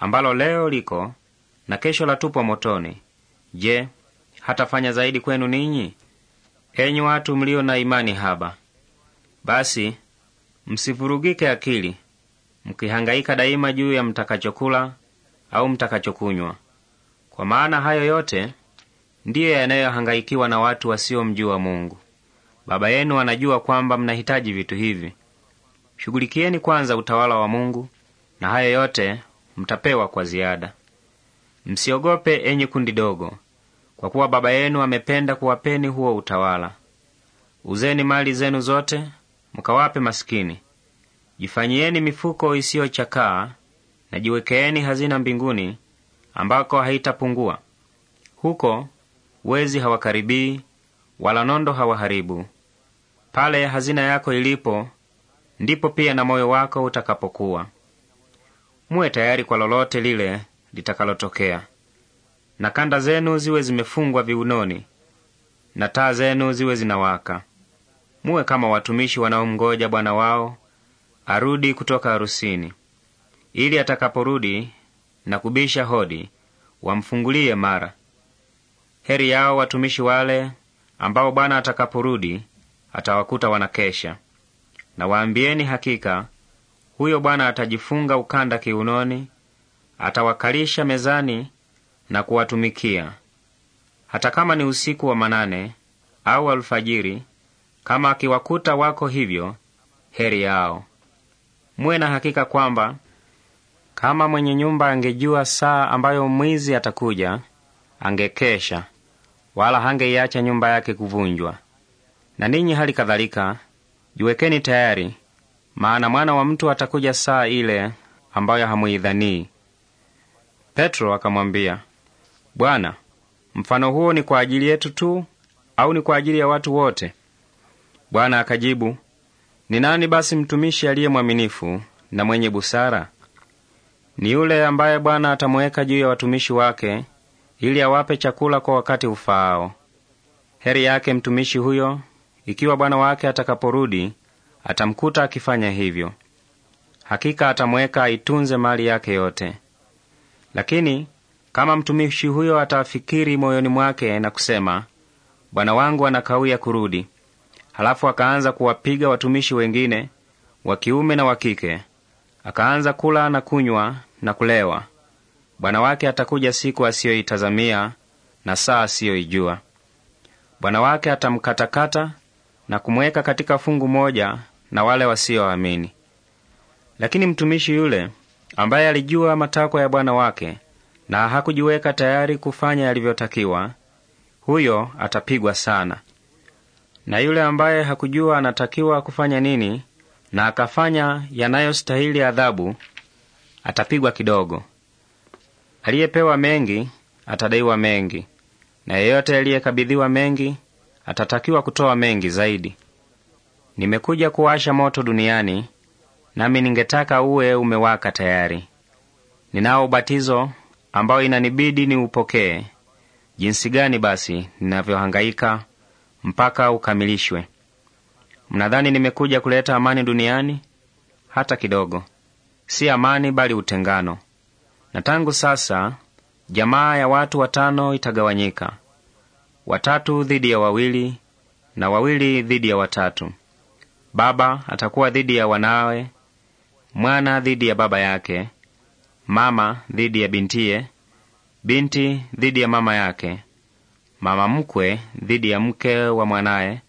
ambalo leo liko na kesho latupwa motoni, je, hatafanya zaidi kwenu ninyi, enyi watu mlio na imani haba? Basi msivurugike akili mkihangaika daima juu ya mtakachokula au mtakachokunywa, kwa maana hayo yote ndiyo yanayohangaikiwa na watu wasiomjua Mungu. Baba yenu anajua kwamba mnahitaji vitu hivi. Shughulikieni kwanza utawala wa Mungu, na hayo yote mtapewa kwa ziada. Msiogope enyi kundi dogo, kwa kuwa Baba yenu amependa kuwapeni huo utawala. Uzeni mali zenu zote mkawape masikini. Jifanyieni mifuko isiyochakaa na jiwekeeni hazina mbinguni, ambako haitapungua; huko wezi hawakaribii, wala nondo hawaharibu, pale hazina yako ilipo, ndipo pia na moyo wako utakapokuwa. Muwe tayari kwa lolote lile litakalotokea, na kanda zenu ziwe zimefungwa viunoni na taa zenu ziwe zinawaka. Muwe kama watumishi wanaomngoja bwana wao arudi kutoka harusini, ili atakaporudi na kubisha hodi wamfungulie mara. Heri yao watumishi wale ambao bwana atakaporudi atawakuta wanakesha. Na waambieni hakika, huyo bwana atajifunga ukanda kiunoni, atawakalisha mezani na kuwatumikia, hata kama ni usiku wa manane au alfajiri. Kama akiwakuta wako hivyo, heri yao. Muwe na hakika kwamba kama mwenye nyumba angejua saa ambayo mwizi atakuja, angekesha, wala hangeiacha nyumba yake kuvunjwa. Na ninyi hali kadhalika jiwekeni tayari, maana mwana wa mtu atakuja saa ile ambayo hamuidhanii. Petro akamwambia, Bwana, mfano huo ni kwa ajili yetu tu au ni kwa ajili ya watu wote? Bwana akajibu, ni nani basi mtumishi aliye mwaminifu na mwenye busara? Ni yule ambaye Bwana atamuweka juu ya watumishi wake ili awape chakula kwa wakati ufaao. Heri yake mtumishi huyo ikiwa bwana wake atakaporudi, atamkuta akifanya hivyo, hakika atamweka aitunze mali yake yote. Lakini kama mtumishi huyo atafikiri moyoni mwake na kusema, bwana wangu anakawia kurudi, halafu akaanza kuwapiga watumishi wengine wa kiume na wa kike, akaanza kula na kunywa na kulewa, bwana wake atakuja siku asiyoitazamia na saa asiyoijua. Bwana wake atamkatakata na kumweka katika fungu moja na wale wasioamini. Lakini mtumishi yule ambaye alijua matakwa ya bwana wake na hakujiweka tayari kufanya yalivyotakiwa, huyo atapigwa sana. Na yule ambaye hakujua anatakiwa kufanya nini na akafanya yanayostahili adhabu, atapigwa kidogo. Aliyepewa mengi atadaiwa mengi, na yeyote aliyekabidhiwa mengi atatakiwa kutoa mengi zaidi. Nimekuja kuwasha moto duniani, nami ningetaka uwe umewaka tayari. Ninao ubatizo ambao inanibidi niupokee. Jinsi gani basi ninavyohangaika mpaka ukamilishwe! Mnadhani nimekuja kuleta amani duniani? Hata kidogo. Si amani, bali utengano. Na tangu sasa jamaa ya watu watano itagawanyika watatu dhidi ya wawili na wawili dhidi ya watatu. Baba atakuwa dhidi ya wanawe, mwana dhidi ya baba yake, mama dhidi ya bintiye, binti dhidi ya mama yake, mama mkwe dhidi ya mke wa mwanaye,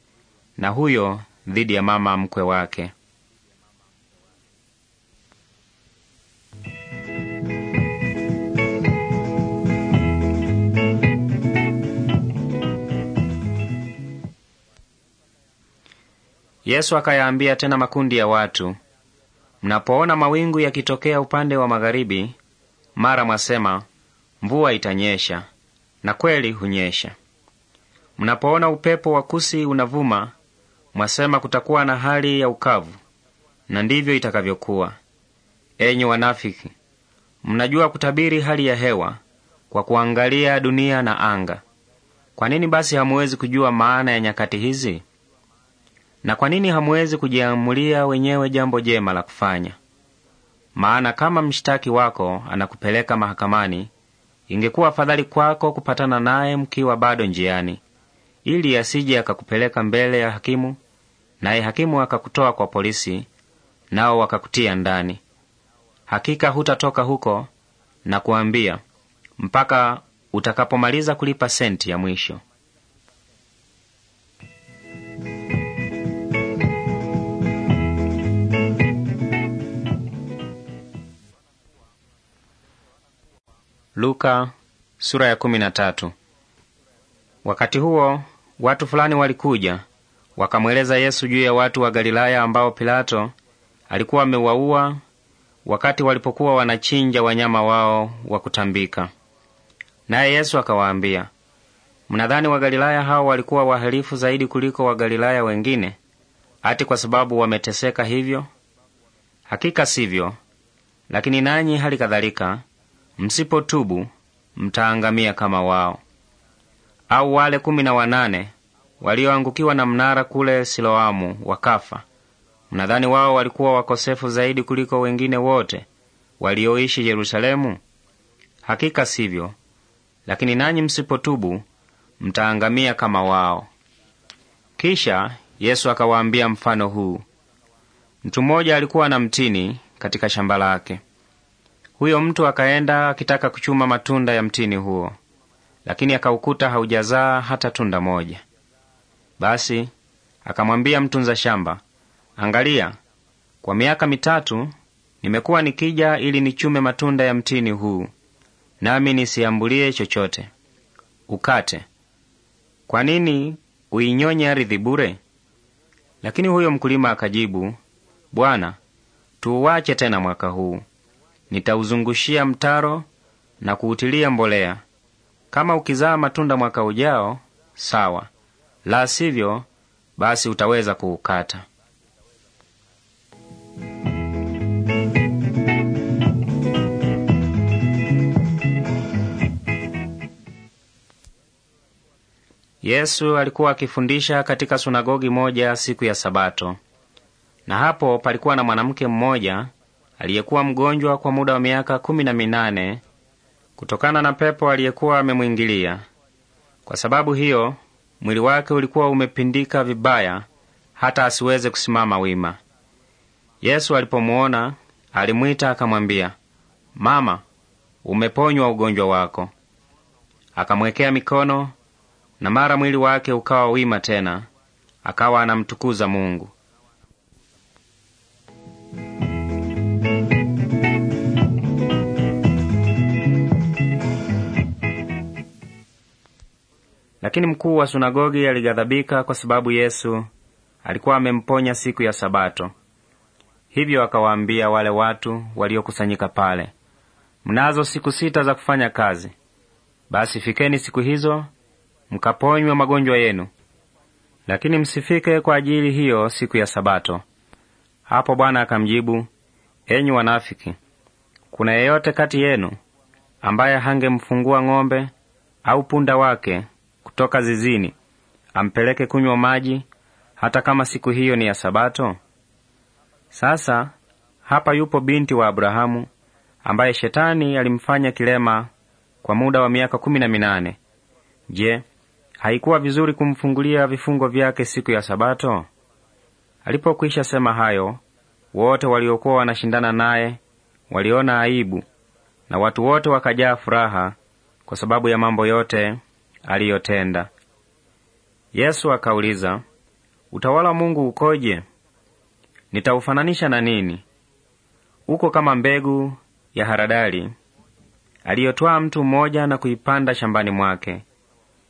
na huyo dhidi ya mama mkwe wake. Yesu akayaambia tena makundi ya watu, mnapoona mawingu yakitokea upande wa magharibi, mara mwasema mvua itanyesha, na kweli hunyesha. Mnapoona upepo wa kusi unavuma, mwasema kutakuwa na hali ya ukavu, na ndivyo itakavyokuwa. Enyi wanafiki, mnajua kutabiri hali ya hewa kwa kuangalia dunia na anga. Kwa nini basi hamuwezi kujua maana ya nyakati hizi? Na kwa nini hamuwezi kujiamulia wenyewe jambo jema la kufanya? Maana kama mshtaki wako anakupeleka mahakamani, ingekuwa afadhali kwako kupatana naye mkiwa bado njiani, ili asije akakupeleka mbele ya hakimu, naye hakimu akakutoa kwa polisi, nao wakakutia ndani. Hakika hutatoka huko, na kuambia mpaka utakapomaliza kulipa senti ya mwisho. Luka, sura ya kumi na tatu. Wakati huo watu fulani walikuja wakamweleza Yesu juu ya watu wa Galilaya ambao Pilato alikuwa amewaua wakati walipokuwa wanachinja wanyama wao wa kutambika. Naye Yesu akawaambia, mnadhani Wagalilaya hao walikuwa wahalifu zaidi kuliko Wagalilaya wengine hati kwa sababu wameteseka hivyo? Hakika sivyo, lakini nanyi hali kadhalika Msipotubu mtaangamia kama wao. Au wale kumi na wanane walioangukiwa na mnara kule Siloamu wakafa. Mnadhani wao walikuwa wakosefu zaidi kuliko wengine wote walioishi Yerusalemu? Hakika sivyo, lakini nanyi msipotubu mtaangamia kama wao. Kisha Yesu akawaambia mfano huu: mtu mmoja alikuwa na mtini katika shamba lake. Huyo mtu akaenda akitaka kuchuma matunda ya mtini huo, lakini akaukuta haujazaa hata tunda moja. Basi akamwambia mtunza shamba, angalia, kwa miaka mitatu nimekuwa nikija ili nichume matunda ya mtini huu, nami nisiambulie chochote. Ukate, kwa nini uinyonye ardhi bure? Lakini huyo mkulima akajibu, Bwana, tuuwache tena mwaka huu, Nitauzungushia mtaro na kuutilia mbolea. Kama ukizaa matunda mwaka ujao, sawa; la sivyo, basi utaweza kuukata. Yesu alikuwa akifundisha katika sunagogi moja siku ya Sabato, na hapo palikuwa na mwanamke mmoja aliyekuwa mgonjwa kwa muda wa miaka kumi na minane kutokana na pepo aliyekuwa amemwingilia. Kwa sababu hiyo mwili wake ulikuwa umepindika vibaya hata asiweze kusimama wima. Yesu alipomuona alimwita akamwambia, Mama, umeponywa ugonjwa wako. Akamwekea mikono na mara mwili wake ukawa wima tena, akawa anamtukuza Mungu. Lakini mkuu wa sunagogi alighadhabika kwa sababu Yesu alikuwa amemponya siku ya Sabato. Hivyo akawaambia wale watu waliokusanyika pale, mnazo siku sita za kufanya kazi, basi fikeni siku hizo mkaponywe magonjwa yenu, lakini msifike kwa ajili hiyo siku ya Sabato. Hapo Bwana akamjibu, enyi wanafiki, kuna yeyote kati yenu ambaye hangemfungua ng'ombe au punda wake kutoka zizini ampeleke kunywa maji, hata kama siku hiyo ni ya Sabato? Sasa hapa yupo binti wa Abrahamu ambaye shetani alimfanya kilema kwa muda wa miaka kumi na minane. Je, haikuwa vizuri kumfungulia vifungo vyake siku ya Sabato? Alipokwisha sema hayo, wote waliokuwa wanashindana naye waliona aibu, na watu wote wakajaa furaha kwa sababu ya mambo yote aliyotenda. Yesu akauliza, utawala wa Mungu ukoje? Nitaufananisha na nini? Uko kama mbegu ya haradali aliyotwaa mtu mmoja na kuipanda shambani mwake,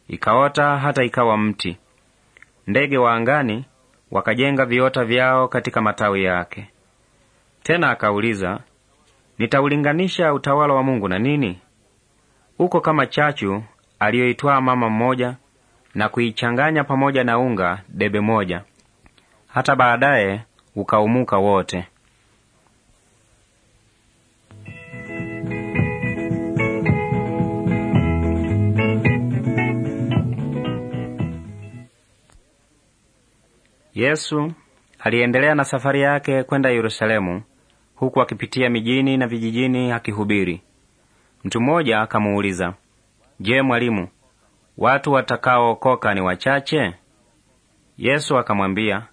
ikaota hata ikawa mti. Ndege wa angani wakajenga viota vyao katika matawi yake. Tena akauliza, nitaulinganisha utawala wa Mungu na nini? Uko kama chachu aliyoitwaa mama mmoja na kuichanganya pamoja na unga debe moja, hata baadaye ukaumuka wote. Yesu aliendelea na safari yake kwenda Yerusalemu, huku akipitia mijini na vijijini akihubiri. Mtu mmoja akamuuliza, Je, mwalimu, watu watakaookoka ni wachache? Yesu akamwambia,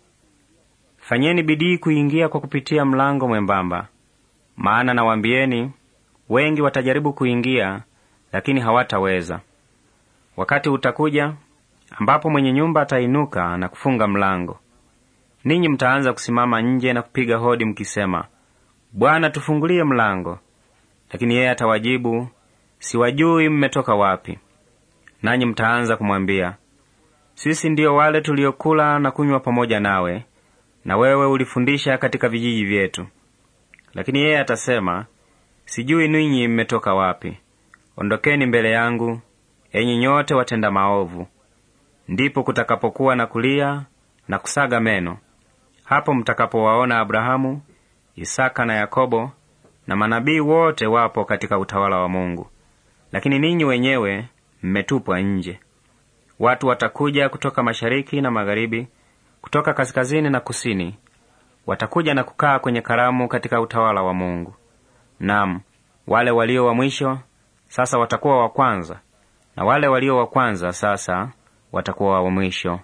fanyeni bidii kuingia kwa kupitia mlango mwembamba, maana nawaambieni, wengi watajaribu kuingia, lakini hawataweza. Wakati utakuja ambapo mwenye nyumba atainuka na kufunga mlango. Ninyi mtaanza kusimama nje na kupiga hodi mkisema, Bwana, tufungulie mlango. Lakini yeye atawajibu, siwajui mmetoka wapi. Nanyi mtaanza kumwambia, sisi ndiyo wale tuliokula na kunywa pamoja nawe, na wewe ulifundisha katika vijiji vyetu. Lakini yeye atasema, sijui ninyi mmetoka wapi. Ondokeni mbele yangu, enyi nyote watenda maovu. Ndipo kutakapokuwa na kulia na kusaga meno, hapo mtakapowaona Abrahamu, Isaka na Yakobo na manabii wote wapo katika utawala wa Mungu, lakini ninyi wenyewe mmetupwa nje. Watu watakuja kutoka mashariki na magharibi, kutoka kaskazini na kusini, watakuja na kukaa kwenye karamu katika utawala wa Mungu. Naam, wale walio wa mwisho sasa watakuwa wa kwanza, na wale walio wa kwanza sasa watakuwa wa mwisho.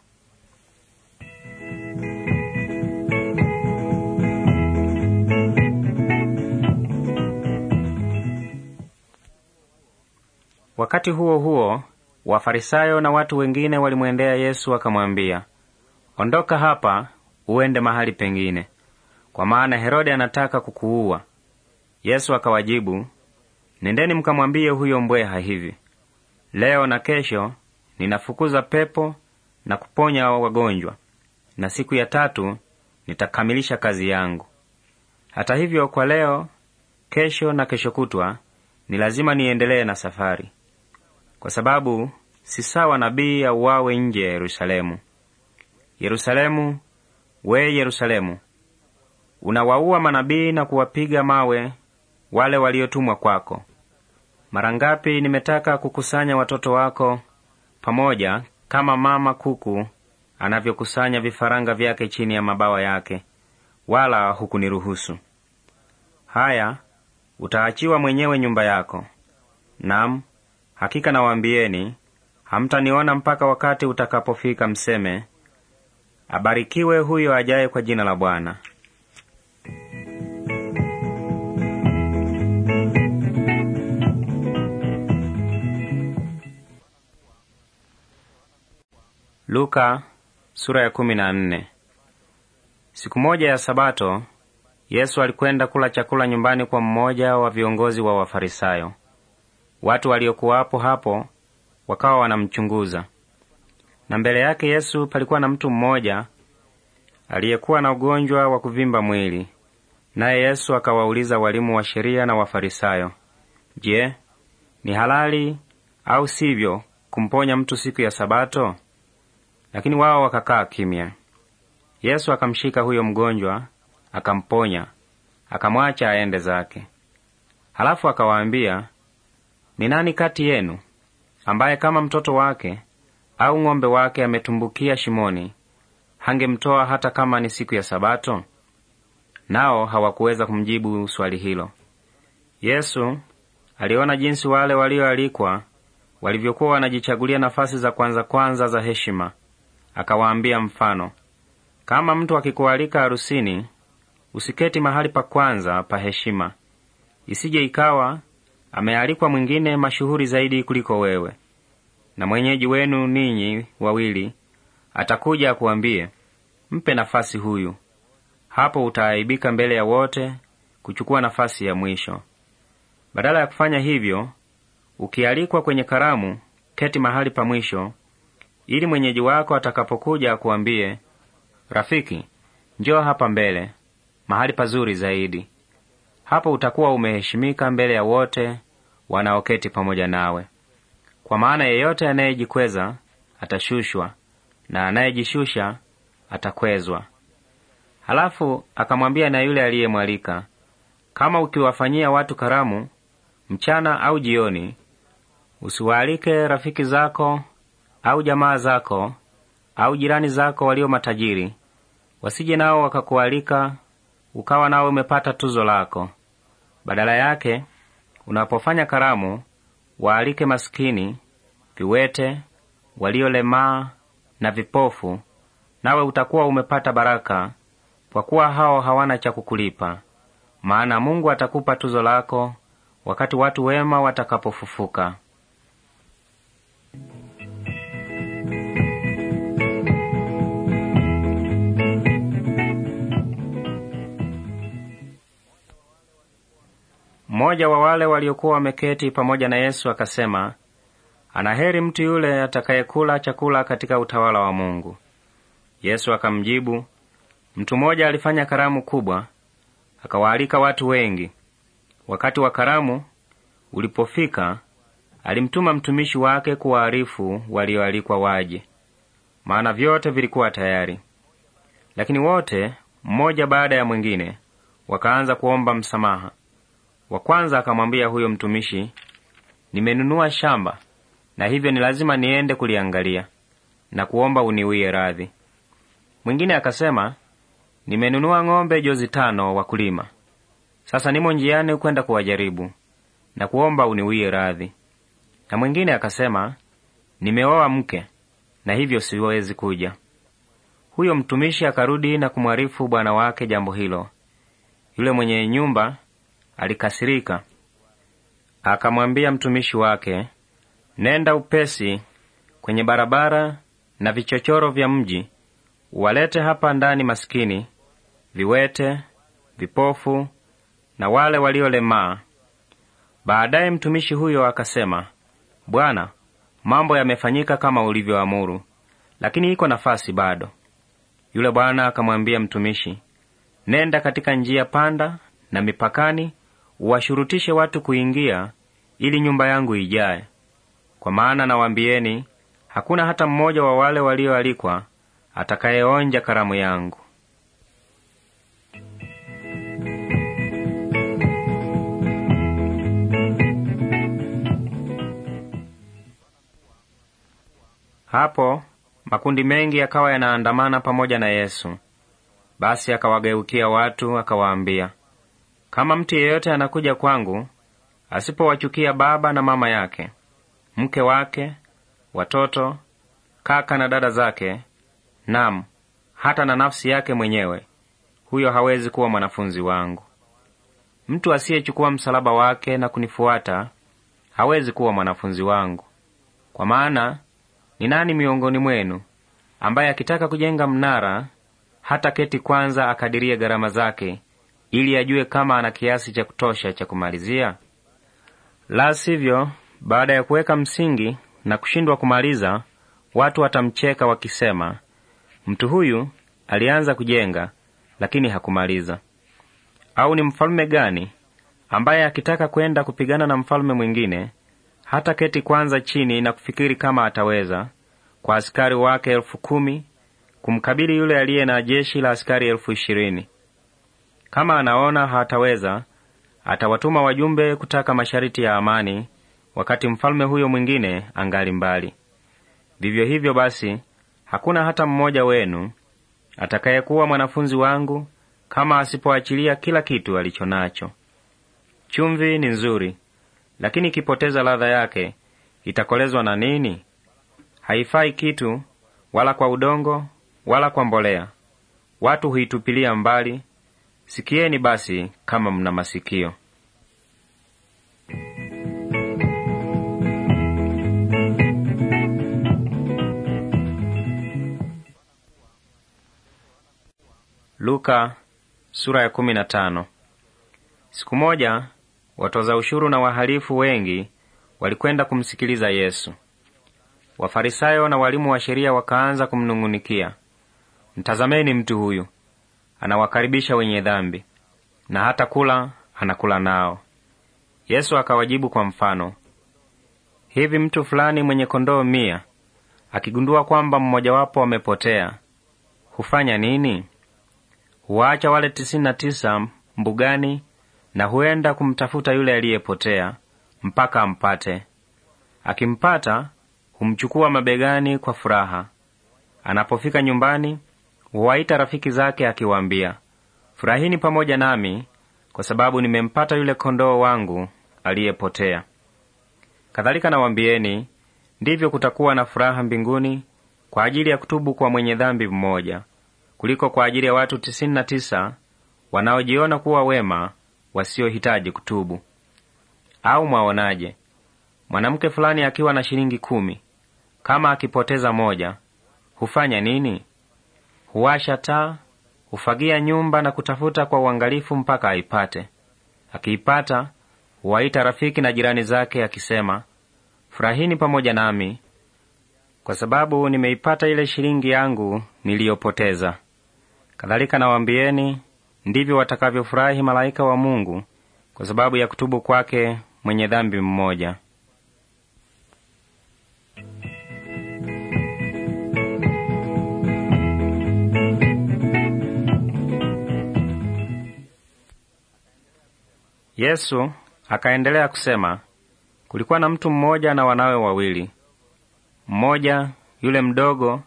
Wakati huo huo, Wafarisayo na watu wengine walimwendea Yesu wakamwambia, ondoka hapa uende mahali pengine, kwa maana Herode anataka kukuua. Yesu akawajibu, nendeni mkamwambie huyo mbweha hivi, leo na kesho ninafukuza pepo na kuponya wagonjwa, na siku ya tatu nitakamilisha kazi yangu. Hata hivyo, kwa leo, kesho na kesho kutwa ni lazima niendelee na safari kwa sababu si sawa nabii auawe nje ya Yerusalemu. Yerusalemu, we Yerusalemu, unawaua manabii na kuwapiga mawe wale waliotumwa kwako. Mara ngapi nimetaka kukusanya watoto wako pamoja kama mama kuku anavyokusanya vifaranga vyake chini ya mabawa yake, wala hukuniruhusu. Haya, utaachiwa mwenyewe nyumba yako. Naam, Hakika nawaambieni, hamtaniona mpaka wakati utakapofika mseme, abarikiwe huyo ajaye kwa jina la Bwana. Luka sura ya kumi na nne. Siku moja ya Sabato, Yesu alikwenda kula chakula nyumbani kwa mmoja wa viongozi wa Wafarisayo. Watu waliokuwapo hapo wakawa wanamchunguza. Na mbele yake Yesu palikuwa na mtu mmoja aliyekuwa na ugonjwa wa kuvimba mwili. Naye Yesu akawauliza walimu wa sheria na Wafarisayo, Je, ni halali au sivyo kumponya mtu siku ya Sabato? Lakini wao wakakaa kimya. Yesu akamshika huyo mgonjwa, akamponya, akamwacha aende zake. Halafu akawaambia, ni nani kati yenu ambaye kama mtoto wake au ng'ombe wake ametumbukia shimoni, hangemtoa hata kama ni siku ya Sabato? Nao hawakuweza kumjibu swali hilo. Yesu aliona jinsi wale walioalikwa walivyokuwa wanajichagulia nafasi za kwanza kwanza za heshima, akawaambia mfano, kama mtu akikualika harusini, usiketi mahali pa kwanza pa heshima, isije ikawa amealikwa mwingine mashuhuri zaidi kuliko wewe, na mwenyeji wenu ninyi wawili atakuja akuambie, mpe nafasi huyu. Hapo utaaibika mbele ya wote kuchukua nafasi ya mwisho. Badala ya kufanya hivyo, ukialikwa kwenye karamu, keti mahali pa mwisho, ili mwenyeji wako atakapokuja akuambie, rafiki, njoo hapa mbele, mahali pazuri zaidi. Hapo utakuwa umeheshimika mbele ya wote wanaoketi pamoja nawe. Kwa maana yeyote anayejikweza atashushwa, na anayejishusha atakwezwa. Halafu akamwambia na yule aliyemwalika, kama ukiwafanyia watu karamu mchana au jioni, usiwaalike rafiki zako au jamaa zako au jirani zako walio matajiri, wasije nao wakakualika ukawa nawe umepata tuzo lako. Badala yake, unapofanya karamu, waalike maskini, viwete, waliolemaa na vipofu, nawe utakuwa umepata baraka, kwa kuwa hao hawana cha kukulipa. Maana Mungu atakupa tuzo lako wakati watu wema watakapofufuka. Mmoja wa wale waliokuwa wameketi pamoja na Yesu akasema, anaheri mtu yule atakayekula chakula katika utawala wa Mungu. Yesu akamjibu, mtu mmoja alifanya karamu kubwa, akawaalika watu wengi. Wakati wa karamu ulipofika, alimtuma mtumishi wake kuwaarifu walioalikwa waje, maana vyote vilikuwa tayari. Lakini wote mmoja baada ya mwingine wakaanza kuomba msamaha wa kwanza akamwambia huyo mtumishi, nimenunua shamba na hivyo ni lazima niende kuliangalia na kuomba uniwie radhi. Mwingine akasema, nimenunua ng'ombe jozi tano wa kulima, sasa nimo njiani kwenda kuwajaribu na kuomba uniwie radhi. Na mwingine akasema, nimeoa mke na hivyo siwezi kuja. Huyo mtumishi akarudi na kumwarifu bwana wake jambo hilo. Yule mwenye nyumba alikasirika, akamwambia mtumishi wake, nenda upesi kwenye barabara na vichochoro vya mji, uwalete hapa ndani maskini, viwete, vipofu na wale waliolemaa. Baadaye mtumishi huyo akasema, Bwana, mambo yamefanyika kama ulivyoamuru, lakini iko nafasi bado. Yule bwana akamwambia mtumishi, nenda katika njia panda na mipakani, uwashurutishe watu kuingia, ili nyumba yangu ijae. Kwa maana nawaambieni, hakuna hata mmoja wa wale walioalikwa atakayeonja karamu yangu. Hapo makundi mengi yakawa yanaandamana pamoja na Yesu. Basi akawageukia watu akawaambia, kama mtu yeyote anakuja kwangu asipowachukia baba na mama yake, mke wake, watoto, kaka na dada zake, nam hata na nafsi yake mwenyewe, huyo hawezi kuwa mwanafunzi wangu. Mtu asiyechukua msalaba wake na kunifuata hawezi kuwa mwanafunzi wangu. Kwa maana ni nani miongoni mwenu ambaye akitaka kujenga mnara hata keti kwanza akadirie gharama zake ili ajue kama ana kiasi cha kutosha cha kumalizia. La sivyo, baada ya kuweka msingi na kushindwa kumaliza, watu watamcheka wakisema, mtu huyu alianza kujenga lakini hakumaliza. Au ni mfalme gani ambaye akitaka kwenda kupigana na mfalme mwingine hata keti kwanza chini na kufikiri kama ataweza kwa askari wake elfu kumi kumkabili yule aliye na jeshi la askari elfu ishirini? Kama anaona hataweza, atawatuma wajumbe kutaka masharti ya amani, wakati mfalme huyo mwingine angali mbali. Vivyo hivyo basi, hakuna hata mmoja wenu atakayekuwa mwanafunzi wangu kama asipoachilia kila kitu alicho nacho. Chumvi ni nzuri, lakini ikipoteza ladha yake itakolezwa na nini? Haifai kitu, wala kwa udongo wala kwa mbolea. Watu huitupilia mbali Sikieni basi kama mna masikio. Luka, sura ya kumi na tano. Siku moja watoza ushuru na wahalifu wengi walikwenda kumsikiliza Yesu. Wafarisayo na walimu wa sheria wakaanza kumnung'unikia, mtazameni mtu huyu anawakaribisha wenye dhambi, na hata kula anakula nao. Yesu akawajibu kwa mfano, hivi mtu fulani mwenye kondoo mia akigundua kwamba mmojawapo amepotea, hufanya nini? Huwaacha wale tisini na tisa mbugani na huenda kumtafuta yule aliyepotea mpaka ampate. Akimpata humchukua mabegani kwa furaha. Anapofika nyumbani Huwaita rafiki zake akiwaambia, furahini pamoja nami, kwa sababu nimempata yule kondoo wangu aliyepotea. Kadhalika nawambieni, ndivyo kutakuwa na furaha mbinguni kwa ajili ya kutubu kwa mwenye dhambi mmoja kuliko kwa ajili ya watu tisini na tisa wanaojiona kuwa wema wasiohitaji kutubu. Au mwaonaje mwanamke fulani akiwa na shilingi kumi, kama akipoteza moja, hufanya nini? huwasha taa, hufagia nyumba na kutafuta kwa uangalifu mpaka aipate. Akiipata huwaita rafiki na jirani zake, akisema, furahini pamoja nami, kwa sababu nimeipata ile shilingi yangu niliyopoteza. Kadhalika nawaambieni, ndivyo watakavyofurahi malaika wa Mungu kwa sababu ya kutubu kwake mwenye dhambi mmoja. Yesu akaendelea kusema, kulikuwa na mtu mmoja na wanawe wawili. Mmoja yule mdogo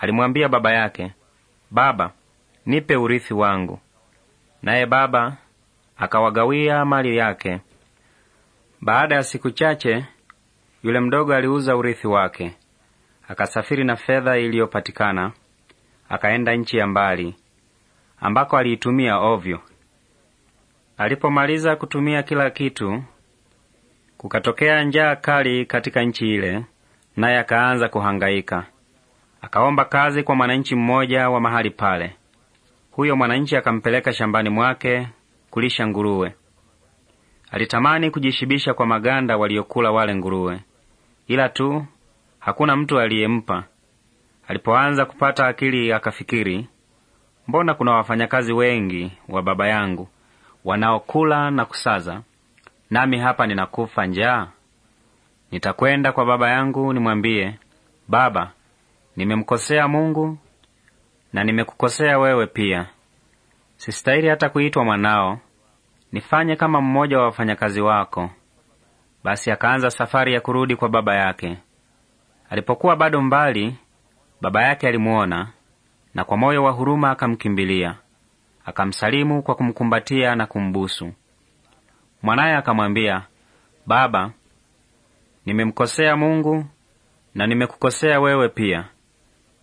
alimwambia baba yake, Baba, nipe urithi wangu. Naye baba akawagawia mali yake. Baada ya siku chache, yule mdogo aliuza urithi wake, akasafiri na fedha iliyopatikana, akaenda nchi ya mbali ambako aliitumia ovyo. Alipomaliza kutumia kila kitu, kukatokea njaa kali katika nchi ile, naye akaanza kuhangaika. Akaomba kazi kwa mwananchi mmoja wa mahali pale. Huyo mwananchi akampeleka shambani mwake kulisha nguruwe. Alitamani kujishibisha kwa maganda waliokula wale nguruwe, ila tu hakuna mtu aliyempa. Alipoanza kupata akili, akafikiri, mbona kuna wafanyakazi wengi wa baba yangu wanaokula na kusaza, nami hapa ninakufa njaa. Nitakwenda kwa baba yangu nimwambie, Baba, nimemkosea Mungu na nimekukosea wewe pia. Sistahili hata kuitwa mwanao. Nifanye kama mmoja wa wafanyakazi wako. Basi akaanza safari ya kurudi kwa baba yake. Alipokuwa bado mbali, baba yake alimuona na kwa moyo wa huruma akamkimbilia akamsalimu kwa kumkumbatia na kumbusu. Mwanaye akamwambia, Baba, nimemkosea Mungu na nimekukosea wewe pia.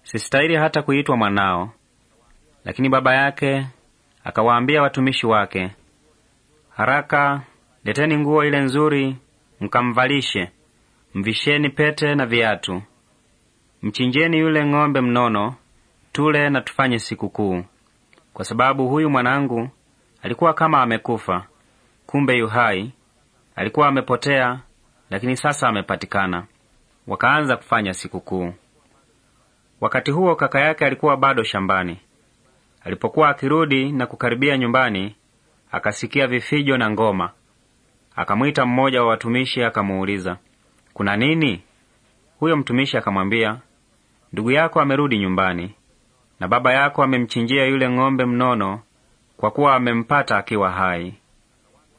Sistahili hata kuitwa mwanao. Lakini baba yake akawaambia watumishi wake, haraka leteni nguo ile nzuri, mkamvalishe, mvisheni pete na viatu, mchinjeni yule ng'ombe mnono, tule na tufanye sikukuu kwa sababu huyu mwanangu alikuwa kama amekufa, kumbe yuhai; alikuwa amepotea, lakini sasa amepatikana. Wakaanza kufanya sikukuu. Wakati huo kaka yake alikuwa bado shambani. Alipokuwa akirudi na kukaribia nyumbani, akasikia vifijo na ngoma. Akamwita mmoja wa watumishi akamuuliza, kuna nini? Huyo mtumishi akamwambia, ndugu yako amerudi nyumbani, na baba yako amemchinjia yule ng'ombe mnono, kwa kuwa amempata akiwa hai.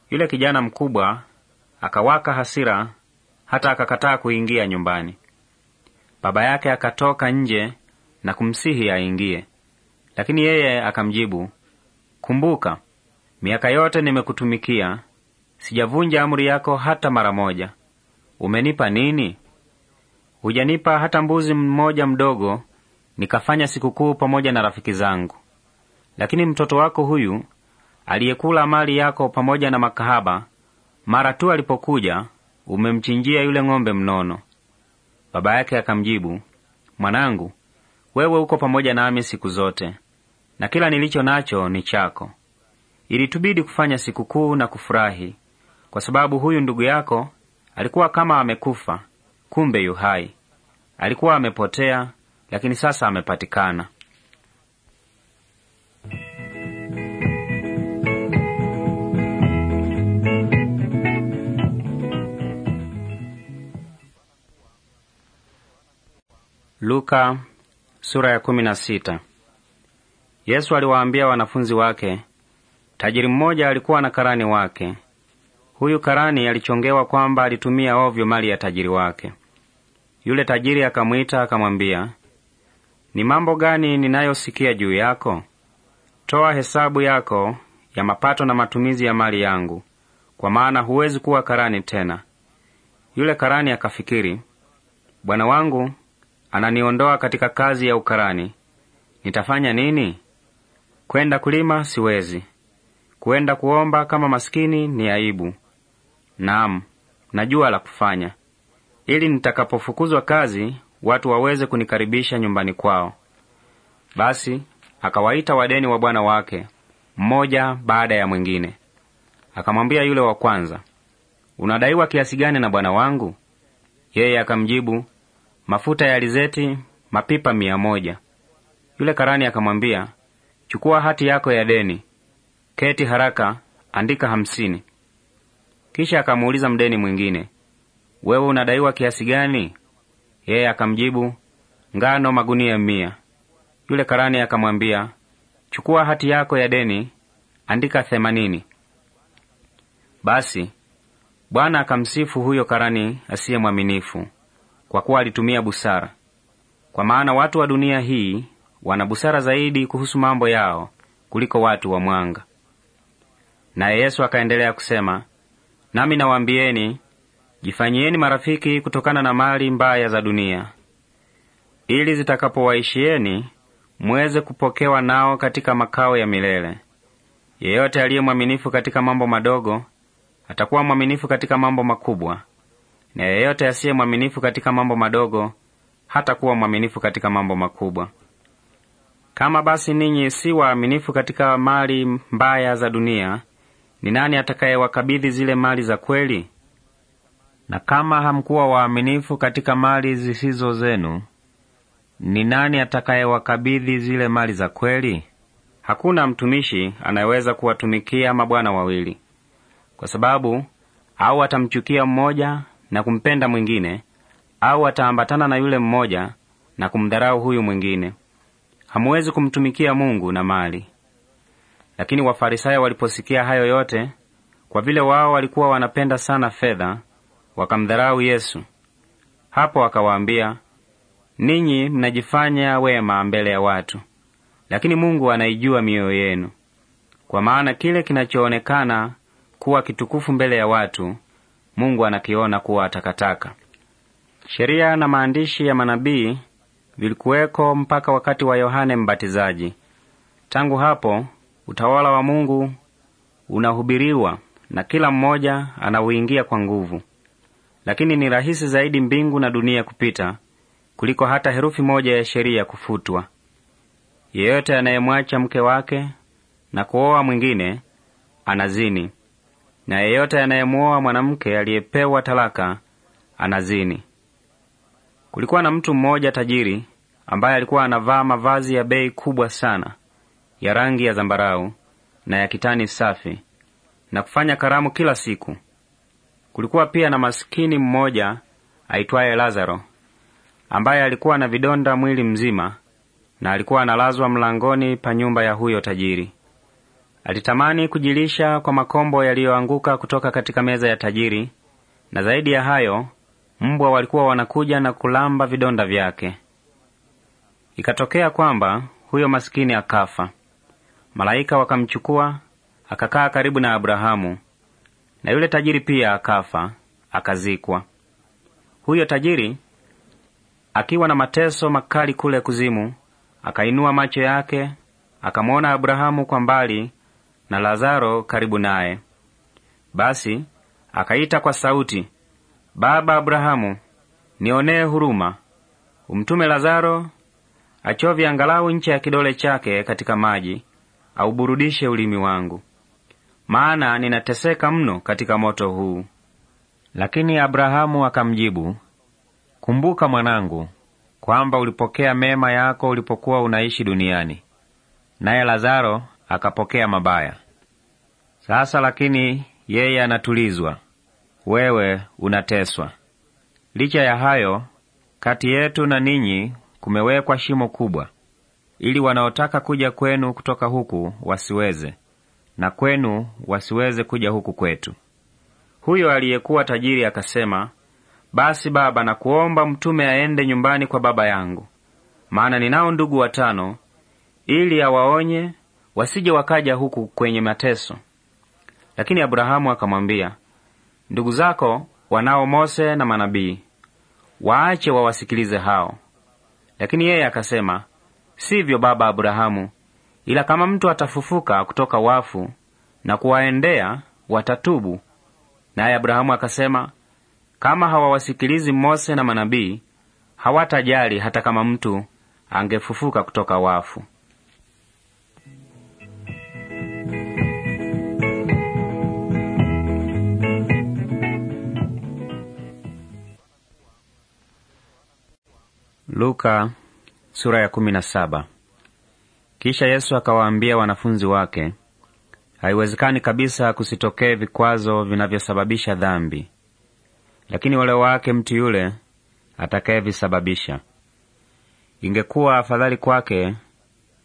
Yule kijana mkubwa akawaka hasira, hata akakataa kuingia nyumbani. Baba yake akatoka nje na kumsihi aingie, lakini yeye akamjibu, kumbuka, miaka yote nimekutumikia, sijavunja amri yako hata mara moja. Umenipa nini? Hujanipa hata mbuzi mmoja mdogo nikafanya sikukuu pamoja na rafiki zangu. Lakini mtoto wako huyu aliyekula mali yako pamoja na makahaba, mara tu alipokuja umemchinjia yule ng'ombe mnono. Baba yake akamjibu, mwanangu, wewe uko pamoja nami siku zote na kila nilicho nacho ni chako. Ilitubidi kufanya sikukuu na kufurahi, kwa sababu huyu ndugu yako alikuwa kama amekufa, kumbe yu hai; alikuwa amepotea, lakini sasa amepatikana. Luka sura ya kumi na sita. Yesu aliwaambia wanafunzi wake, tajiri mmoja alikuwa na karani wake. Huyu karani alichongewa kwamba alitumia ovyo mali ya tajiri wake. Yule tajiri akamwita akamwambia, ni mambo gani ninayosikia juu yako? Toa hesabu yako ya mapato na matumizi ya mali yangu, kwa maana huwezi kuwa karani tena. Yule karani akafikiri, bwana wangu ananiondoa katika kazi ya ukarani. Nitafanya nini? Kwenda kulima siwezi, kwenda kuomba kama maskini ni aibu. Naam, najua la kufanya, ili nitakapofukuzwa kazi watu waweze kunikaribisha nyumbani kwao. Basi akawaita wadeni wa bwana wake mmoja baada ya mwingine. Akamwambia yule wa kwanza, unadaiwa kiasi gani na bwana wangu? Yeye akamjibu, mafuta ya alizeti mapipa mia moja. Yule karani akamwambia, chukua hati yako ya deni, keti haraka, andika hamsini. Kisha akamuuliza mdeni mwingine, wewe unadaiwa kiasi gani? Yeye akamjibu, ngano magunia mia. Yule karani akamwambia, chukua hati yako ya deni, andika themanini. Basi Bwana akamsifu huyo karani asiye mwaminifu, kwa kuwa alitumia busara, kwa maana watu wa dunia hii wana busara zaidi kuhusu mambo yao kuliko watu wa mwanga. Naye Yesu akaendelea kusema, nami nawaambieni Jifanyieni marafiki kutokana na mali mbaya za dunia, ili zitakapowaishieni muweze kupokewa nao katika makao ya milele. Yeyote aliye mwaminifu katika mambo madogo atakuwa mwaminifu katika mambo makubwa, na yeyote asiye mwaminifu katika mambo madogo hatakuwa mwaminifu katika mambo makubwa. Kama basi ninyi si waaminifu katika mali mbaya za dunia, ni nani atakayewakabidhi zile mali za kweli? Na kama hamkuwa waaminifu katika mali zisizo zenu, ni nani atakayewakabidhi zile mali za kweli? Hakuna mtumishi anayeweza kuwatumikia mabwana wawili, kwa sababu au atamchukia mmoja na kumpenda mwingine, au ataambatana na yule mmoja na kumdharau huyu mwingine. Hamuwezi kumtumikia Mungu na mali. Lakini Wafarisayo waliposikia hayo yote, kwa vile wao walikuwa wanapenda sana fedha wakamdharau Yesu. Hapo akawaambia, ninyi mnajifanya wema mbele ya watu, lakini Mungu anaijua mioyo yenu, kwa maana kile kinachoonekana kuwa kitukufu mbele ya watu, Mungu anakiona kuwa takataka. Sheria na maandishi ya manabii vilikuweko mpaka wakati wa Yohane Mbatizaji. Tangu hapo utawala wa Mungu unahubiriwa na kila mmoja anauingia kwa nguvu lakini ni rahisi zaidi mbingu na dunia kupita kuliko hata herufi moja ya sheria kufutwa. Yeyote anayemwacha mke wake na kuoa mwingine anazini, na yeyote anayemwoa mwanamke aliyepewa talaka anazini. Kulikuwa na mtu mmoja tajiri ambaye alikuwa anavaa mavazi ya bei kubwa sana ya rangi ya zambarau na ya kitani safi na kufanya karamu kila siku. Kulikuwa pia na masikini mmoja aitwaye Lazaro ambaye alikuwa na vidonda mwili mzima na alikuwa analazwa mlangoni pa nyumba ya huyo tajiri. Alitamani kujilisha kwa makombo yaliyoanguka kutoka katika meza ya tajiri, na zaidi ya hayo, mbwa walikuwa wanakuja na kulamba vidonda vyake. Ikatokea kwamba huyo masikini akafa. Malaika wakamchukua akakaa karibu na Abrahamu. Na yule tajiri pia akafa akazikwa. Huyo tajiri akiwa na mateso makali kule kuzimu, akainua macho yake akamwona Abrahamu kwa mbali na Lazaro karibu naye. Basi akaita kwa sauti, Baba Abrahamu, nionee huruma, umtume Lazaro achovye angalau ncha ya kidole chake katika maji, auburudishe ulimi wangu maana ninateseka mno katika moto huu. Lakini Abrahamu akamjibu, kumbuka mwanangu, kwamba ulipokea mema yako ulipokuwa unaishi duniani, naye Lazaro akapokea mabaya. Sasa lakini yeye anatulizwa, wewe unateswa. Licha ya hayo, kati yetu na ninyi kumewekwa shimo kubwa, ili wanaotaka kuja kwenu kutoka huku wasiweze na kwenu wasiweze kuja huku kwetu. Huyo aliyekuwa tajiri akasema, basi baba, nakuomba mtume aende nyumbani kwa baba yangu, maana ninao ndugu watano, ili awaonye wasije wakaja huku kwenye mateso. Lakini Abrahamu akamwambia, ndugu zako wanao Mose na manabii, waache wawasikilize hao. Lakini yeye akasema, sivyo, baba Abrahamu, Ila kama mtu atafufuka kutoka wafu na kuwaendea, watatubu. Naye Abrahamu akasema, kama hawawasikilizi Mose na manabii, hawatajali hata kama mtu angefufuka kutoka wafu. Luka, sura ya kumi na saba. Kisha Yesu akawaambia wanafunzi wake, haiwezekani kabisa kusitokee vikwazo vinavyosababisha dhambi, lakini ole wake mtu yule atakayevisababisha. Ingekuwa afadhali kwake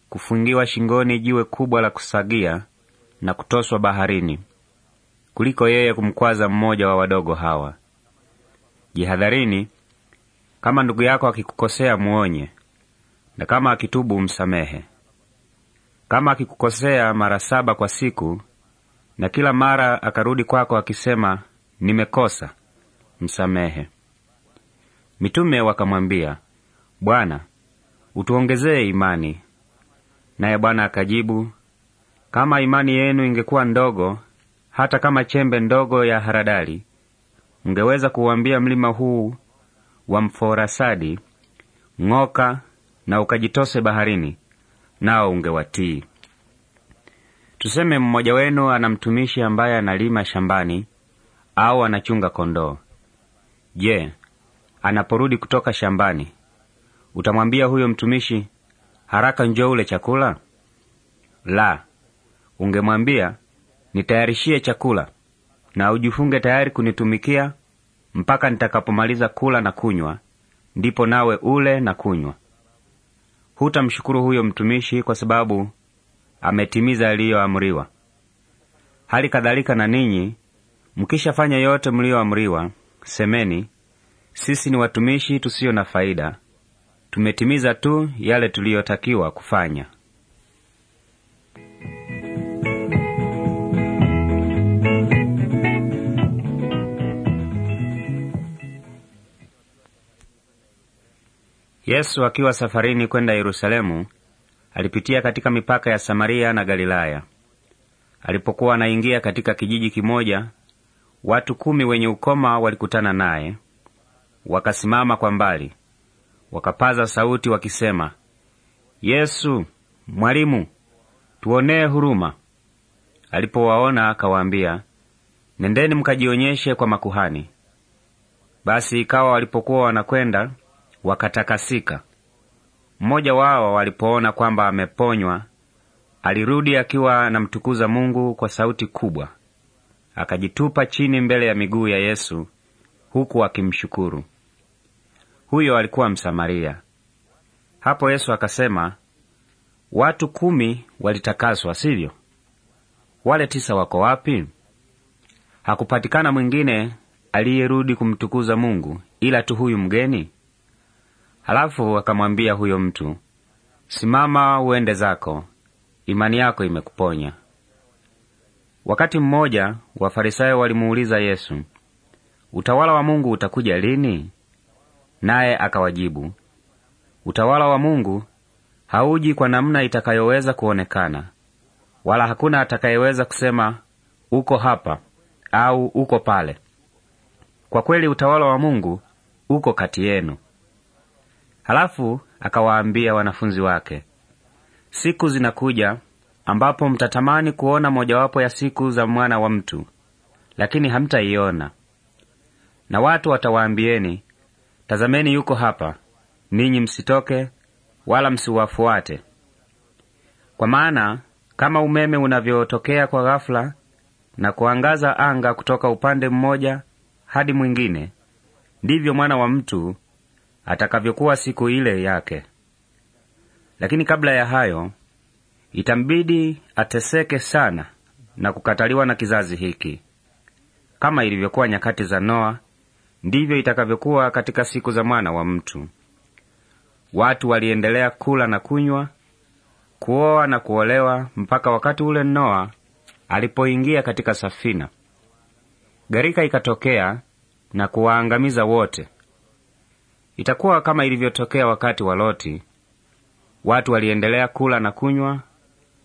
kufungiwa shingoni jiwe kubwa la kusagia na kutoswa baharini kuliko yeye kumkwaza mmoja wa wadogo hawa. Jihadharini, kama ndugu yako akikukosea muonye, na kama akitubu msamehe. Kama akikukosea mara saba kwa siku, na kila mara akarudi kwako akisema nimekosa, msamehe. Mitume wakamwambia, Bwana, utuongezee imani. Naye Bwana akajibu, kama imani yenu ingekuwa ndogo, hata kama chembe ndogo ya haradali, mngeweza kuuambia mlima huu wa mforasadi ng'oka na ukajitose baharini, nao ungewatii. Tuseme mmoja wenu ana mtumishi ambaye analima shambani au anachunga kondoo. Je, anaporudi kutoka shambani utamwambia huyo mtumishi, haraka njoo ule chakula? La, ungemwambia nitayarishie chakula na ujifunge tayari kunitumikia mpaka nitakapomaliza kula na kunywa, ndipo nawe ule na kunywa hutamshukuru huyo mtumishi kwa sababu ametimiza aliyoamriwa. Hali kadhalika na ninyi mkishafanya yote mliyoamriwa, semeni, sisi ni watumishi tusiyo na faida, tumetimiza tu yale tuliyotakiwa kufanya. Yesu akiwa safarini kwenda Yerusalemu, alipitia katika mipaka ya Samaria na Galilaya. Alipokuwa anaingia katika kijiji kimoja, watu kumi wenye ukoma walikutana naye. Wakasimama kwa mbali, wakapaza sauti wakisema, Yesu Mwalimu, tuonee huruma. Alipowaona akawaambia, nendeni mkajionyeshe kwa makuhani. Basi ikawa walipokuwa wanakwenda wakatakasika. Mmoja wao walipoona kwamba ameponywa, alirudi akiwa anamtukuza Mungu kwa sauti kubwa, akajitupa chini mbele ya miguu ya Yesu huku akimshukuru. Huyo alikuwa Msamaria. Hapo Yesu akasema, watu kumi walitakaswa, sivyo? Wale tisa wako wapi? Hakupatikana mwingine aliyerudi kumtukuza Mungu ila tu huyu mgeni. Halafu akamwambia huyo mtu, simama uende zako, imani yako imekuponya. Wakati mmoja Wafarisayo walimuuliza Yesu, utawala wa Mungu utakuja lini? Naye akawajibu, utawala wa Mungu hauji kwa namna itakayoweza kuonekana, wala hakuna atakayeweza kusema uko hapa au uko pale. Kwa kweli utawala wa Mungu uko kati yenu. Halafu akawaambia wanafunzi wake, siku zinakuja ambapo mtatamani kuona mojawapo ya siku za mwana wa mtu, lakini hamtaiona. Na watu watawaambieni, tazameni, yuko hapa, ninyi msitoke wala msiwafuate. Kwa maana kama umeme unavyotokea kwa ghafula na kuangaza anga kutoka upande mmoja hadi mwingine, ndivyo mwana wa mtu atakavyokuwa siku ile yake. Lakini kabla ya hayo itambidi ateseke sana na kukataliwa na kizazi hiki. Kama ilivyokuwa nyakati za Noa, ndivyo itakavyokuwa katika siku za Mwana wa Mtu. Watu waliendelea kula na kunywa, kuoa na kuolewa, mpaka wakati ule Noa alipoingia katika safina. Gharika ikatokea na kuwaangamiza wote. Itakuwa kama ilivyotokea wakati wa Loti. Watu waliendelea kula na kunywa,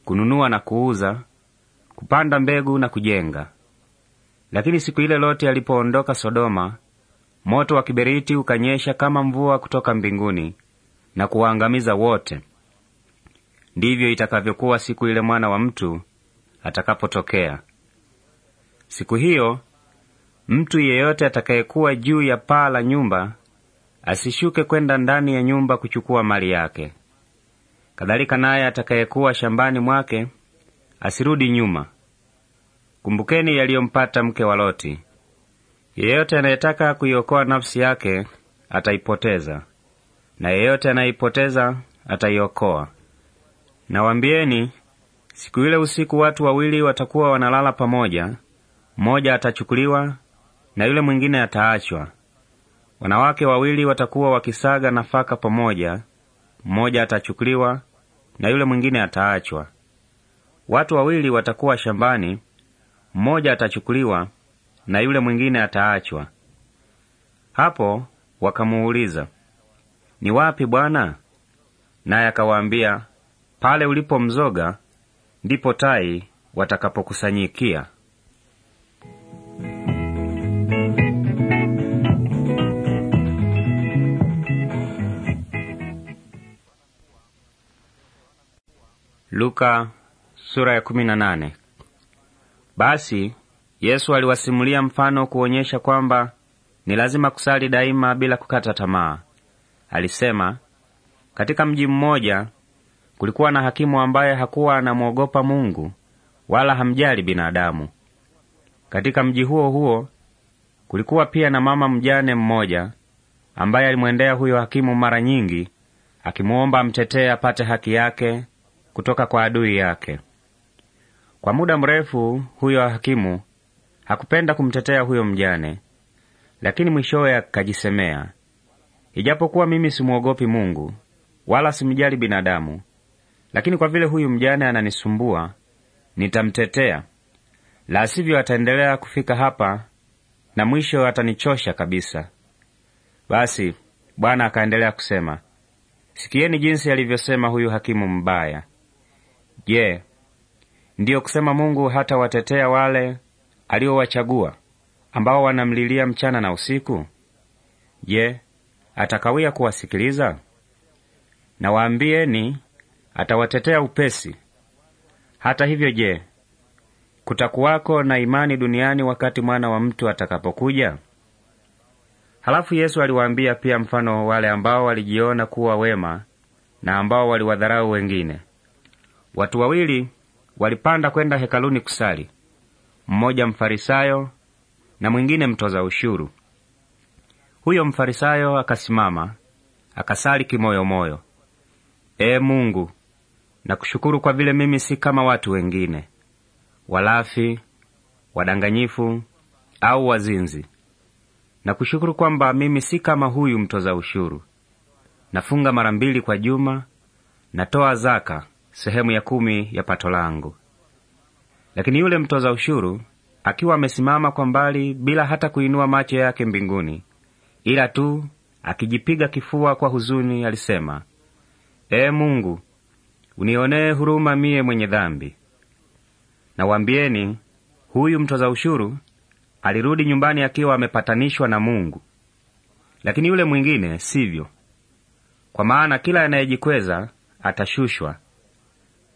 kununua na kuuza, kupanda mbegu na kujenga. Lakini siku ile Loti alipoondoka Sodoma, moto wa kiberiti ukanyesha kama mvua kutoka mbinguni na kuwaangamiza wote. Ndivyo itakavyokuwa siku ile mwana wa mtu atakapotokea. Siku hiyo mtu yeyote atakayekuwa juu ya paa la nyumba asishuke kwenda ndani ya nyumba kuchukua mali yake. Kadhalika naye atakayekuwa shambani mwake asirudi nyuma. Kumbukeni yaliyompata mke wa Loti. Yeyote anayetaka kuiokoa nafsi yake ataipoteza, na yeyote anayeipoteza ataiokoa. Nawambieni, siku ile usiku watu wawili watakuwa wanalala pamoja, mmoja atachukuliwa na yule mwingine ataachwa. Wanawake wawili watakuwa wakisaga nafaka pamoja, mmoja atachukuliwa na yule mwingine ataachwa. Watu wawili watakuwa shambani, mmoja atachukuliwa na yule mwingine ataachwa. Hapo wakamuuliza, ni wapi Bwana? Naye akawaambia, pale ulipo mzoga ndipo tai watakapokusanyikia. Luka sura ya kumi na nane. Basi Yesu aliwasimulia mfano kuonyesha kwamba ni lazima kusali daima bila kukata tamaa. Alisema, katika mji mmoja kulikuwa na hakimu ambaye hakuwa anamwogopa Mungu wala hamjali binadamu. Katika mji huo huo kulikuwa pia na mama mjane mmoja ambaye alimwendea huyo hakimu mara nyingi akimuomba amtetee apate haki yake kutoka kwa adui yake. Kwa muda mrefu huyo hakimu hakupenda kumtetea huyo mjane, lakini mwishowe akajisemea, ijapokuwa mimi simwogopi Mungu wala simjali binadamu, lakini kwa vile huyu mjane ananisumbua, nitamtetea, la sivyo ataendelea kufika hapa na mwisho atanichosha kabisa. Basi Bwana akaendelea kusema, sikieni jinsi alivyosema huyu hakimu mbaya. Je, Ndiyo kusema Mungu hata watetea wale aliowachagua ambao wanamlilia mchana na usiku? Je, Atakawia kuwasikiliza? Nawaambieni, atawatetea upesi. Hata hivyo, je, kutakuwako na imani duniani wakati mwana wa mtu atakapokuja? Halafu Yesu aliwaambia pia mfano wale ambao walijiona kuwa wema na ambao waliwadharau wengine. Watu wawili walipanda kwenda hekaluni kusali, mmoja mfarisayo na mwingine mtoza ushuru. Huyo mfarisayo akasimama akasali kimoyomoyo, Ee Mungu, nakushukuru kwa vile mimi si kama watu wengine, walafi, wadanganyifu au wazinzi. Nakushukuru kwamba mimi si kama huyu mtoza ushuru. Nafunga mara mbili kwa juma, natoa zaka sehemu ya kumi ya pato langu. Lakini yule mtoza ushuru akiwa amesimama kwa mbali bila hata kuinua macho yake mbinguni, ila tu akijipiga kifua kwa huzuni, alisema, Ee Mungu, unionee huruma miye mwenye dhambi. Nawaambieni, huyu mtoza ushuru alirudi nyumbani akiwa amepatanishwa na Mungu. Lakini yule mwingine sivyo, kwa maana kila anayejikweza atashushwa,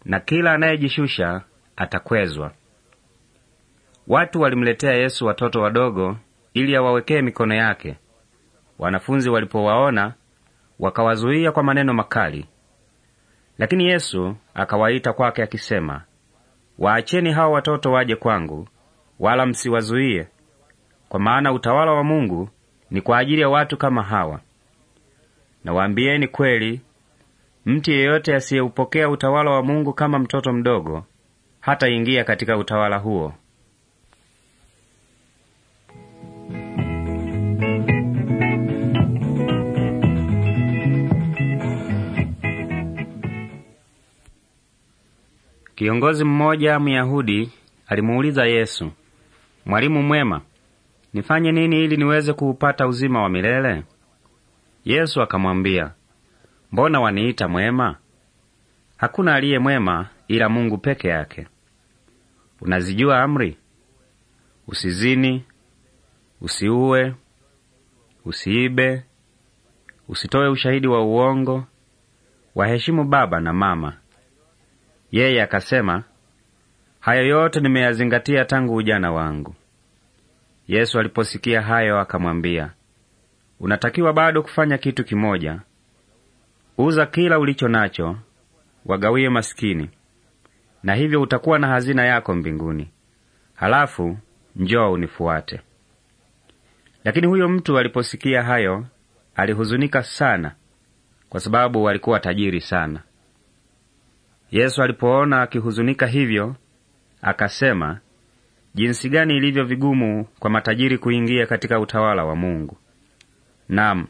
na kila anayejishusha atakwezwa. Watu walimletea Yesu watoto wadogo ili awawekee mikono yake. Wanafunzi walipowaona wakawazuia kwa maneno makali, lakini Yesu akawaita kwake akisema, waacheni hawa watoto waje kwangu, wala msiwazuie, kwa maana utawala wa Mungu ni kwa ajili ya watu kama hawa. Nawaambieni kweli, Mtu yeyote asiyeupokea utawala wa Mungu kama mtoto mdogo hataingia katika utawala huo. Kiongozi mmoja Myahudi alimuuliza Yesu, Mwalimu mwema, nifanye nini ili niweze kuupata uzima wa milele? Yesu akamwambia, Mbona waniita mwema? Hakuna aliye mwema ila Mungu peke yake. Unazijua amri: usizini, usiue, usiibe, usitoe ushahidi wa uongo, waheshimu baba na mama. Yeye akasema, hayo yote nimeyazingatia tangu ujana wangu. Yesu aliposikia hayo akamwambia, unatakiwa bado kufanya kitu kimoja Uza kila ulicho nacho, wagawie masikini, na hivyo utakuwa na hazina yako mbinguni. Halafu njoo unifuate. Lakini huyo mtu aliposikia hayo, alihuzunika sana, kwa sababu alikuwa tajiri sana. Yesu alipoona akihuzunika hivyo, akasema, jinsi gani ilivyo vigumu kwa matajiri kuingia katika utawala wa Mungu. Naam,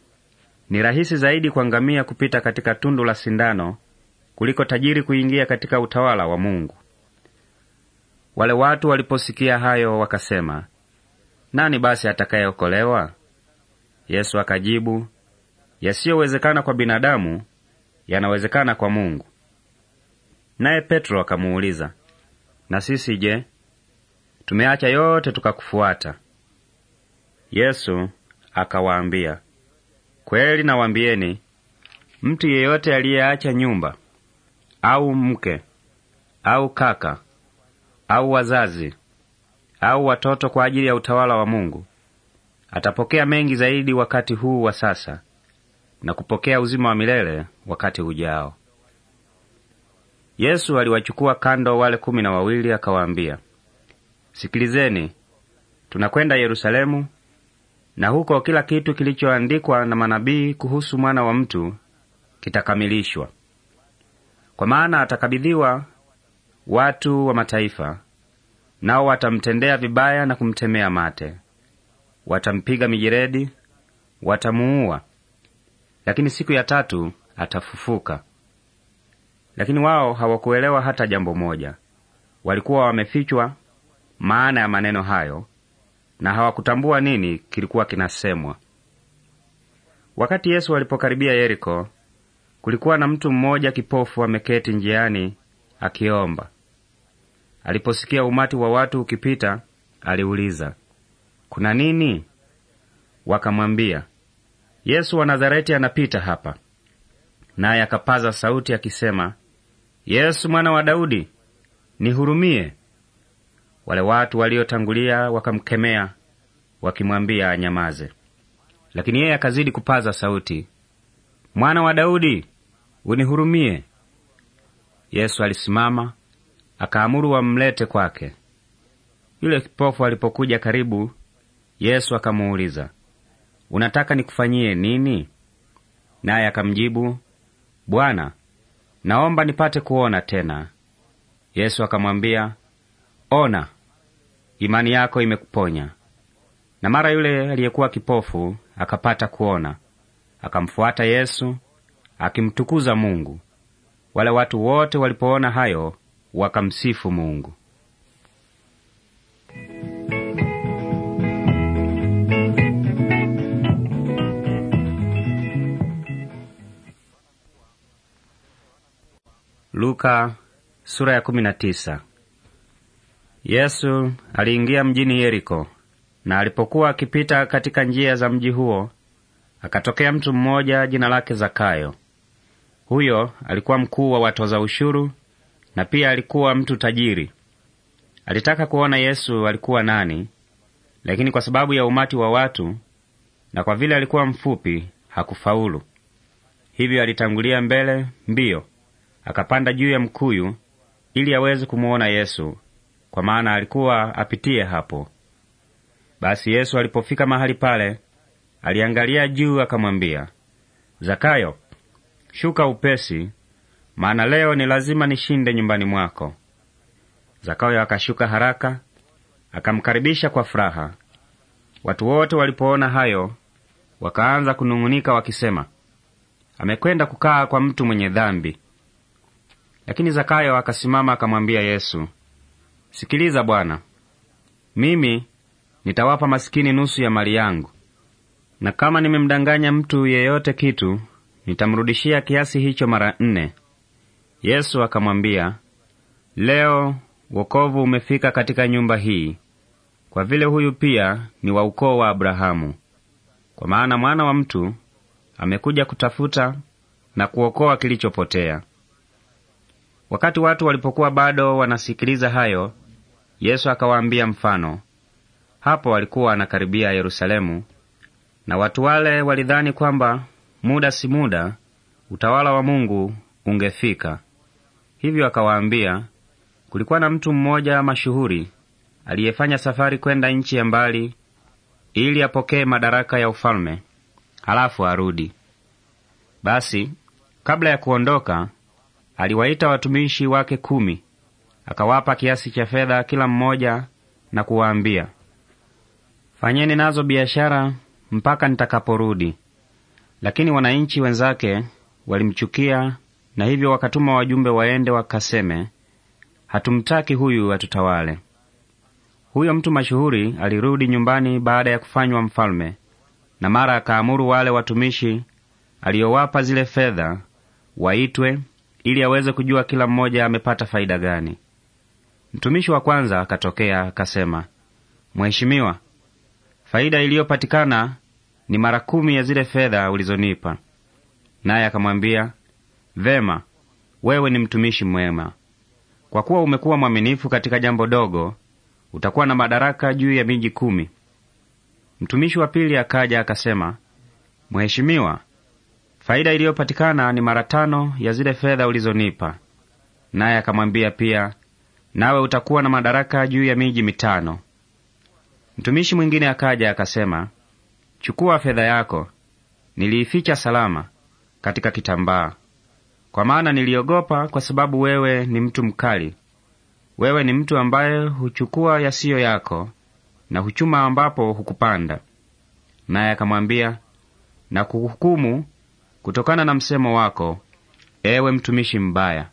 ni rahisi zaidi kwa ngamia kupita katika tundu la sindano kuliko tajiri kuingia katika utawala wa Mungu. Wale watu waliposikia hayo wakasema, nani basi atakayeokolewa? Yesu akajibu, yasiyowezekana kwa binadamu yanawezekana kwa Mungu. Naye Petro akamuuliza, na sisi je, tumeacha yote tukakufuata? Yesu akawaambia, Kweli nawambieni, mtu yeyote aliyeacha nyumba au mke au kaka au wazazi au watoto kwa ajili ya utawala wa Mungu atapokea mengi zaidi wakati huu wa sasa na kupokea uzima wa milele wakati ujao. Yesu aliwachukua kando wale kumi na wawili akawaambia, Sikilizeni, tunakwenda Yerusalemu na huko kila kitu kilichoandikwa na manabii kuhusu mwana wa mtu kitakamilishwa. Kwa maana atakabidhiwa watu wa mataifa, nao watamtendea vibaya na kumtemea mate, watampiga mijeredi, watamuua, lakini siku ya tatu atafufuka. Lakini wao hawakuelewa hata jambo moja; walikuwa wamefichwa maana ya maneno hayo na hawakutambua nini kilikuwa kinasemwa. Wakati Yesu alipokaribia Yeriko, kulikuwa na mtu mmoja kipofu ameketi njiani akiomba. Aliposikia umati wa watu ukipita, aliuliza, kuna nini? Wakamwambia, Yesu wa Nazareti anapita hapa. Naye akapaza sauti akisema, Yesu mwana wa Daudi, nihurumie. Wale watu waliotangulia wakamkemea wakimwambia anyamaze, lakini yeye akazidi kupaza sauti, Mwana wa Daudi, unihurumie. Yesu alisimama akaamuru wamlete kwake. Yule kipofu alipokuja karibu, Yesu akamuuliza, unataka nikufanyie nini? Naye akamjibu, Bwana, naomba nipate kuona tena. Yesu akamwambia, ona, imani yako imekuponya. Na mara yule aliyekuwa kipofu akapata kuona, akamfuata Yesu akimtukuza Mungu. Wale watu wote walipoona hayo wakamsifu Mungu. Luka, sura ya kumi na tisa. Yesu aliingia mjini Yeriko, na alipokuwa akipita katika njia za mji huo, akatokea mtu mmoja jina lake Zakayo. Huyo alikuwa mkuu wa watoza ushuru na pia alikuwa mtu tajiri. Alitaka kuona Yesu alikuwa nani, lakini kwa sababu ya umati wa watu na kwa vile alikuwa mfupi hakufaulu. Hivyo alitangulia mbele mbio, akapanda juu ya mkuyu ili aweze kumuona Yesu kwa maana alikuwa apitiye hapo. Basi Yesu alipofika mahali pale, aliangalia juu akamwambia, Zakayo, shuka upesi, maana leo ni lazima nishinde nyumbani mwako. Zakayo akashuka haraka, akamkaribisha kwa furaha. Watu wote walipoona hayo, wakaanza kunung'unika wakisema, amekwenda kukaa kwa mtu mwenye dhambi. Lakini Zakayo akasimama akamwambia Yesu, Sikiliza Bwana, mimi nitawapa masikini nusu ya mali yangu, na kama nimemdanganya mtu yeyote kitu, nitamrudishia kiasi hicho mara nne. Yesu akamwambia, leo wokovu umefika katika nyumba hii, kwa vile huyu pia ni wa ukoo wa Abrahamu. Kwa maana mwana wa mtu amekuja kutafuta na kuokoa kilichopotea. Wakati watu walipokuwa bado wanasikiliza hayo, Yesu akawaambia mfano. Hapo alikuwa anakaribia Yerusalemu, na watu wale walidhani kwamba muda si muda utawala wa Mungu ungefika. Hivyo akawaambia, kulikuwa na mtu mmoja mashuhuri aliyefanya safari kwenda nchi ya mbali ili apokee madaraka ya ufalme halafu arudi. Basi kabla ya kuondoka, aliwaita watumishi wake kumi akawapa kiasi cha fedha kila mmoja na kuwaambia, fanyeni nazo biashara mpaka nitakaporudi. Lakini wananchi wenzake walimchukia, na hivyo wakatuma wajumbe waende wakaseme, hatumtaki huyu atutawale. Huyo mtu mashuhuri alirudi nyumbani baada ya kufanywa mfalme, na mara akaamuru wale watumishi aliyowapa zile fedha waitwe, ili aweze kujua kila mmoja amepata faida gani. Mtumishi wa kwanza akatokea akasema, Mheshimiwa, faida iliyopatikana ni mara kumi ya zile fedha ulizonipa. Naye akamwambia, Vema, wewe ni mtumishi mwema. Kwa kuwa umekuwa mwaminifu katika jambo dogo, utakuwa na madaraka juu ya miji kumi. Mtumishi wa pili akaja akasema, Mheshimiwa, faida iliyopatikana ni mara tano ya zile fedha ulizonipa. Naye akamwambia pia, nawe utakuwa na madaraka juu ya miji mitano. Mtumishi mwingine akaja akasema, chukua fedha yako, niliificha salama katika kitambaa, kwa maana niliogopa, kwa sababu wewe ni mtu mkali. Wewe ni mtu ambaye huchukua yasiyo yako na huchuma ambapo hukupanda. Naye akamwambia, na kuhukumu kutokana na msemo wako, ewe mtumishi mbaya.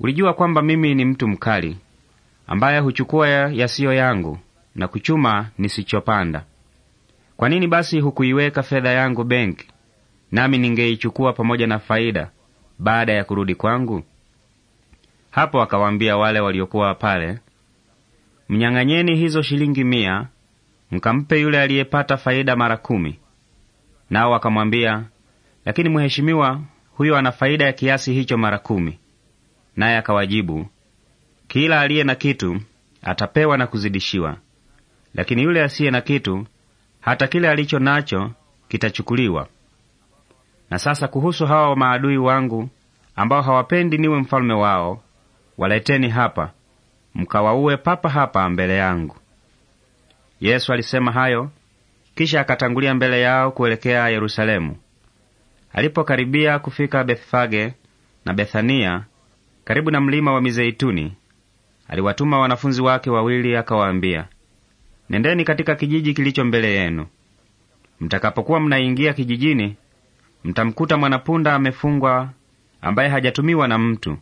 Ulijua kwamba mimi ni mtu mkali ambaye huchukua yasiyo yangu na kuchuma nisichopanda. Kwa nini basi hukuiweka fedha yangu benki, nami ningeichukua pamoja na faida baada ya kurudi kwangu? Hapo akawaambia wale waliokuwa pale, mnyang'anyeni hizo shilingi mia, mkampe yule aliyepata faida mara kumi. Nao wakamwambia, lakini mheshimiwa, huyo ana faida ya kiasi hicho mara kumi. Naye akawajibu, kila aliye na kitu atapewa na kuzidishiwa, lakini yule asiye na kitu, hata kile alicho nacho kitachukuliwa. Na sasa kuhusu hawa maadui wangu ambao hawapendi niwe mfalme wao, waleteni hapa mkawaue papa hapa mbele yangu. Yesu alisema hayo, kisha akatangulia mbele yao kuelekea Yerusalemu. Alipokaribia kufika Bethfage na Bethania, karibu na mlima wa Mizeituni, aliwatuma wanafunzi wake wawili, akawaambia, nendeni katika kijiji kilicho mbele yenu. Mtakapokuwa mnaingia kijijini, mtamkuta mwanapunda amefungwa, ambaye hajatumiwa na mtu.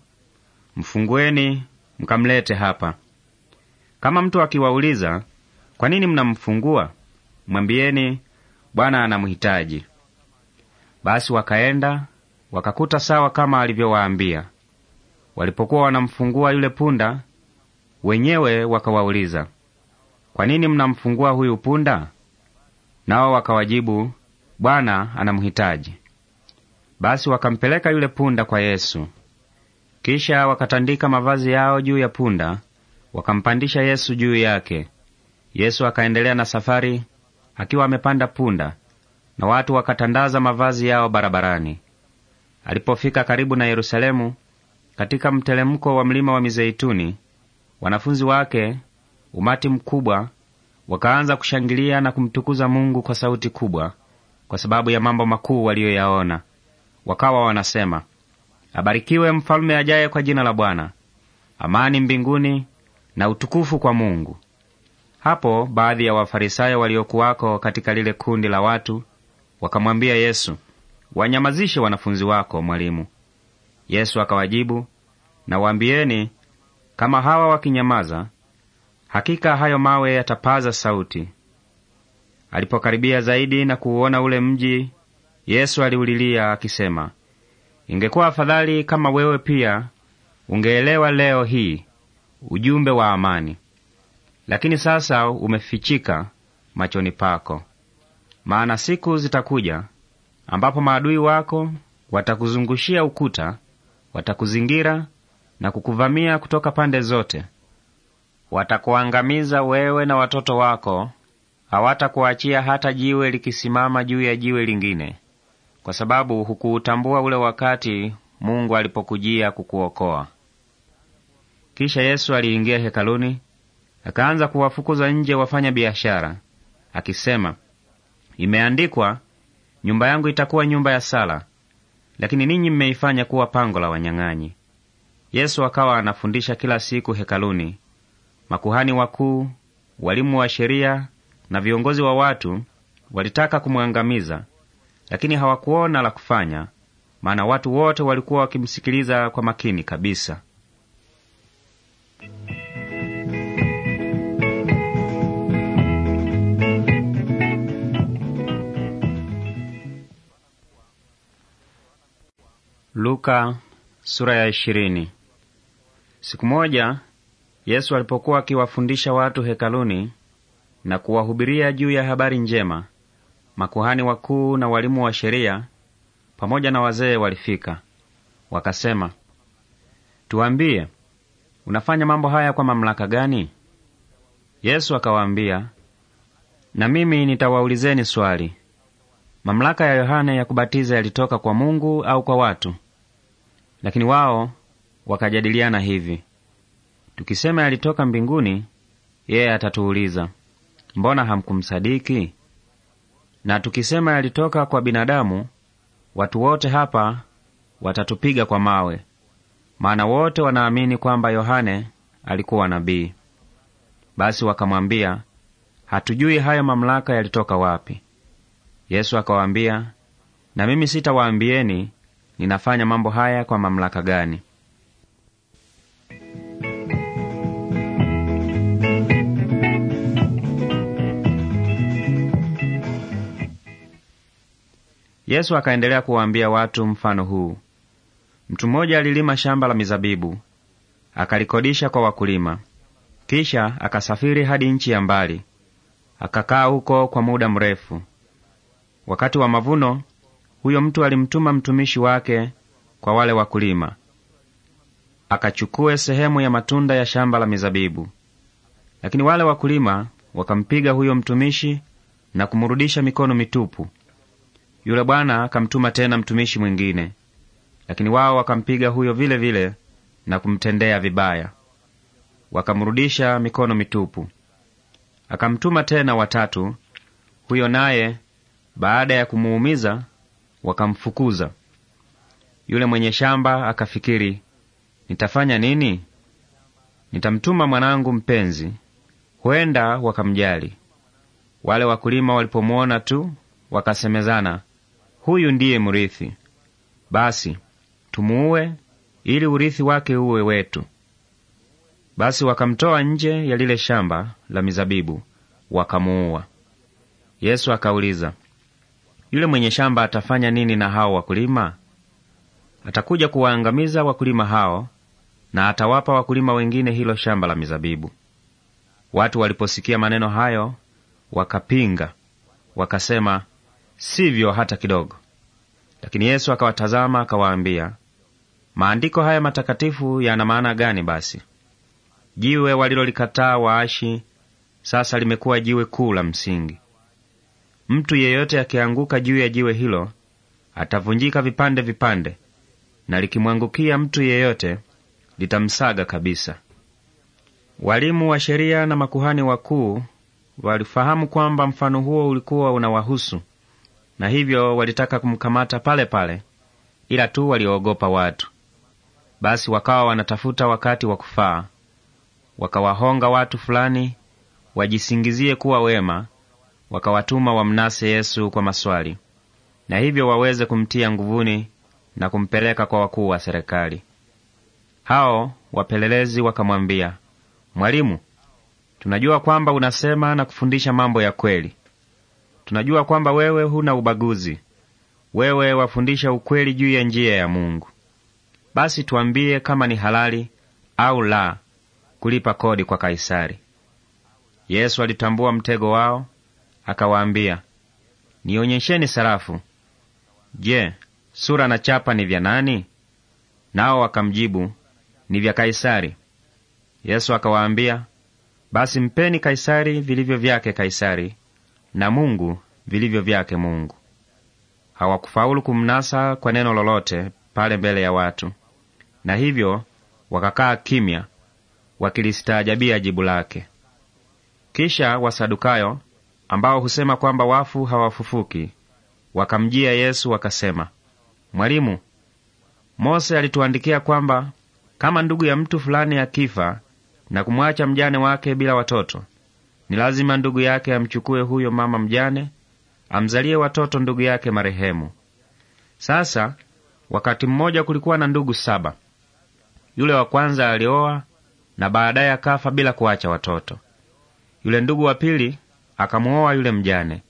Mfungueni mkamlete hapa. Kama mtu akiwauliza kwa nini mnamfungua, mwambieni Bwana anamhitaji. Basi wakaenda wakakuta sawa kama alivyowaambia. Walipokuwa wanamfungua yule punda, wenyewe wakawauliza, kwa nini mnamfungua huyu punda? Nao wakawajibu, Bwana anamhitaji. Basi wakampeleka yule punda kwa Yesu. Kisha wakatandika mavazi yao juu ya punda, wakampandisha Yesu juu yake. Yesu akaendelea na safari akiwa amepanda punda, na watu wakatandaza mavazi yao barabarani. Alipofika karibu na Yerusalemu, katika mteremko wa mlima wa Mizeituni, wanafunzi wake, umati mkubwa, wakaanza kushangilia na kumtukuza Mungu kwa sauti kubwa kwa sababu ya mambo makuu waliyoyaona. Wakawa wanasema, abarikiwe mfalme ajaye kwa jina la Bwana, amani mbinguni na utukufu kwa Mungu. Hapo baadhi ya Wafarisayo waliokuwako katika lile kundi la watu wakamwambia Yesu, wanyamazishe wanafunzi wako, mwalimu. Yesu akawajibu, nawaambieni, kama hawa wakinyamaza, hakika hayo mawe yatapaza sauti. Alipokaribia zaidi na kuuona ule mji, Yesu aliulilia akisema, ingekuwa afadhali kama wewe pia ungeelewa leo hii ujumbe wa amani, lakini sasa umefichika machoni pako. Maana siku zitakuja ambapo maadui wako watakuzungushia ukuta Watakuzingira na kukuvamia kutoka pande zote. Watakuangamiza wewe na watoto wako, hawatakuachia hata jiwe likisimama juu ya jiwe lingine, kwa sababu hukuutambua ule wakati Mungu alipokujia kukuokoa. Kisha Yesu aliingia hekaluni, akaanza kuwafukuza nje wafanya biashara, akisema, imeandikwa, nyumba yangu itakuwa nyumba ya sala, lakini ninyi mmeifanya kuwa pango la wanyang'anyi. Yesu akawa anafundisha kila siku hekaluni. Makuhani wakuu, walimu wa sheria na viongozi wa watu walitaka kumwangamiza, lakini hawakuona la kufanya, maana watu wote walikuwa wakimsikiliza kwa makini kabisa. Luka sura ya ishirini. Siku moja Yesu alipokuwa akiwafundisha watu hekaluni na kuwahubiria juu ya habari njema, makuhani wakuu na walimu wa sheria pamoja na wazee walifika. Wakasema, tuambie, unafanya mambo haya kwa mamlaka gani? Yesu akawaambia, na mimi nitawaulizeni swali. Mamlaka ya Yohane ya kubatiza yalitoka kwa Mungu au kwa watu? Lakini wao wakajadiliana hivi, tukisema yalitoka mbinguni, yeye atatuuliza mbona hamkumsadiki? Na tukisema yalitoka kwa binadamu, watu wote hapa watatupiga kwa mawe, maana wote wanaamini kwamba Yohane alikuwa nabii. Basi wakamwambia, hatujui hayo mamlaka yalitoka wapi. Yesu akawaambia, na mimi sitawaambieni ninafanya mambo haya kwa mamlaka gani? Yesu akaendelea kuwaambia watu mfano huu: mtu mmoja alilima shamba la mizabibu akalikodisha kwa wakulima, kisha akasafiri hadi nchi ya mbali, akakaa huko kwa muda mrefu. Wakati wa mavuno huyo mtu alimtuma mtumishi wake kwa wale wakulima, akachukue sehemu ya matunda ya shamba la mizabibu. Lakini wale wakulima wakampiga huyo mtumishi na kumrudisha mikono mitupu. Yule bwana akamtuma tena mtumishi mwingine, lakini wao wakampiga huyo vile vile na kumtendea vibaya, wakamrudisha mikono mitupu. Akamtuma tena watatu, huyo naye baada ya kumuumiza wakamfukuza. Yule mwenye shamba akafikiri, nitafanya nini? Nitamtuma mwanangu mpenzi, huenda wakamjali. Wale wakulima walipomwona tu wakasemezana, huyu ndiye mrithi, basi tumuue ili urithi wake uwe wetu. Basi wakamtoa nje ya lile shamba la mizabibu wakamuua. Yesu akauliza, yule mwenye shamba atafanya nini na hao wakulima? Atakuja kuwaangamiza wakulima hao, na atawapa wakulima wengine hilo shamba la mizabibu. Watu waliposikia maneno hayo wakapinga, wakasema, sivyo hata kidogo. Lakini Yesu akawatazama akawaambia, maandiko haya matakatifu yana maana gani? Basi jiwe walilolikataa waashi sasa limekuwa jiwe kuu la msingi. Mtu yeyote akianguka juu ya jiwe hilo atavunjika vipande vipande, na likimwangukia mtu yeyote litamsaga kabisa. Walimu wa sheria na makuhani wakuu walifahamu kwamba mfano huo ulikuwa unawahusu, na hivyo walitaka kumkamata pale pale, ila tu waliogopa watu. Basi wakawa wanatafuta wakati wa kufaa, wakawahonga watu fulani wajisingizie kuwa wema wakawatuma wamnase Yesu kwa maswali, na hivyo waweze kumtia nguvuni na kumpeleka kwa wakuu wa serikali. Hao wapelelezi wakamwambia, Mwalimu, tunajua kwamba unasema na kufundisha mambo ya kweli. Tunajua kwamba wewe huna ubaguzi, wewe wafundisha ukweli juu ya njia ya Mungu. Basi tuambie kama ni halali au la kulipa kodi kwa Kaisari. Yesu alitambua mtego wao, Akawaambia, nionyesheni sarafu. Je, sura na chapa ni vya nani? Nao wakamjibu, ni vya Kaisari. Yesu akawaambia, basi mpeni Kaisari vilivyo vyake Kaisari, na Mungu vilivyo vyake Mungu. Hawakufaulu kumnasa kwa neno lolote pale mbele ya watu, na hivyo wakakaa kimya wakilistaajabia jibu lake. Kisha Wasadukayo ambao husema kwamba wafu hawafufuki, wakamjia Yesu wakasema, Mwalimu, Mose alituandikia kwamba kama ndugu ya mtu fulani akifa na kumwacha mjane wake bila watoto, ni lazima ndugu yake amchukue huyo mama mjane, amzalie watoto ndugu yake marehemu. Sasa wakati mmoja kulikuwa na ndugu saba. Yule wa kwanza alioa na baadaye akafa bila kuacha watoto. Yule ndugu wa pili akamuoa yule mjane,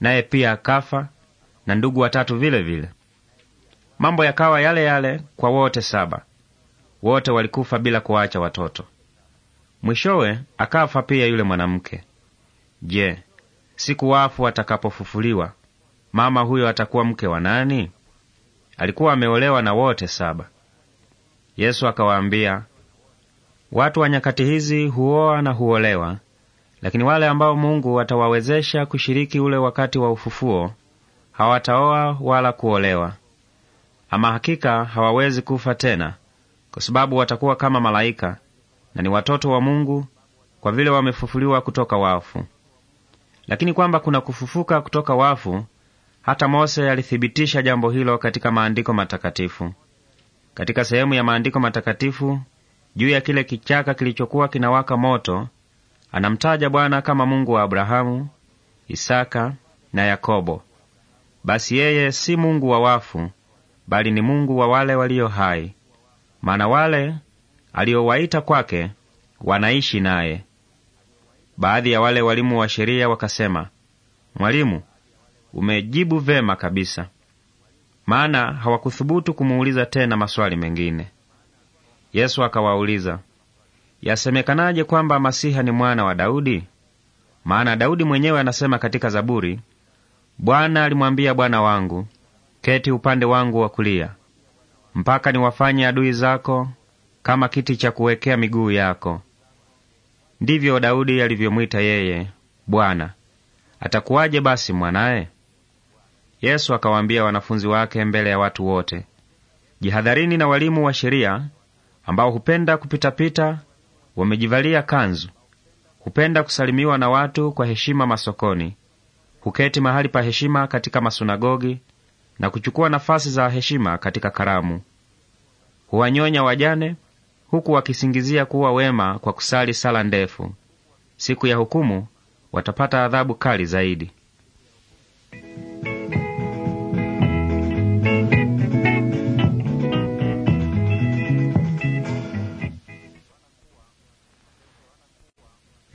naye pia akafa na ndugu watatu vile vile. Mambo yakawa yale yale kwa wote saba. Wote walikufa bila kuwacha watoto. Mwishowe akafa pia yule mwanamke. Je, siku wafu atakapofufuliwa, mama huyo atakuwa mke wa nani? Alikuwa ameolewa na wote saba. Yesu akawaambia, watu wa nyakati hizi huoa na huolewa lakini wale ambao Mungu atawawezesha kushiriki ule wakati wa ufufuo hawataoa wala kuolewa. Ama hakika hawawezi kufa tena, kwa sababu watakuwa kama malaika na ni watoto wa Mungu kwa vile wamefufuliwa kutoka wafu. Lakini kwamba kuna kufufuka kutoka wafu, hata Mose alithibitisha jambo hilo katika maandiko matakatifu. Katika sehemu ya maandiko matakatifu juu ya kile kichaka kilichokuwa kinawaka moto Anamtaja Bwana kama Mungu wa Abrahamu, Isaka na Yakobo. Basi yeye si Mungu wa wafu, bali ni Mungu wa wale walio hai, maana wale aliowaita kwake wanaishi naye. Baadhi ya wale walimu wa sheria wakasema, Mwalimu, umejibu vema kabisa. Maana hawakuthubutu kumuuliza tena maswali mengine. Yesu akawauliza, yasemekanaje kwamba Masiha ni mwana wa Daudi? Maana Daudi mwenyewe anasema katika Zaburi, Bwana alimwambia Bwana wangu, keti upande wangu wa kulia, mpaka niwafanye adui zako kama kiti cha kuwekea miguu yako. Ndivyo Daudi alivyomwita yeye Bwana. Atakuwaje basi mwanaye? Yesu akawaambia wanafunzi wake mbele ya watu wote, jihadharini na walimu wa sheria ambao hupenda kupitapita wamejivalia kanzu, hupenda kusalimiwa na watu kwa heshima masokoni, huketi mahali pa heshima katika masunagogi na kuchukua nafasi za heshima katika karamu. Huwanyonya wajane huku wakisingizia kuwa wema kwa kusali sala ndefu. Siku ya hukumu watapata adhabu kali zaidi.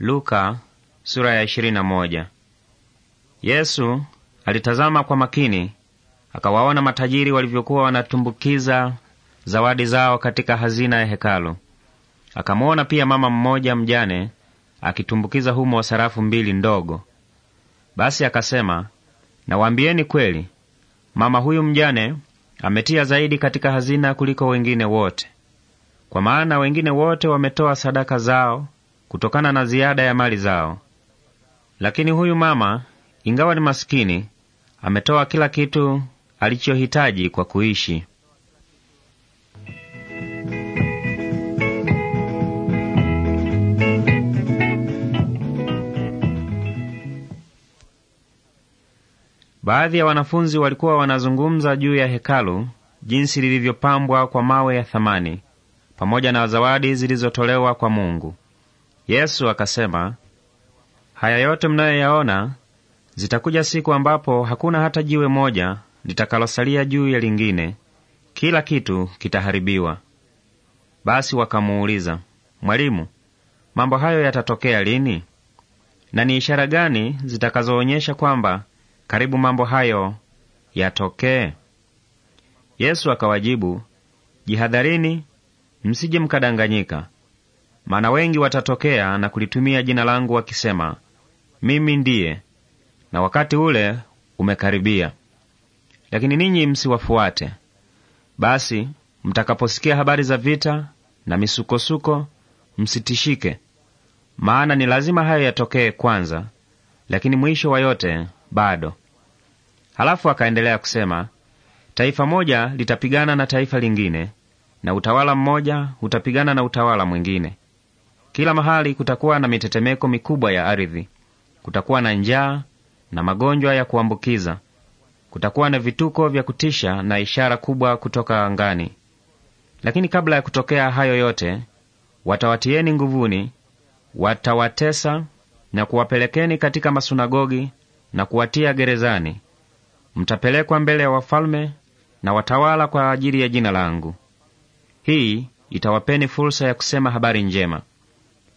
Luka, sura ya Yesu alitazama kwa makini akawaona matajiri walivyokuwa wanatumbukiza zawadi zao katika hazina ya hekalu. Akamwona pia mama mmoja mjane akitumbukiza humo sarafu mbili ndogo. Basi akasema, nawaambieni kweli, mama huyu mjane ametia zaidi katika hazina kuliko wengine wote, kwa maana wengine wote wametoa sadaka zao kutokana na ziada ya mali zao. Lakini huyu mama, ingawa ni masikini, ametoa kila kitu alichohitaji kwa kuishi. Baadhi ya wanafunzi walikuwa wanazungumza juu ya hekalu, jinsi lilivyopambwa kwa mawe ya thamani pamoja na zawadi zilizotolewa kwa Mungu. Yesu akasema, haya yote mnayoyaona zitakuja siku ambapo hakuna hata jiwe moja litakalosalia juu ya lingine, kila kitu kitaharibiwa. Basi wakamuuliza, Mwalimu, mambo hayo yatatokea lini, na ni ishara gani zitakazoonyesha kwamba karibu mambo hayo yatokee? Yesu akawajibu, jihadharini, msije mkadanganyika, maana wengi watatokea na kulitumia jina langu wakisema, mimi ndiye, na wakati ule umekaribia. Lakini ninyi msiwafuate. Basi mtakaposikia habari za vita na misukosuko, msitishike, maana ni lazima hayo yatokee kwanza, lakini mwisho wa yote bado. Halafu akaendelea kusema, taifa moja litapigana na taifa lingine, na utawala mmoja utapigana na utawala mwingine. Kila mahali kutakuwa na mitetemeko mikubwa ya ardhi, kutakuwa na njaa na magonjwa ya kuambukiza, kutakuwa na vituko vya kutisha na ishara kubwa kutoka angani. Lakini kabla ya kutokea hayo yote, watawatieni nguvuni, watawatesa na kuwapelekeni katika masunagogi na kuwatia gerezani. Mtapelekwa mbele ya wafalme na watawala kwa ajili ya jina langu. Hii itawapeni fursa ya kusema habari njema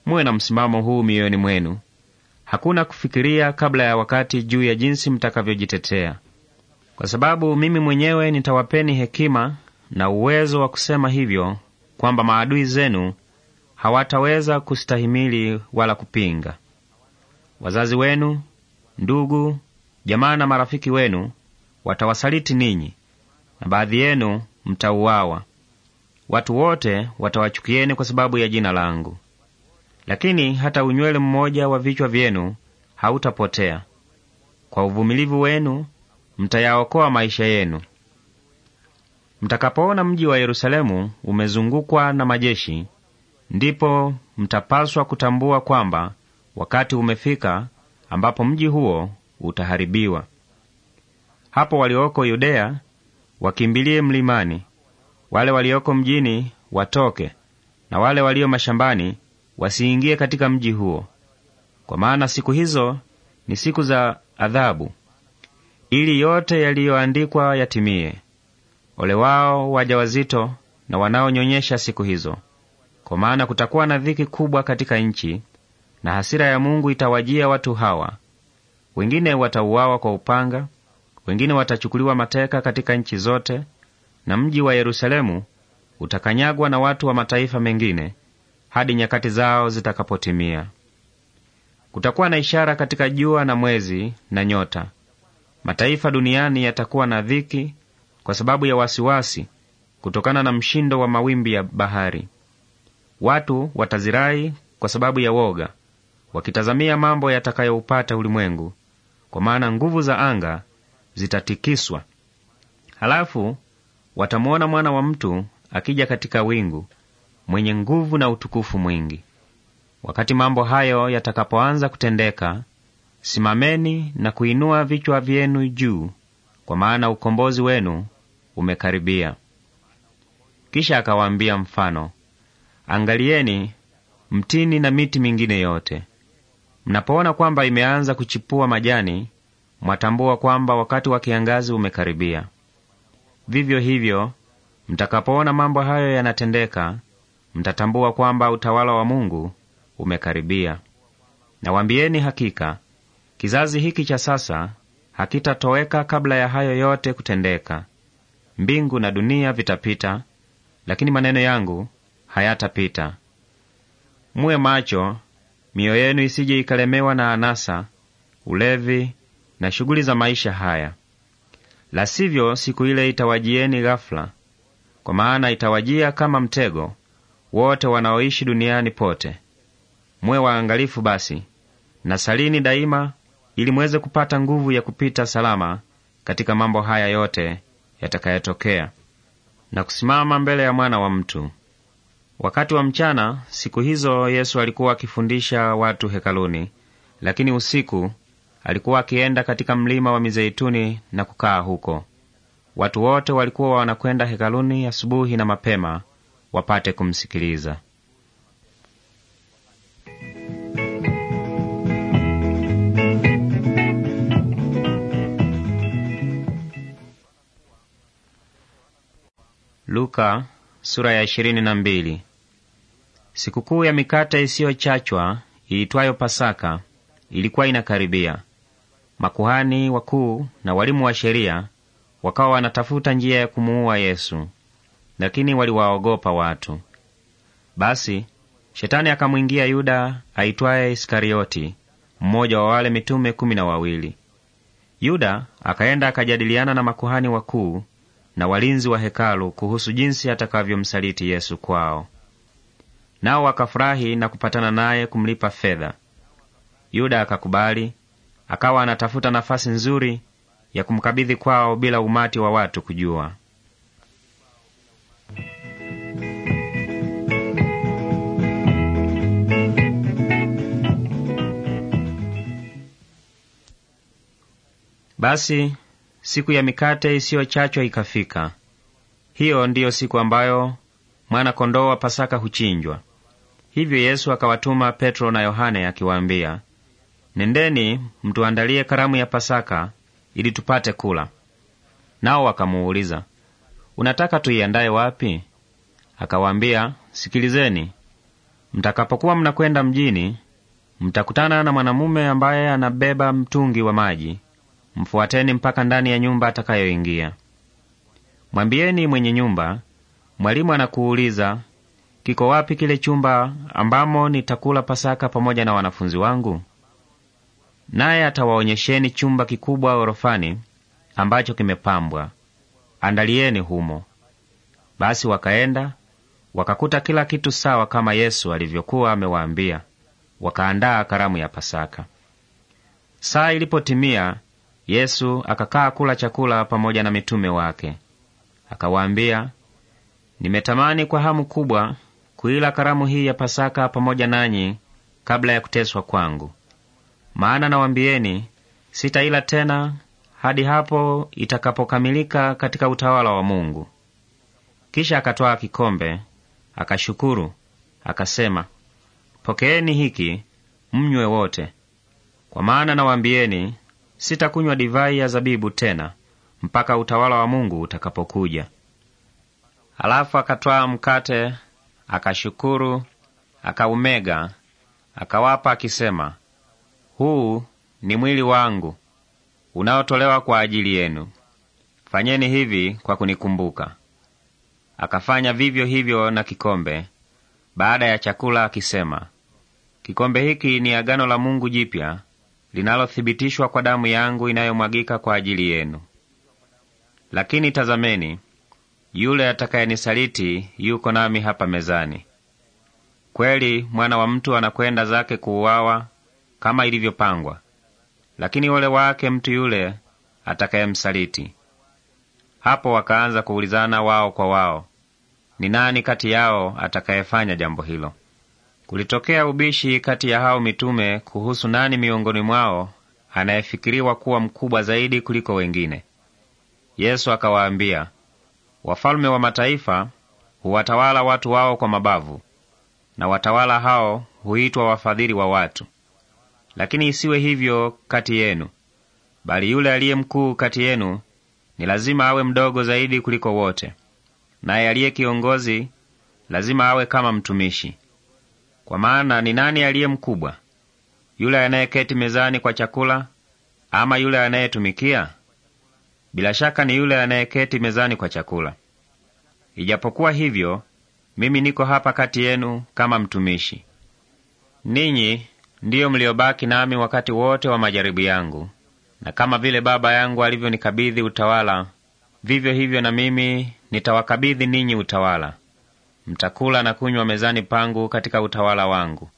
muwe na msimamo huu mioyoni mwenu. Hakuna kufikiria kabla ya wakati juu ya jinsi mtakavyojitetea, kwa sababu mimi mwenyewe nitawapeni hekima na uwezo wa kusema hivyo kwamba maadui zenu hawataweza kustahimili wala kupinga. Wazazi wenu, ndugu, jamaa na marafiki wenu watawasaliti ninyi, na baadhi yenu mtauawa. Watu wote watawachukieni kwa sababu ya jina langu. Lakini hata unywele mmoja wa vichwa vyenu hautapotea. Kwa uvumilivu wenu mtayaokoa maisha yenu. Mtakapoona mji wa Yerusalemu umezungukwa na majeshi, ndipo mtapaswa kutambua kwamba wakati umefika ambapo mji huo utaharibiwa. Hapo walioko Yudea wakimbilie mlimani, wale walioko mjini watoke, na wale walio mashambani wasiingie katika mji huo, kwa maana siku hizo ni siku za adhabu, ili yote yaliyoandikwa yatimie. Ole wao wajawazito na wanaonyonyesha siku hizo, kwa maana kutakuwa na dhiki kubwa katika nchi, na hasira ya Mungu itawajia watu hawa. Wengine watauawa kwa upanga, wengine watachukuliwa mateka katika nchi zote, na mji wa Yerusalemu utakanyagwa na watu wa mataifa mengine, hadi nyakati zao zitakapotimia. Kutakuwa na ishara katika jua na mwezi na nyota. Mataifa duniani yatakuwa na dhiki kwa sababu ya wasiwasi, kutokana na mshindo wa mawimbi ya bahari. Watu watazirai kwa sababu ya woga, wakitazamia mambo yatakayoupata ulimwengu, kwa maana nguvu za anga zitatikiswa. Halafu watamwona mwana wa mtu akija katika wingu mwenye nguvu na utukufu mwingi. Wakati mambo hayo yatakapoanza kutendeka, simameni na kuinua vichwa vyenu juu, kwa maana ukombozi wenu umekaribia. Kisha akawaambia mfano, angalieni mtini na miti mingine yote. Mnapoona kwamba imeanza kuchipua majani, mwatambua kwamba wakati wa kiangazi umekaribia. Vivyo hivyo, mtakapoona mambo hayo yanatendeka, mtatambua kwamba utawala wa Mungu umekaribia. Nawambieni hakika, kizazi hiki cha sasa hakitatoweka kabla ya hayo yote kutendeka. Mbingu na dunia vitapita, lakini maneno yangu hayatapita. Muwe macho, mioyo yenu isije ikalemewa na anasa, ulevi na shughuli za maisha haya, la sivyo siku ile itawajieni ghafula, kwa maana itawajia kama mtego wote wanaoishi duniani pote. Mwe waangalifu basi na salini daima, ili mweze kupata nguvu ya kupita salama katika mambo haya yote yatakayotokea na kusimama mbele ya mwana wa mtu. Wakati wa mchana siku hizo Yesu alikuwa akifundisha watu hekaluni, lakini usiku alikuwa akienda katika mlima wa Mizeituni na kukaa huko. Watu wote walikuwa wanakwenda hekaluni asubuhi na mapema wapate kumsikiliza. Luka sura ya ishirini na mbili. Sikukuu ya mikate isiyochachwa iitwayo Pasaka ilikuwa inakaribia. Makuhani wakuu na walimu wa sheria wakawa wanatafuta njia ya kumuua Yesu lakini waliwaogopa watu. Basi shetani akamwingia Yuda aitwaye Iskarioti, mmoja wa wale mitume kumi na wawili. Yuda akaenda akajadiliana na makuhani wakuu na walinzi wa hekalu kuhusu jinsi atakavyomsaliti Yesu kwao. Nao wakafurahi na kupatana naye kumlipa fedha. Yuda akakubali, akawa anatafuta nafasi nzuri ya kumkabidhi kwao bila umati wa watu kujua. Basi siku ya mikate isiyochachwa ikafika. Hiyo ndiyo siku ambayo mwana-kondoo wa Pasaka huchinjwa. Hivyo Yesu akawatuma Petro na Yohane akiwaambia, nendeni mtuandalie karamu ya Pasaka ili tupate kula. Nao wakamuuliza unataka tuiandaye wapi? Akawaambia, sikilizeni, mtakapokuwa mnakwenda mjini, mtakutana na mwanamume ambaye anabeba mtungi wa maji. Mfuateni mpaka ndani ya nyumba atakayoingia. Mwambieni mwenye nyumba, mwalimu anakuuliza, kiko wapi kile chumba ambamo nitakula Pasaka pamoja na wanafunzi wangu? Naye atawaonyesheni chumba kikubwa orofani ambacho kimepambwa andalieni humo. Basi wakaenda wakakuta kila kitu sawa kama Yesu alivyokuwa amewaambia, wakaandaa karamu ya Pasaka. Saa ilipotimia, Yesu akakaa kula chakula pamoja na mitume wake. Akawaambia, nimetamani kwa hamu kubwa kuila karamu hii ya Pasaka pamoja nanyi kabla ya kuteswa kwangu. Maana nawambieni, sitaila tena hadi hapo itakapokamilika katika utawala wa Mungu. Kisha akatwaa kikombe, akashukuru, akasema, pokeeni hiki mnywe wote, kwa maana nawaambieni, sitakunywa divai ya zabibu tena mpaka utawala wa Mungu utakapokuja. Alafu akatwaa mkate, akashukuru, akaumega, akawapa akisema, huu ni mwili wangu unaotolewa kwa ajili yenu. Fanyeni hivi kwa kunikumbuka. Akafanya vivyo hivyo na kikombe baada ya chakula, akisema, kikombe hiki ni agano la Mungu jipya linalothibitishwa kwa damu yangu inayomwagika kwa ajili yenu. Lakini tazameni, yule atakayenisaliti yuko nami hapa mezani. Kweli mwana wa mtu anakwenda zake kuuawa kama ilivyopangwa, lakini ole wake mtu yule atakayemsaliti. Hapo wakaanza kuulizana wao kwa wao, ni nani kati yao atakayefanya jambo hilo. Kulitokea ubishi kati ya hao mitume kuhusu nani miongoni mwao anayefikiriwa kuwa mkubwa zaidi kuliko wengine. Yesu akawaambia, wafalme wa mataifa huwatawala watu wao kwa mabavu, na watawala hao huitwa wafadhili wa watu. Lakini isiwe hivyo kati yenu, bali yule aliye mkuu kati yenu ni lazima awe mdogo zaidi kuliko wote, naye aliye kiongozi lazima awe kama mtumishi. Kwa maana ni nani aliye mkubwa, yule anayeketi mezani kwa chakula ama yule anayetumikia? Bila shaka ni yule anayeketi mezani kwa chakula. Ijapokuwa hivyo, mimi niko hapa kati yenu kama mtumishi. Ninyi ndiyo mliobaki nami wakati wote wa majaribu yangu. Na kama vile Baba yangu alivyonikabidhi utawala, vivyo hivyo na mimi nitawakabidhi ninyi utawala. Mtakula na kunywa mezani pangu katika utawala wangu,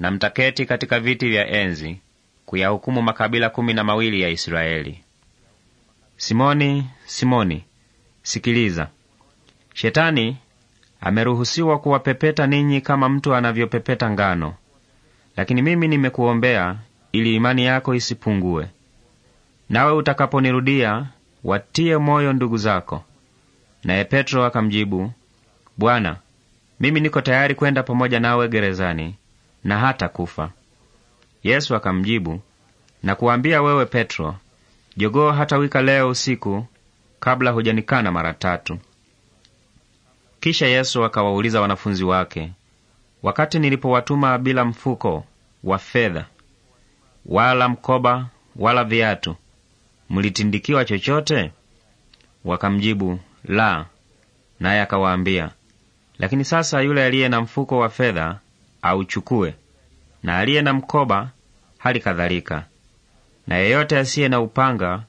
na mtaketi katika viti vya enzi kuyahukumu makabila kumi na mawili ya Israeli. Simoni, Simoni, sikiliza, Shetani ameruhusiwa kuwapepeta ninyi kama mtu anavyopepeta ngano. Lakini mimi nimekuombea ili imani yako isipungue. Nawe utakaponirudia watie moyo ndugu zako. Naye Petro akamjibu, Bwana, mimi niko tayari kwenda pamoja nawe gerezani na hata kufa. Yesu akamjibu, nakuambia wewe Petro, jogoo hata wika leo usiku kabla hujanikana mara tatu. Kisha Yesu akawauliza wanafunzi wake, wakati nilipowatuma bila mfuko wa fedha, wala mkoba, wala viatu. Mlitindikiwa chochote? Wakamjibu, la. Naye akawaambia, lakini sasa yule aliye na mfuko wa fedha auchukue, na aliye na mkoba hali kadhalika. Na yeyote asiye na upanga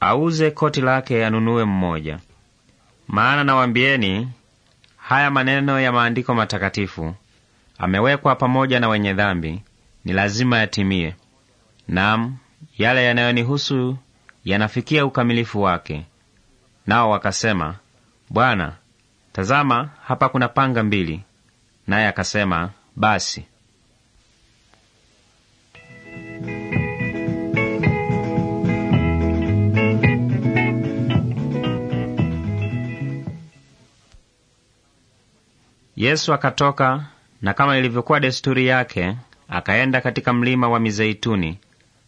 auze koti lake, anunue mmoja. Maana nawambieni, haya maneno ya maandiko matakatifu amewekwa pamoja na wenye dhambi, ni lazima yatimie. Naam, yale yanayonihusu yanafikia ukamilifu wake. Nao wakasema, Bwana, tazama, hapa kuna panga mbili. Naye akasema, basi. Yesu akatoka na kama ilivyokuwa desturi yake, akaenda katika mlima wa Mizeituni,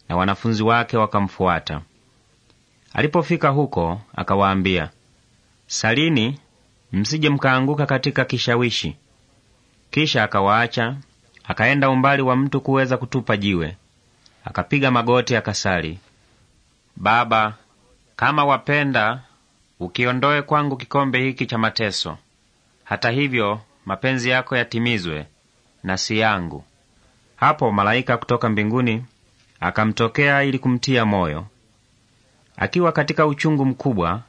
na wanafunzi wake wakamfuata. Alipofika huko, akawaambia, salini, msije mkaanguka katika kishawishi. Kisha akawaacha, akaenda umbali wa mtu kuweza kutupa jiwe, akapiga magoti, akasali, Baba, kama wapenda ukiondoe kwangu kikombe hiki cha mateso. Hata hivyo mapenzi yako yatimizwe na si yangu. Hapo malaika kutoka mbinguni akamtokea ili kumtia moyo. Akiwa katika uchungu mkubwa,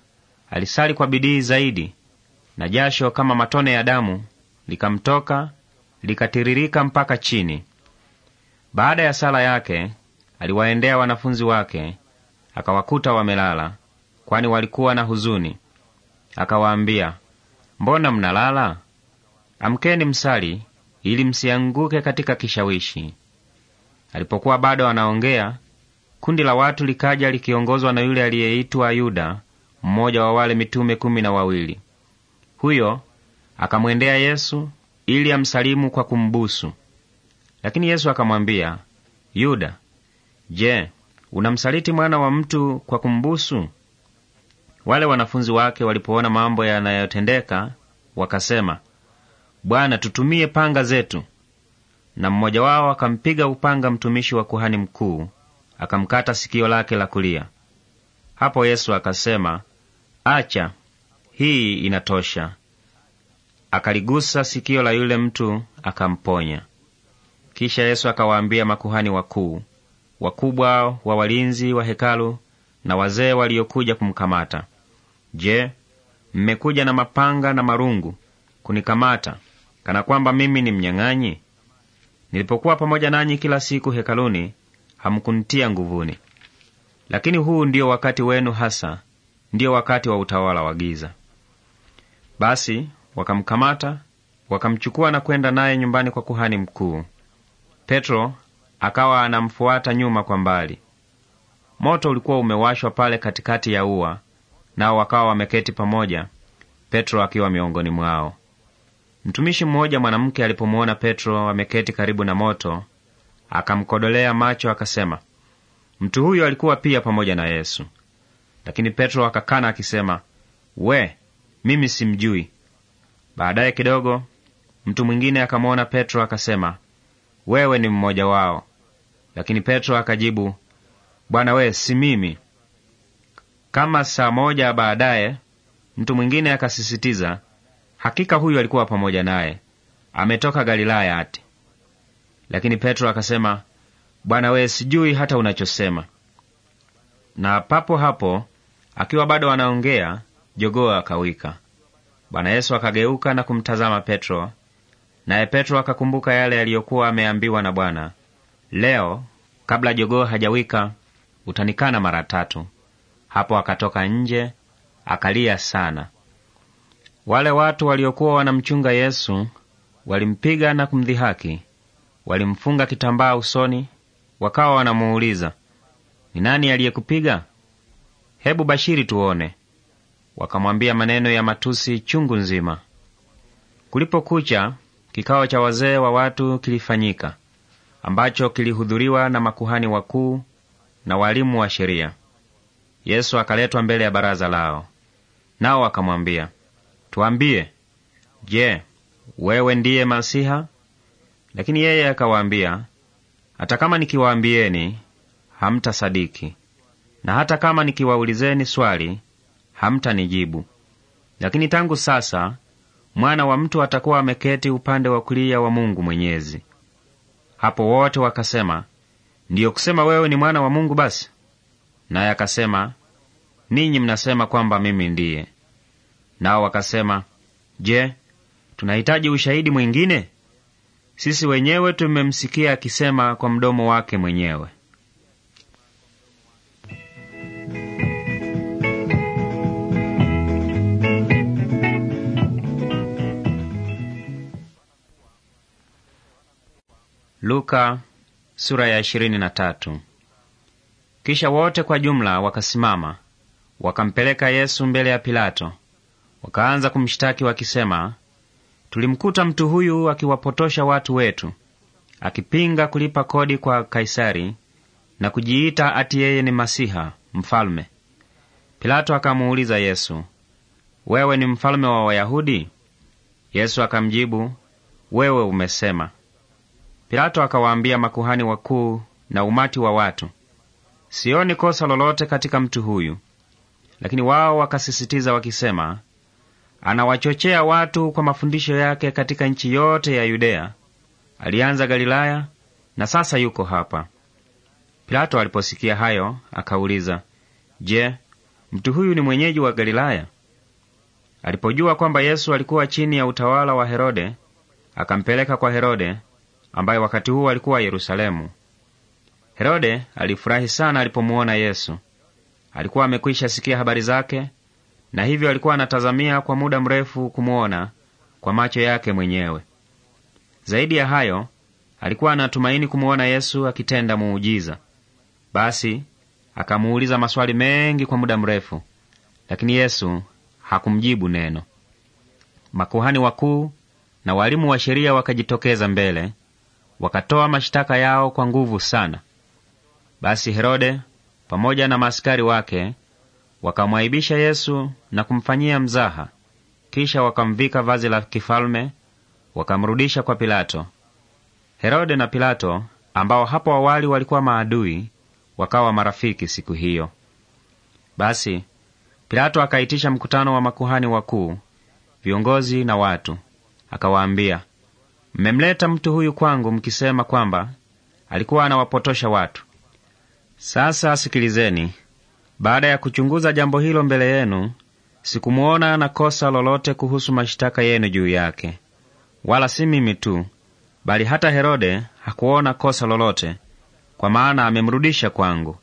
alisali kwa bidii zaidi, na jasho kama matone ya damu likamtoka likatiririka mpaka chini. Baada ya sala yake, aliwaendea wanafunzi wake, akawakuta wamelala, kwani walikuwa na huzuni. Akawaambia, mbona mnalala? Amkeni msali, ili msianguke katika kishawishi. Alipokuwa bado anaongea, kundi la watu likaja likiongozwa na yule aliyeitwa Yuda, mmoja wa wale mitume kumi na wawili. Huyo akamwendea Yesu ili amsalimu kwa kumbusu, lakini Yesu akamwambia, Yuda, je, unamsaliti mwana wa mtu kwa kumbusu? Wale wanafunzi wake walipoona mambo yanayotendeka wakasema Bwana, tutumie panga zetu. Na mmoja wao akampiga upanga mtumishi wa kuhani mkuu, akamkata sikio lake la kulia. Hapo Yesu akasema, acha, hii inatosha. Akaligusa sikio la yule mtu akamponya. Kisha Yesu akawaambia makuhani wakuu, wakubwa wa walinzi wa hekalu na wazee waliokuja kumkamata, Je, mmekuja na mapanga na marungu kunikamata kana kwamba mimi ni mnyang'anyi? Nilipokuwa pamoja nanyi kila siku hekaluni, hamkuntia nguvuni. Lakini huu ndio wakati wenu hasa, ndio wakati wa utawala wa giza. Basi wakamkamata wakamchukua na kwenda naye nyumbani kwa kuhani mkuu. Petro akawa anamfuata nyuma kwa mbali. Moto ulikuwa umewashwa pale katikati ya ua, nao wakawa wameketi pamoja, Petro akiwa miongoni mwao. Mtumishi mmoja mwanamke alipomwona Petro ameketi karibu na moto, akamkodolea macho akasema, mtu huyo alikuwa pia pamoja na Yesu. Lakini Petro akakana akisema, we, mimi simjui. Baadaye kidogo mtu mwingine akamwona Petro akasema, wewe ni mmoja wao. Lakini Petro akajibu, Bwana we, si mimi. Kama saa moja baadaye mtu mwingine akasisitiza, Hakika huyu alikuwa pamoja naye, ametoka Galilaya ati. Lakini Petro akasema, Bwana weye, sijui hata unachosema. Na papo hapo akiwa bado anaongea, jogoo akawika. Bwana Yesu akageuka na kumtazama Petro, naye Petro akakumbuka yale yaliyokuwa ameambiwa na Bwana, leo kabla jogoo hajawika utanikana mara tatu. Hapo akatoka nje akalia sana. Wale watu waliokuwa wanamchunga Yesu walimpiga na kumdhihaki, walimfunga kitambaa usoni, wakawa wanamuuliza, ni nani aliyekupiga? Hebu bashiri tuone. Wakamwambia maneno ya matusi chungu nzima. Kulipokucha, kikao cha wazee wa watu kilifanyika, ambacho kilihudhuriwa na makuhani wakuu na walimu wa sheria. Yesu akaletwa mbele ya baraza lao, nao wakamwambia, Tuambie, je, wewe ndiye Masiha? Lakini yeye akawaambia, hata kama nikiwaambieni hamtasadiki, na hata kama nikiwaulizeni swali hamtanijibu. Lakini tangu sasa mwana wa mtu atakuwa ameketi upande wa kulia wa Mungu Mwenyezi. Hapo wote wakasema, ndiyo kusema wewe ni mwana wa Mungu basi? Naye akasema, ninyi mnasema kwamba mimi ndiye. Nao wakasema, Je, tunahitaji ushahidi mwingine? Sisi wenyewe tumemsikia akisema kwa mdomo wake mwenyewe. Luka, sura ya Kisha wote kwa jumla wakasimama wakampeleka Yesu mbele ya Pilato. Wakaanza kumshtaki wakisema, tulimkuta mtu huyu akiwapotosha watu wetu, akipinga kulipa kodi kwa Kaisari na kujiita ati yeye ni Masiha, mfalme. Pilato akamuuliza Yesu, wewe ni mfalme wa Wayahudi? Yesu akamjibu, wewe umesema. Pilato akawaambia makuhani wakuu na umati wa watu, sioni kosa lolote katika mtu huyu. Lakini wao wakasisitiza wakisema, anawachochea watu kwa mafundisho yake katika nchi yote ya Yudea. Alianza Galilaya na sasa yuko hapa. Pilato aliposikia hayo akauliza, Je, mtu huyu ni mwenyeji wa Galilaya? Alipojua kwamba Yesu alikuwa chini ya utawala wa Herode, akampeleka kwa Herode ambaye wakati huo alikuwa Yerusalemu. Herode alifurahi sana alipomuona Yesu. Alikuwa amekwisha sikia habari zake na hivyo alikuwa anatazamia kwa muda mrefu kumwona kwa macho yake mwenyewe. Zaidi ya hayo, alikuwa anatumaini kumwona Yesu akitenda muujiza. Basi akamuuliza maswali mengi kwa muda mrefu, lakini Yesu hakumjibu neno. Makuhani wakuu na walimu wa sheria wakajitokeza mbele, wakatoa mashtaka yao kwa nguvu sana. Basi Herode pamoja na maaskari wake Wakamwaibisha Yesu na kumfanyia mzaha. Kisha wakamvika vazi la kifalme, wakamrudisha kwa Pilato. Herode na Pilato, ambao hapo awali walikuwa maadui, wakawa marafiki siku hiyo. Basi Pilato akaitisha mkutano wa makuhani wakuu, viongozi na watu, akawaambia, mmemleta mtu huyu kwangu mkisema kwamba alikuwa anawapotosha watu. Sasa sikilizeni, baada ya kuchunguza jambo hilo mbele yenu, sikumuona na kosa lolote kuhusu mashitaka yenu juu yake. Wala si mimi tu, bali hata Herode hakuona kosa lolote, kwa maana amemrudisha kwangu.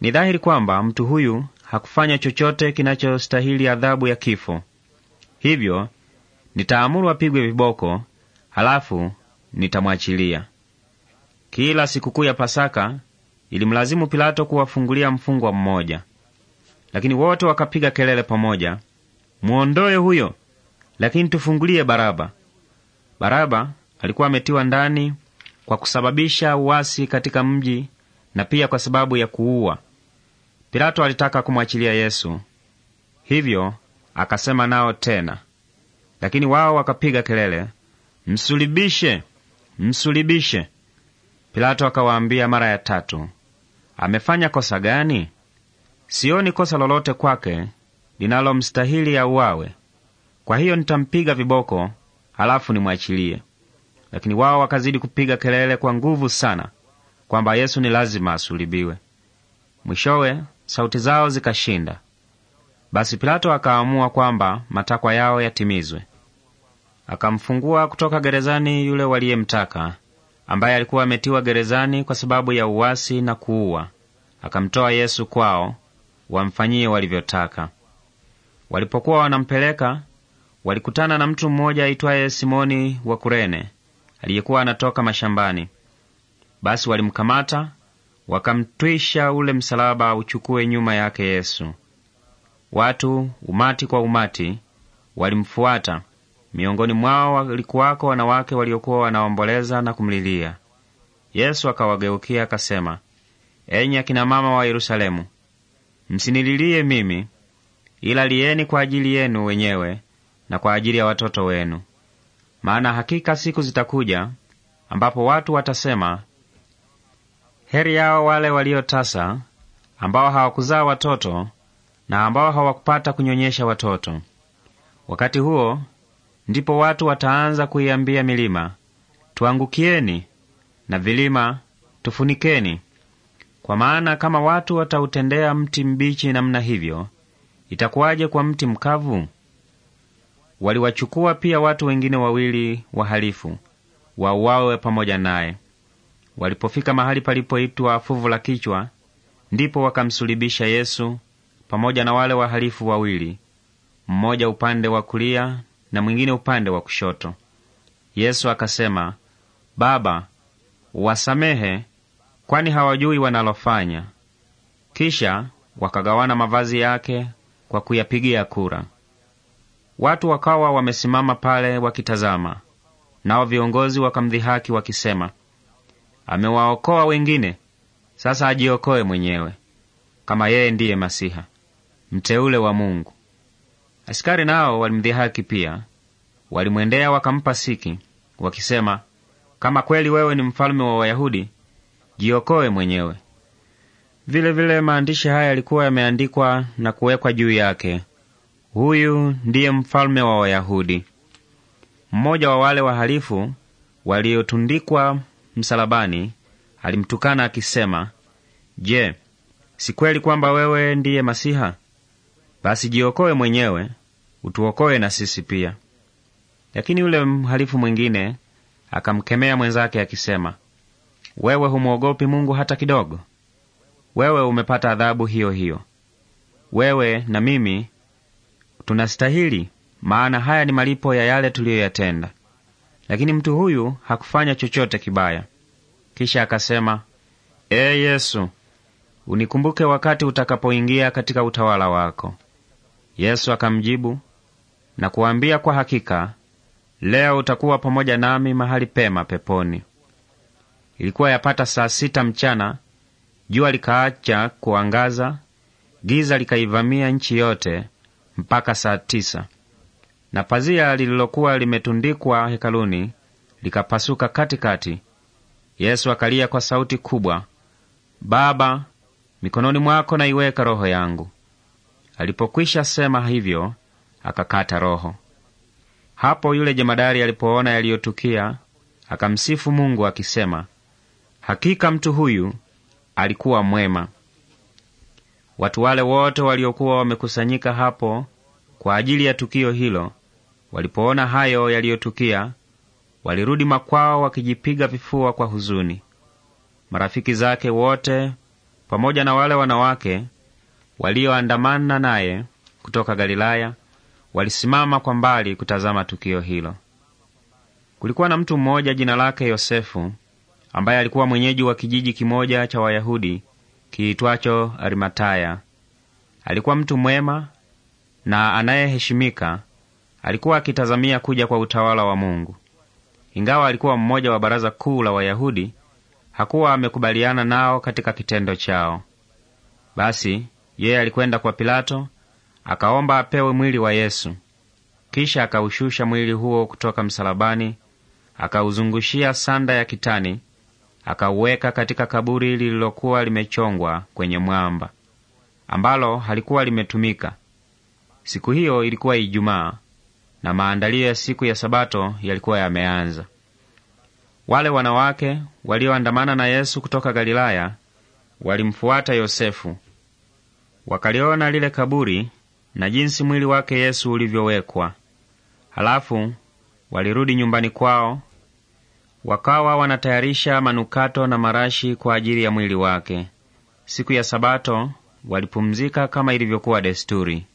Ni dhahiri kwamba mtu huyu hakufanya chochote kinachostahili adhabu ya kifo. Hivyo nitaamuru apigwe viboko, halafu nitamwachilia. Kila sikukuu ya Pasaka ilimlazimu Pilato kuwafungulia mfungwa mmoja. Lakini wote wakapiga kelele pamoja, muondoe huyo, lakini tufungulie Baraba. Baraba alikuwa ametiwa ndani kwa kusababisha uasi katika mji na pia kwa sababu ya kuua. Pilato alitaka kumwachilia Yesu, hivyo akasema nao tena, lakini wao wakapiga kelele, msulibishe, msulibishe! Pilato akawaambia mara ya tatu, amefanya kosa gani? Sioni kosa lolote kwake linalomstahili auawe. Kwa hiyo nitampiga viboko, halafu nimwachilie. Lakini wao wakazidi kupiga kelele kwa nguvu sana kwamba Yesu ni lazima asulibiwe. Mwishowe sauti zao zikashinda. Basi Pilato akaamua kwamba matakwa yao yatimizwe. Akamfungua kutoka gerezani yule waliyemtaka, ambaye alikuwa ametiwa gerezani kwa sababu ya uwasi na kuua akamtoa Yesu kwao wamfanyie walivyotaka. Walipokuwa wanampeleka, walikutana na mtu mmoja aitwaye Simoni wa Kurene aliyekuwa anatoka mashambani. Basi walimkamata wakamtwisha ule msalaba uchukue nyuma yake Yesu. Watu umati kwa umati walimfuata, miongoni mwao walikuwako wanawake waliokuwa wanaomboleza na kumlilia Yesu. Akawageukia akasema, enyi akina mama wa Yerusalemu, msinililie mimi, ila lieni kwa ajili yenu wenyewe na kwa ajili ya watoto wenu. Maana hakika siku zitakuja ambapo watu watasema, heri yao wale waliotasa, ambao hawakuzaa watoto na ambao hawakupata kunyonyesha watoto. Wakati huo ndipo watu wataanza kuiambia milima, tuangukieni, na vilima, tufunikeni. Kwa maana kama watu watautendea mti mbichi namna hivyo, itakuwaje kwa mti mkavu? Waliwachukua pia watu wengine wawili wahalifu wauawe pamoja naye. Walipofika mahali palipoitwa fuvu la kichwa, ndipo wakamsulibisha Yesu pamoja na wale wahalifu wawili, mmoja upande wa kulia na mwingine upande wa kushoto. Yesu akasema, Baba, wasamehe kwani hawajui wanalofanya. Kisha wakagawana mavazi yake kwa kuyapigia kura. Watu wakawa wamesimama pale wakitazama, nao viongozi wakamdhihaki wakisema, amewaokoa wengine, sasa ajiokoe mwenyewe kama yeye ndiye Masiha mteule wa Mungu. Askari nao walimdhihaki pia, walimwendea wakampa siki wakisema, kama kweli wewe ni mfalme wa Wayahudi, jiokoe mwenyewe. Vile vile maandishi haya yalikuwa yameandikwa na kuwekwa juu yake, huyu ndiye mfalme wa Wayahudi. Mmoja wa wale wahalifu waliotundikwa msalabani alimtukana akisema, Je, si kweli kwamba wewe ndiye Masiha? Basi jiokoe mwenyewe, utuokoe na sisi pia. Lakini yule mhalifu mwingine akamkemea mwenzake akisema, wewe humwogopi Mungu hata kidogo? Wewe umepata adhabu hiyo hiyo. Wewe na mimi tunastahili, maana haya ni malipo ya yale tuliyoyatenda. Lakini mtu huyu hakufanya chochote kibaya. Kisha akasema, E Yesu, unikumbuke wakati utakapoingia katika utawala wako. Yesu akamjibu na kuambia, kwa hakika leo utakuwa pamoja nami mahali pema peponi. Ilikuwa yapata saa sita mchana, jua likaacha kuangaza, giza likaivamia nchi yote mpaka saa tisa, na pazia lililokuwa limetundikwa hekaluni likapasuka katikati. Yesu akalia kwa sauti kubwa, Baba, mikononi mwako naiweka roho yangu. Alipokwisha sema hivyo, akakata roho. Hapo yule jemadari alipoona yaliyotukia, akamsifu Mungu akisema, Hakika mtu huyu alikuwa mwema. Watu wale wote waliokuwa wamekusanyika hapo kwa ajili ya tukio hilo, walipoona hayo yaliyotukia, walirudi makwao wakijipiga vifua kwa huzuni. Marafiki zake wote pamoja na wale wanawake walioandamana naye kutoka Galilaya walisimama kwa mbali kutazama tukio hilo. Kulikuwa na mtu mmoja jina lake Yosefu ambaye alikuwa mwenyeji wa kijiji kimoja cha Wayahudi kiitwacho Arimataya. Alikuwa mtu mwema na anayeheshimika, alikuwa akitazamia kuja kwa utawala wa Mungu. Ingawa alikuwa mmoja wa baraza kuu la Wayahudi, hakuwa amekubaliana nao katika kitendo chao. Basi yeye alikwenda kwa Pilato akaomba apewe mwili wa Yesu. Kisha akaushusha mwili huo kutoka msalabani, akauzungushia sanda ya kitani akauweka katika kaburi lililokuwa limechongwa kwenye mwamba, ambalo halikuwa limetumika. Siku hiyo ilikuwa Ijumaa, na maandalio ya siku ya Sabato yalikuwa yameanza. Wale wanawake walioandamana na Yesu kutoka Galilaya walimfuata Yosefu, wakaliona lile kaburi na jinsi mwili wake Yesu ulivyowekwa. Halafu walirudi nyumbani kwao Wakawa wanatayarisha manukato na marashi kwa ajili ya mwili wake. Siku ya Sabato walipumzika kama ilivyokuwa desturi.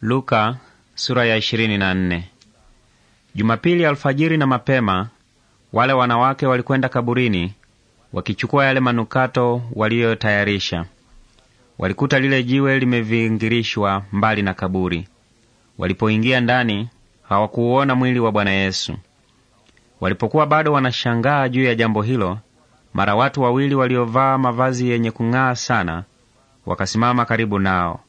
Luka, sura ya 24. Jumapili alfajiri na mapema wale wanawake walikwenda kaburini wakichukua yale manukato waliyotayarisha. Walikuta lile jiwe limevingirishwa mbali na kaburi. Walipoingia ndani, hawakuuona mwili wa Bwana Yesu. Walipokuwa bado wanashangaa juu ya jambo hilo, mara watu wawili waliovaa mavazi yenye kung'aa sana wakasimama karibu nao.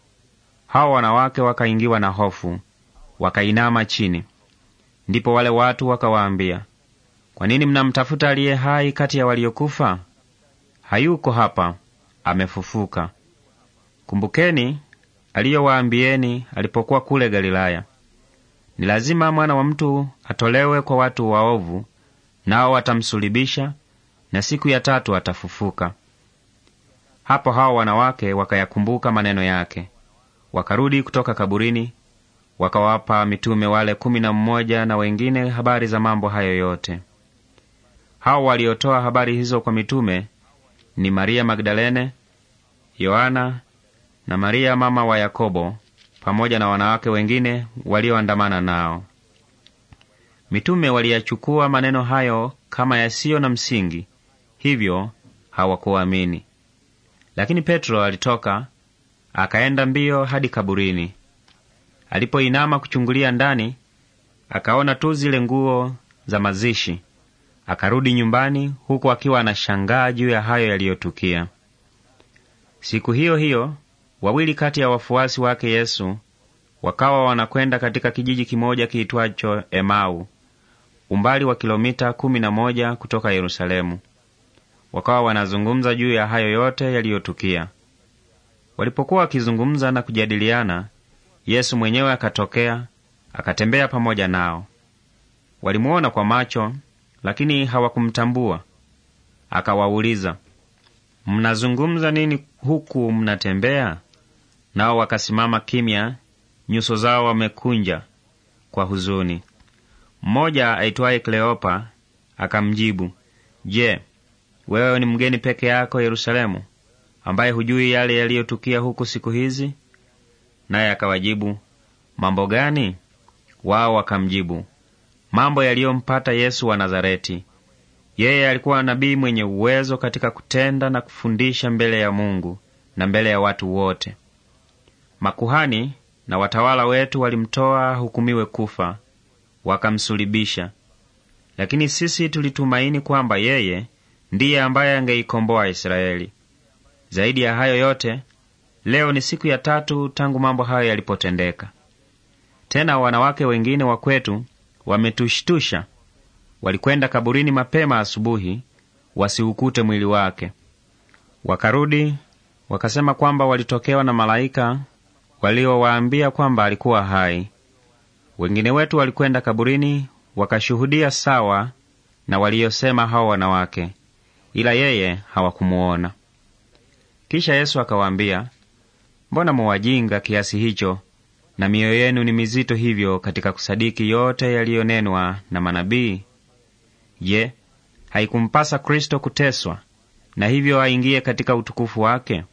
Hawa wanawake wakaingiwa na hofu, wakainama chini. Ndipo wale watu wakawaambia, kwa nini mnamtafuta aliye hai kati ya waliokufa? Hayuko hapa, amefufuka. Kumbukeni aliyowaambieni alipokuwa kule Galilaya. Ni lazima mwana wa mtu atolewe kwa watu waovu, nao watamsulibisha na siku ya tatu atafufuka. Hapo hao wanawake wakayakumbuka maneno yake, wakarudi kutoka kaburini, wakawapa mitume wale kumi na mmoja na wengine habari za mambo hayo yote. Hao waliotoa habari hizo kwa mitume ni Maria Magdalene, Yohana na Maria mama wa Yakobo, pamoja na wanawake wengine walioandamana nao. Mitume waliyachukua maneno hayo kama yasiyo na msingi, hivyo hawakuamini. Lakini Petro alitoka akaenda mbio hadi kaburini. Alipoinama kuchungulia ndani, akaona tu zile nguo za mazishi, Akarudi nyumbani huku akiwa anashangaa juu ya hayo yaliyotukia. Siku hiyo hiyo wawili kati ya wafuasi wake Yesu wakawa wanakwenda katika kijiji kimoja kiitwacho Emau, umbali wa kilomita kumi na moja kutoka Yerusalemu. Wakawa wanazungumza juu ya hayo yote yaliyotukia. Walipokuwa wakizungumza na kujadiliana, Yesu mwenyewe akatokea akatembea pamoja nao. Walimuona kwa macho lakini hawakumtambua. Akawauliza, mnazungumza nini huku mnatembea? Nao wakasimama kimya, nyuso zao wamekunja kwa huzuni. Mmoja aitwaye Kleopa akamjibu, Je, wewe ni mgeni peke yako Yerusalemu, ambaye hujui yale yaliyotukia huku siku hizi? Naye akawajibu, mambo gani? Wao wakamjibu, mambo yaliyompata Yesu wa Nazareti. Yeye alikuwa nabii mwenye uwezo katika kutenda na kufundisha mbele ya Mungu na mbele ya watu wote. Makuhani na watawala wetu walimtoa hukumiwe kufa, wakamsulibisha, lakini sisi tulitumaini kwamba yeye ndiye ambaye angeikomboa Israeli. Zaidi ya hayo yote, leo ni siku ya tatu tangu mambo hayo yalipotendeka. Tena wanawake wengine wa kwetu wametushtusha. Walikwenda kaburini mapema asubuhi wasiukute mwili wake. Wakarudi wakasema kwamba walitokewa na malaika waliowaambia kwamba alikuwa hai. Wengine wetu walikwenda kaburini wakashuhudia sawa na waliyosema hao wanawake, ila yeye hawakumuona. Kisha Yesu akawaambia, mbona muwajinga kiasi hicho na mioyo yenu ni mizito hivyo katika kusadiki yote yaliyonenwa na manabii? Je, haikumpasa Kristo kuteswa na hivyo aingie katika utukufu wake?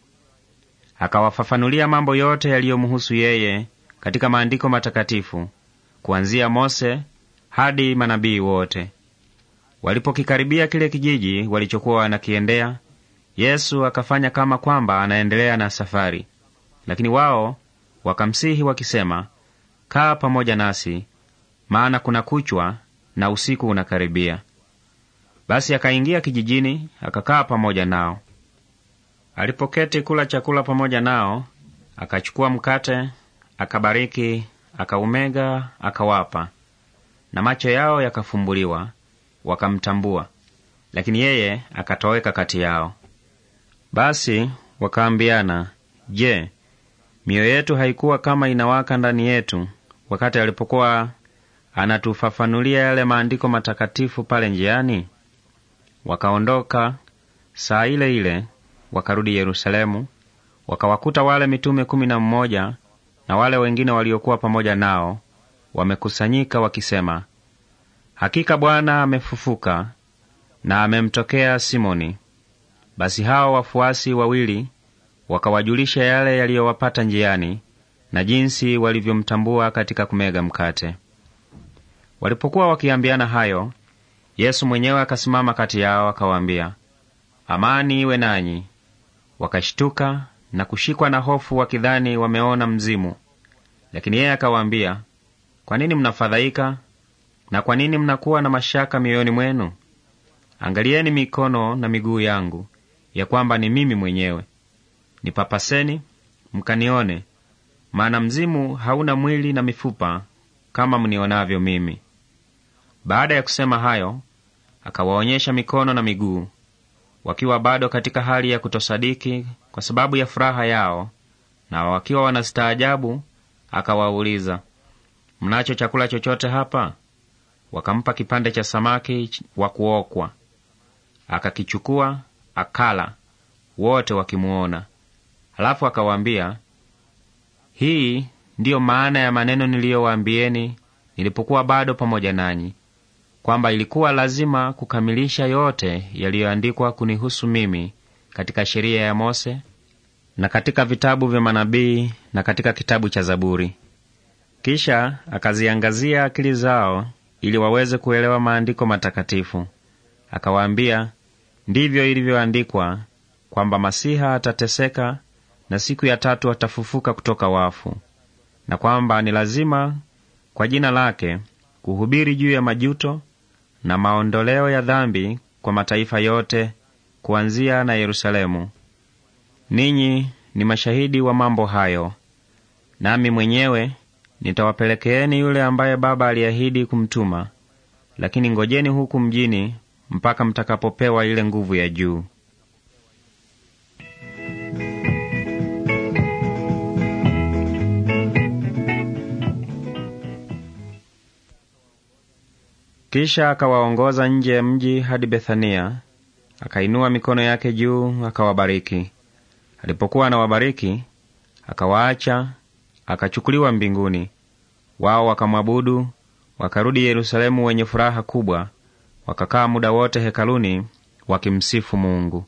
Akawafafanulia mambo yote yaliyomhusu yeye katika maandiko matakatifu, kuanzia Mose hadi manabii wote. Walipokikaribia kile kijiji walichokuwa wanakiendea, Yesu akafanya kama kwamba anaendelea na safari, lakini wao wakamsihi wakisema, kaa pamoja nasi, maana kuna kuchwa na usiku unakaribia. Basi akaingia kijijini akakaa pamoja nao. Alipoketi kula chakula pamoja nao, akachukua mkate, akabariki, akaumega, akawapa, na macho yao yakafumbuliwa, wakamtambua, lakini yeye akatoweka kati yao. Basi wakaambiana, je, Mioyo yetu haikuwa kama inawaka ndani yetu wakati alipokuwa anatufafanulia yale maandiko matakatifu pale njiani. Wakaondoka saa ile ile wakarudi Yerusalemu, wakawakuta wale mitume kumi na mmoja na wale wengine waliokuwa pamoja nao wamekusanyika wakisema, hakika Bwana amefufuka na amemtokea Simoni. Basi hao wafuasi wawili wakawajulisha yale yaliyowapata njiani na jinsi walivyomtambua katika kumega mkate. Walipokuwa wakiambiana hayo, Yesu mwenyewe akasimama kati yao akawaambia, amani iwe nanyi. Wakashtuka na kushikwa na hofu, wakidhani wameona mzimu. Lakini yeye akawaambia, kwa nini mnafadhaika na kwa nini mnakuwa na mashaka mioyoni mwenu? Angalieni mikono na miguu yangu, ya kwamba ni mimi mwenyewe. Nipapaseni mkanione, maana mzimu hauna mwili na mifupa kama mnionavyo mimi. Baada ya kusema hayo, akawaonyesha mikono na miguu. Wakiwa bado katika hali ya kutosadiki kwa sababu ya furaha yao na wakiwa wanastaajabu, akawauliza, mnacho chakula chochote hapa? Wakampa kipande cha samaki wa kuokwa, akakichukua akala, wote wakimuona. Halafu akawaambia, hii ndiyo maana ya maneno niliyowaambieni nilipokuwa bado pamoja nanyi, kwamba ilikuwa lazima kukamilisha yote yaliyoandikwa kunihusu mimi katika sheria ya Mose na katika vitabu vya manabii na katika kitabu cha Zaburi. Kisha akaziangazia akili zao ili waweze kuelewa maandiko matakatifu. Akawaambia, ndivyo ilivyoandikwa kwamba Masiha atateseka na siku ya tatu atafufuka kutoka wafu, na kwamba ni lazima kwa jina lake kuhubiri juu ya majuto na maondoleo ya dhambi kwa mataifa yote kuanzia na Yerusalemu. Ninyi ni mashahidi wa mambo hayo. Nami mwenyewe nitawapelekeeni yule ambaye Baba aliahidi kumtuma, lakini ngojeni huku mjini mpaka mtakapopewa ile nguvu ya juu. Kisha akawaongoza nje ya mji hadi Bethania, akainua mikono yake juu akawabariki. Alipokuwa anawabariki, akawaacha, akachukuliwa mbinguni. Wao wakamwabudu, wakarudi Yerusalemu wenye furaha kubwa, wakakaa muda wote hekaluni wakimsifu Mungu.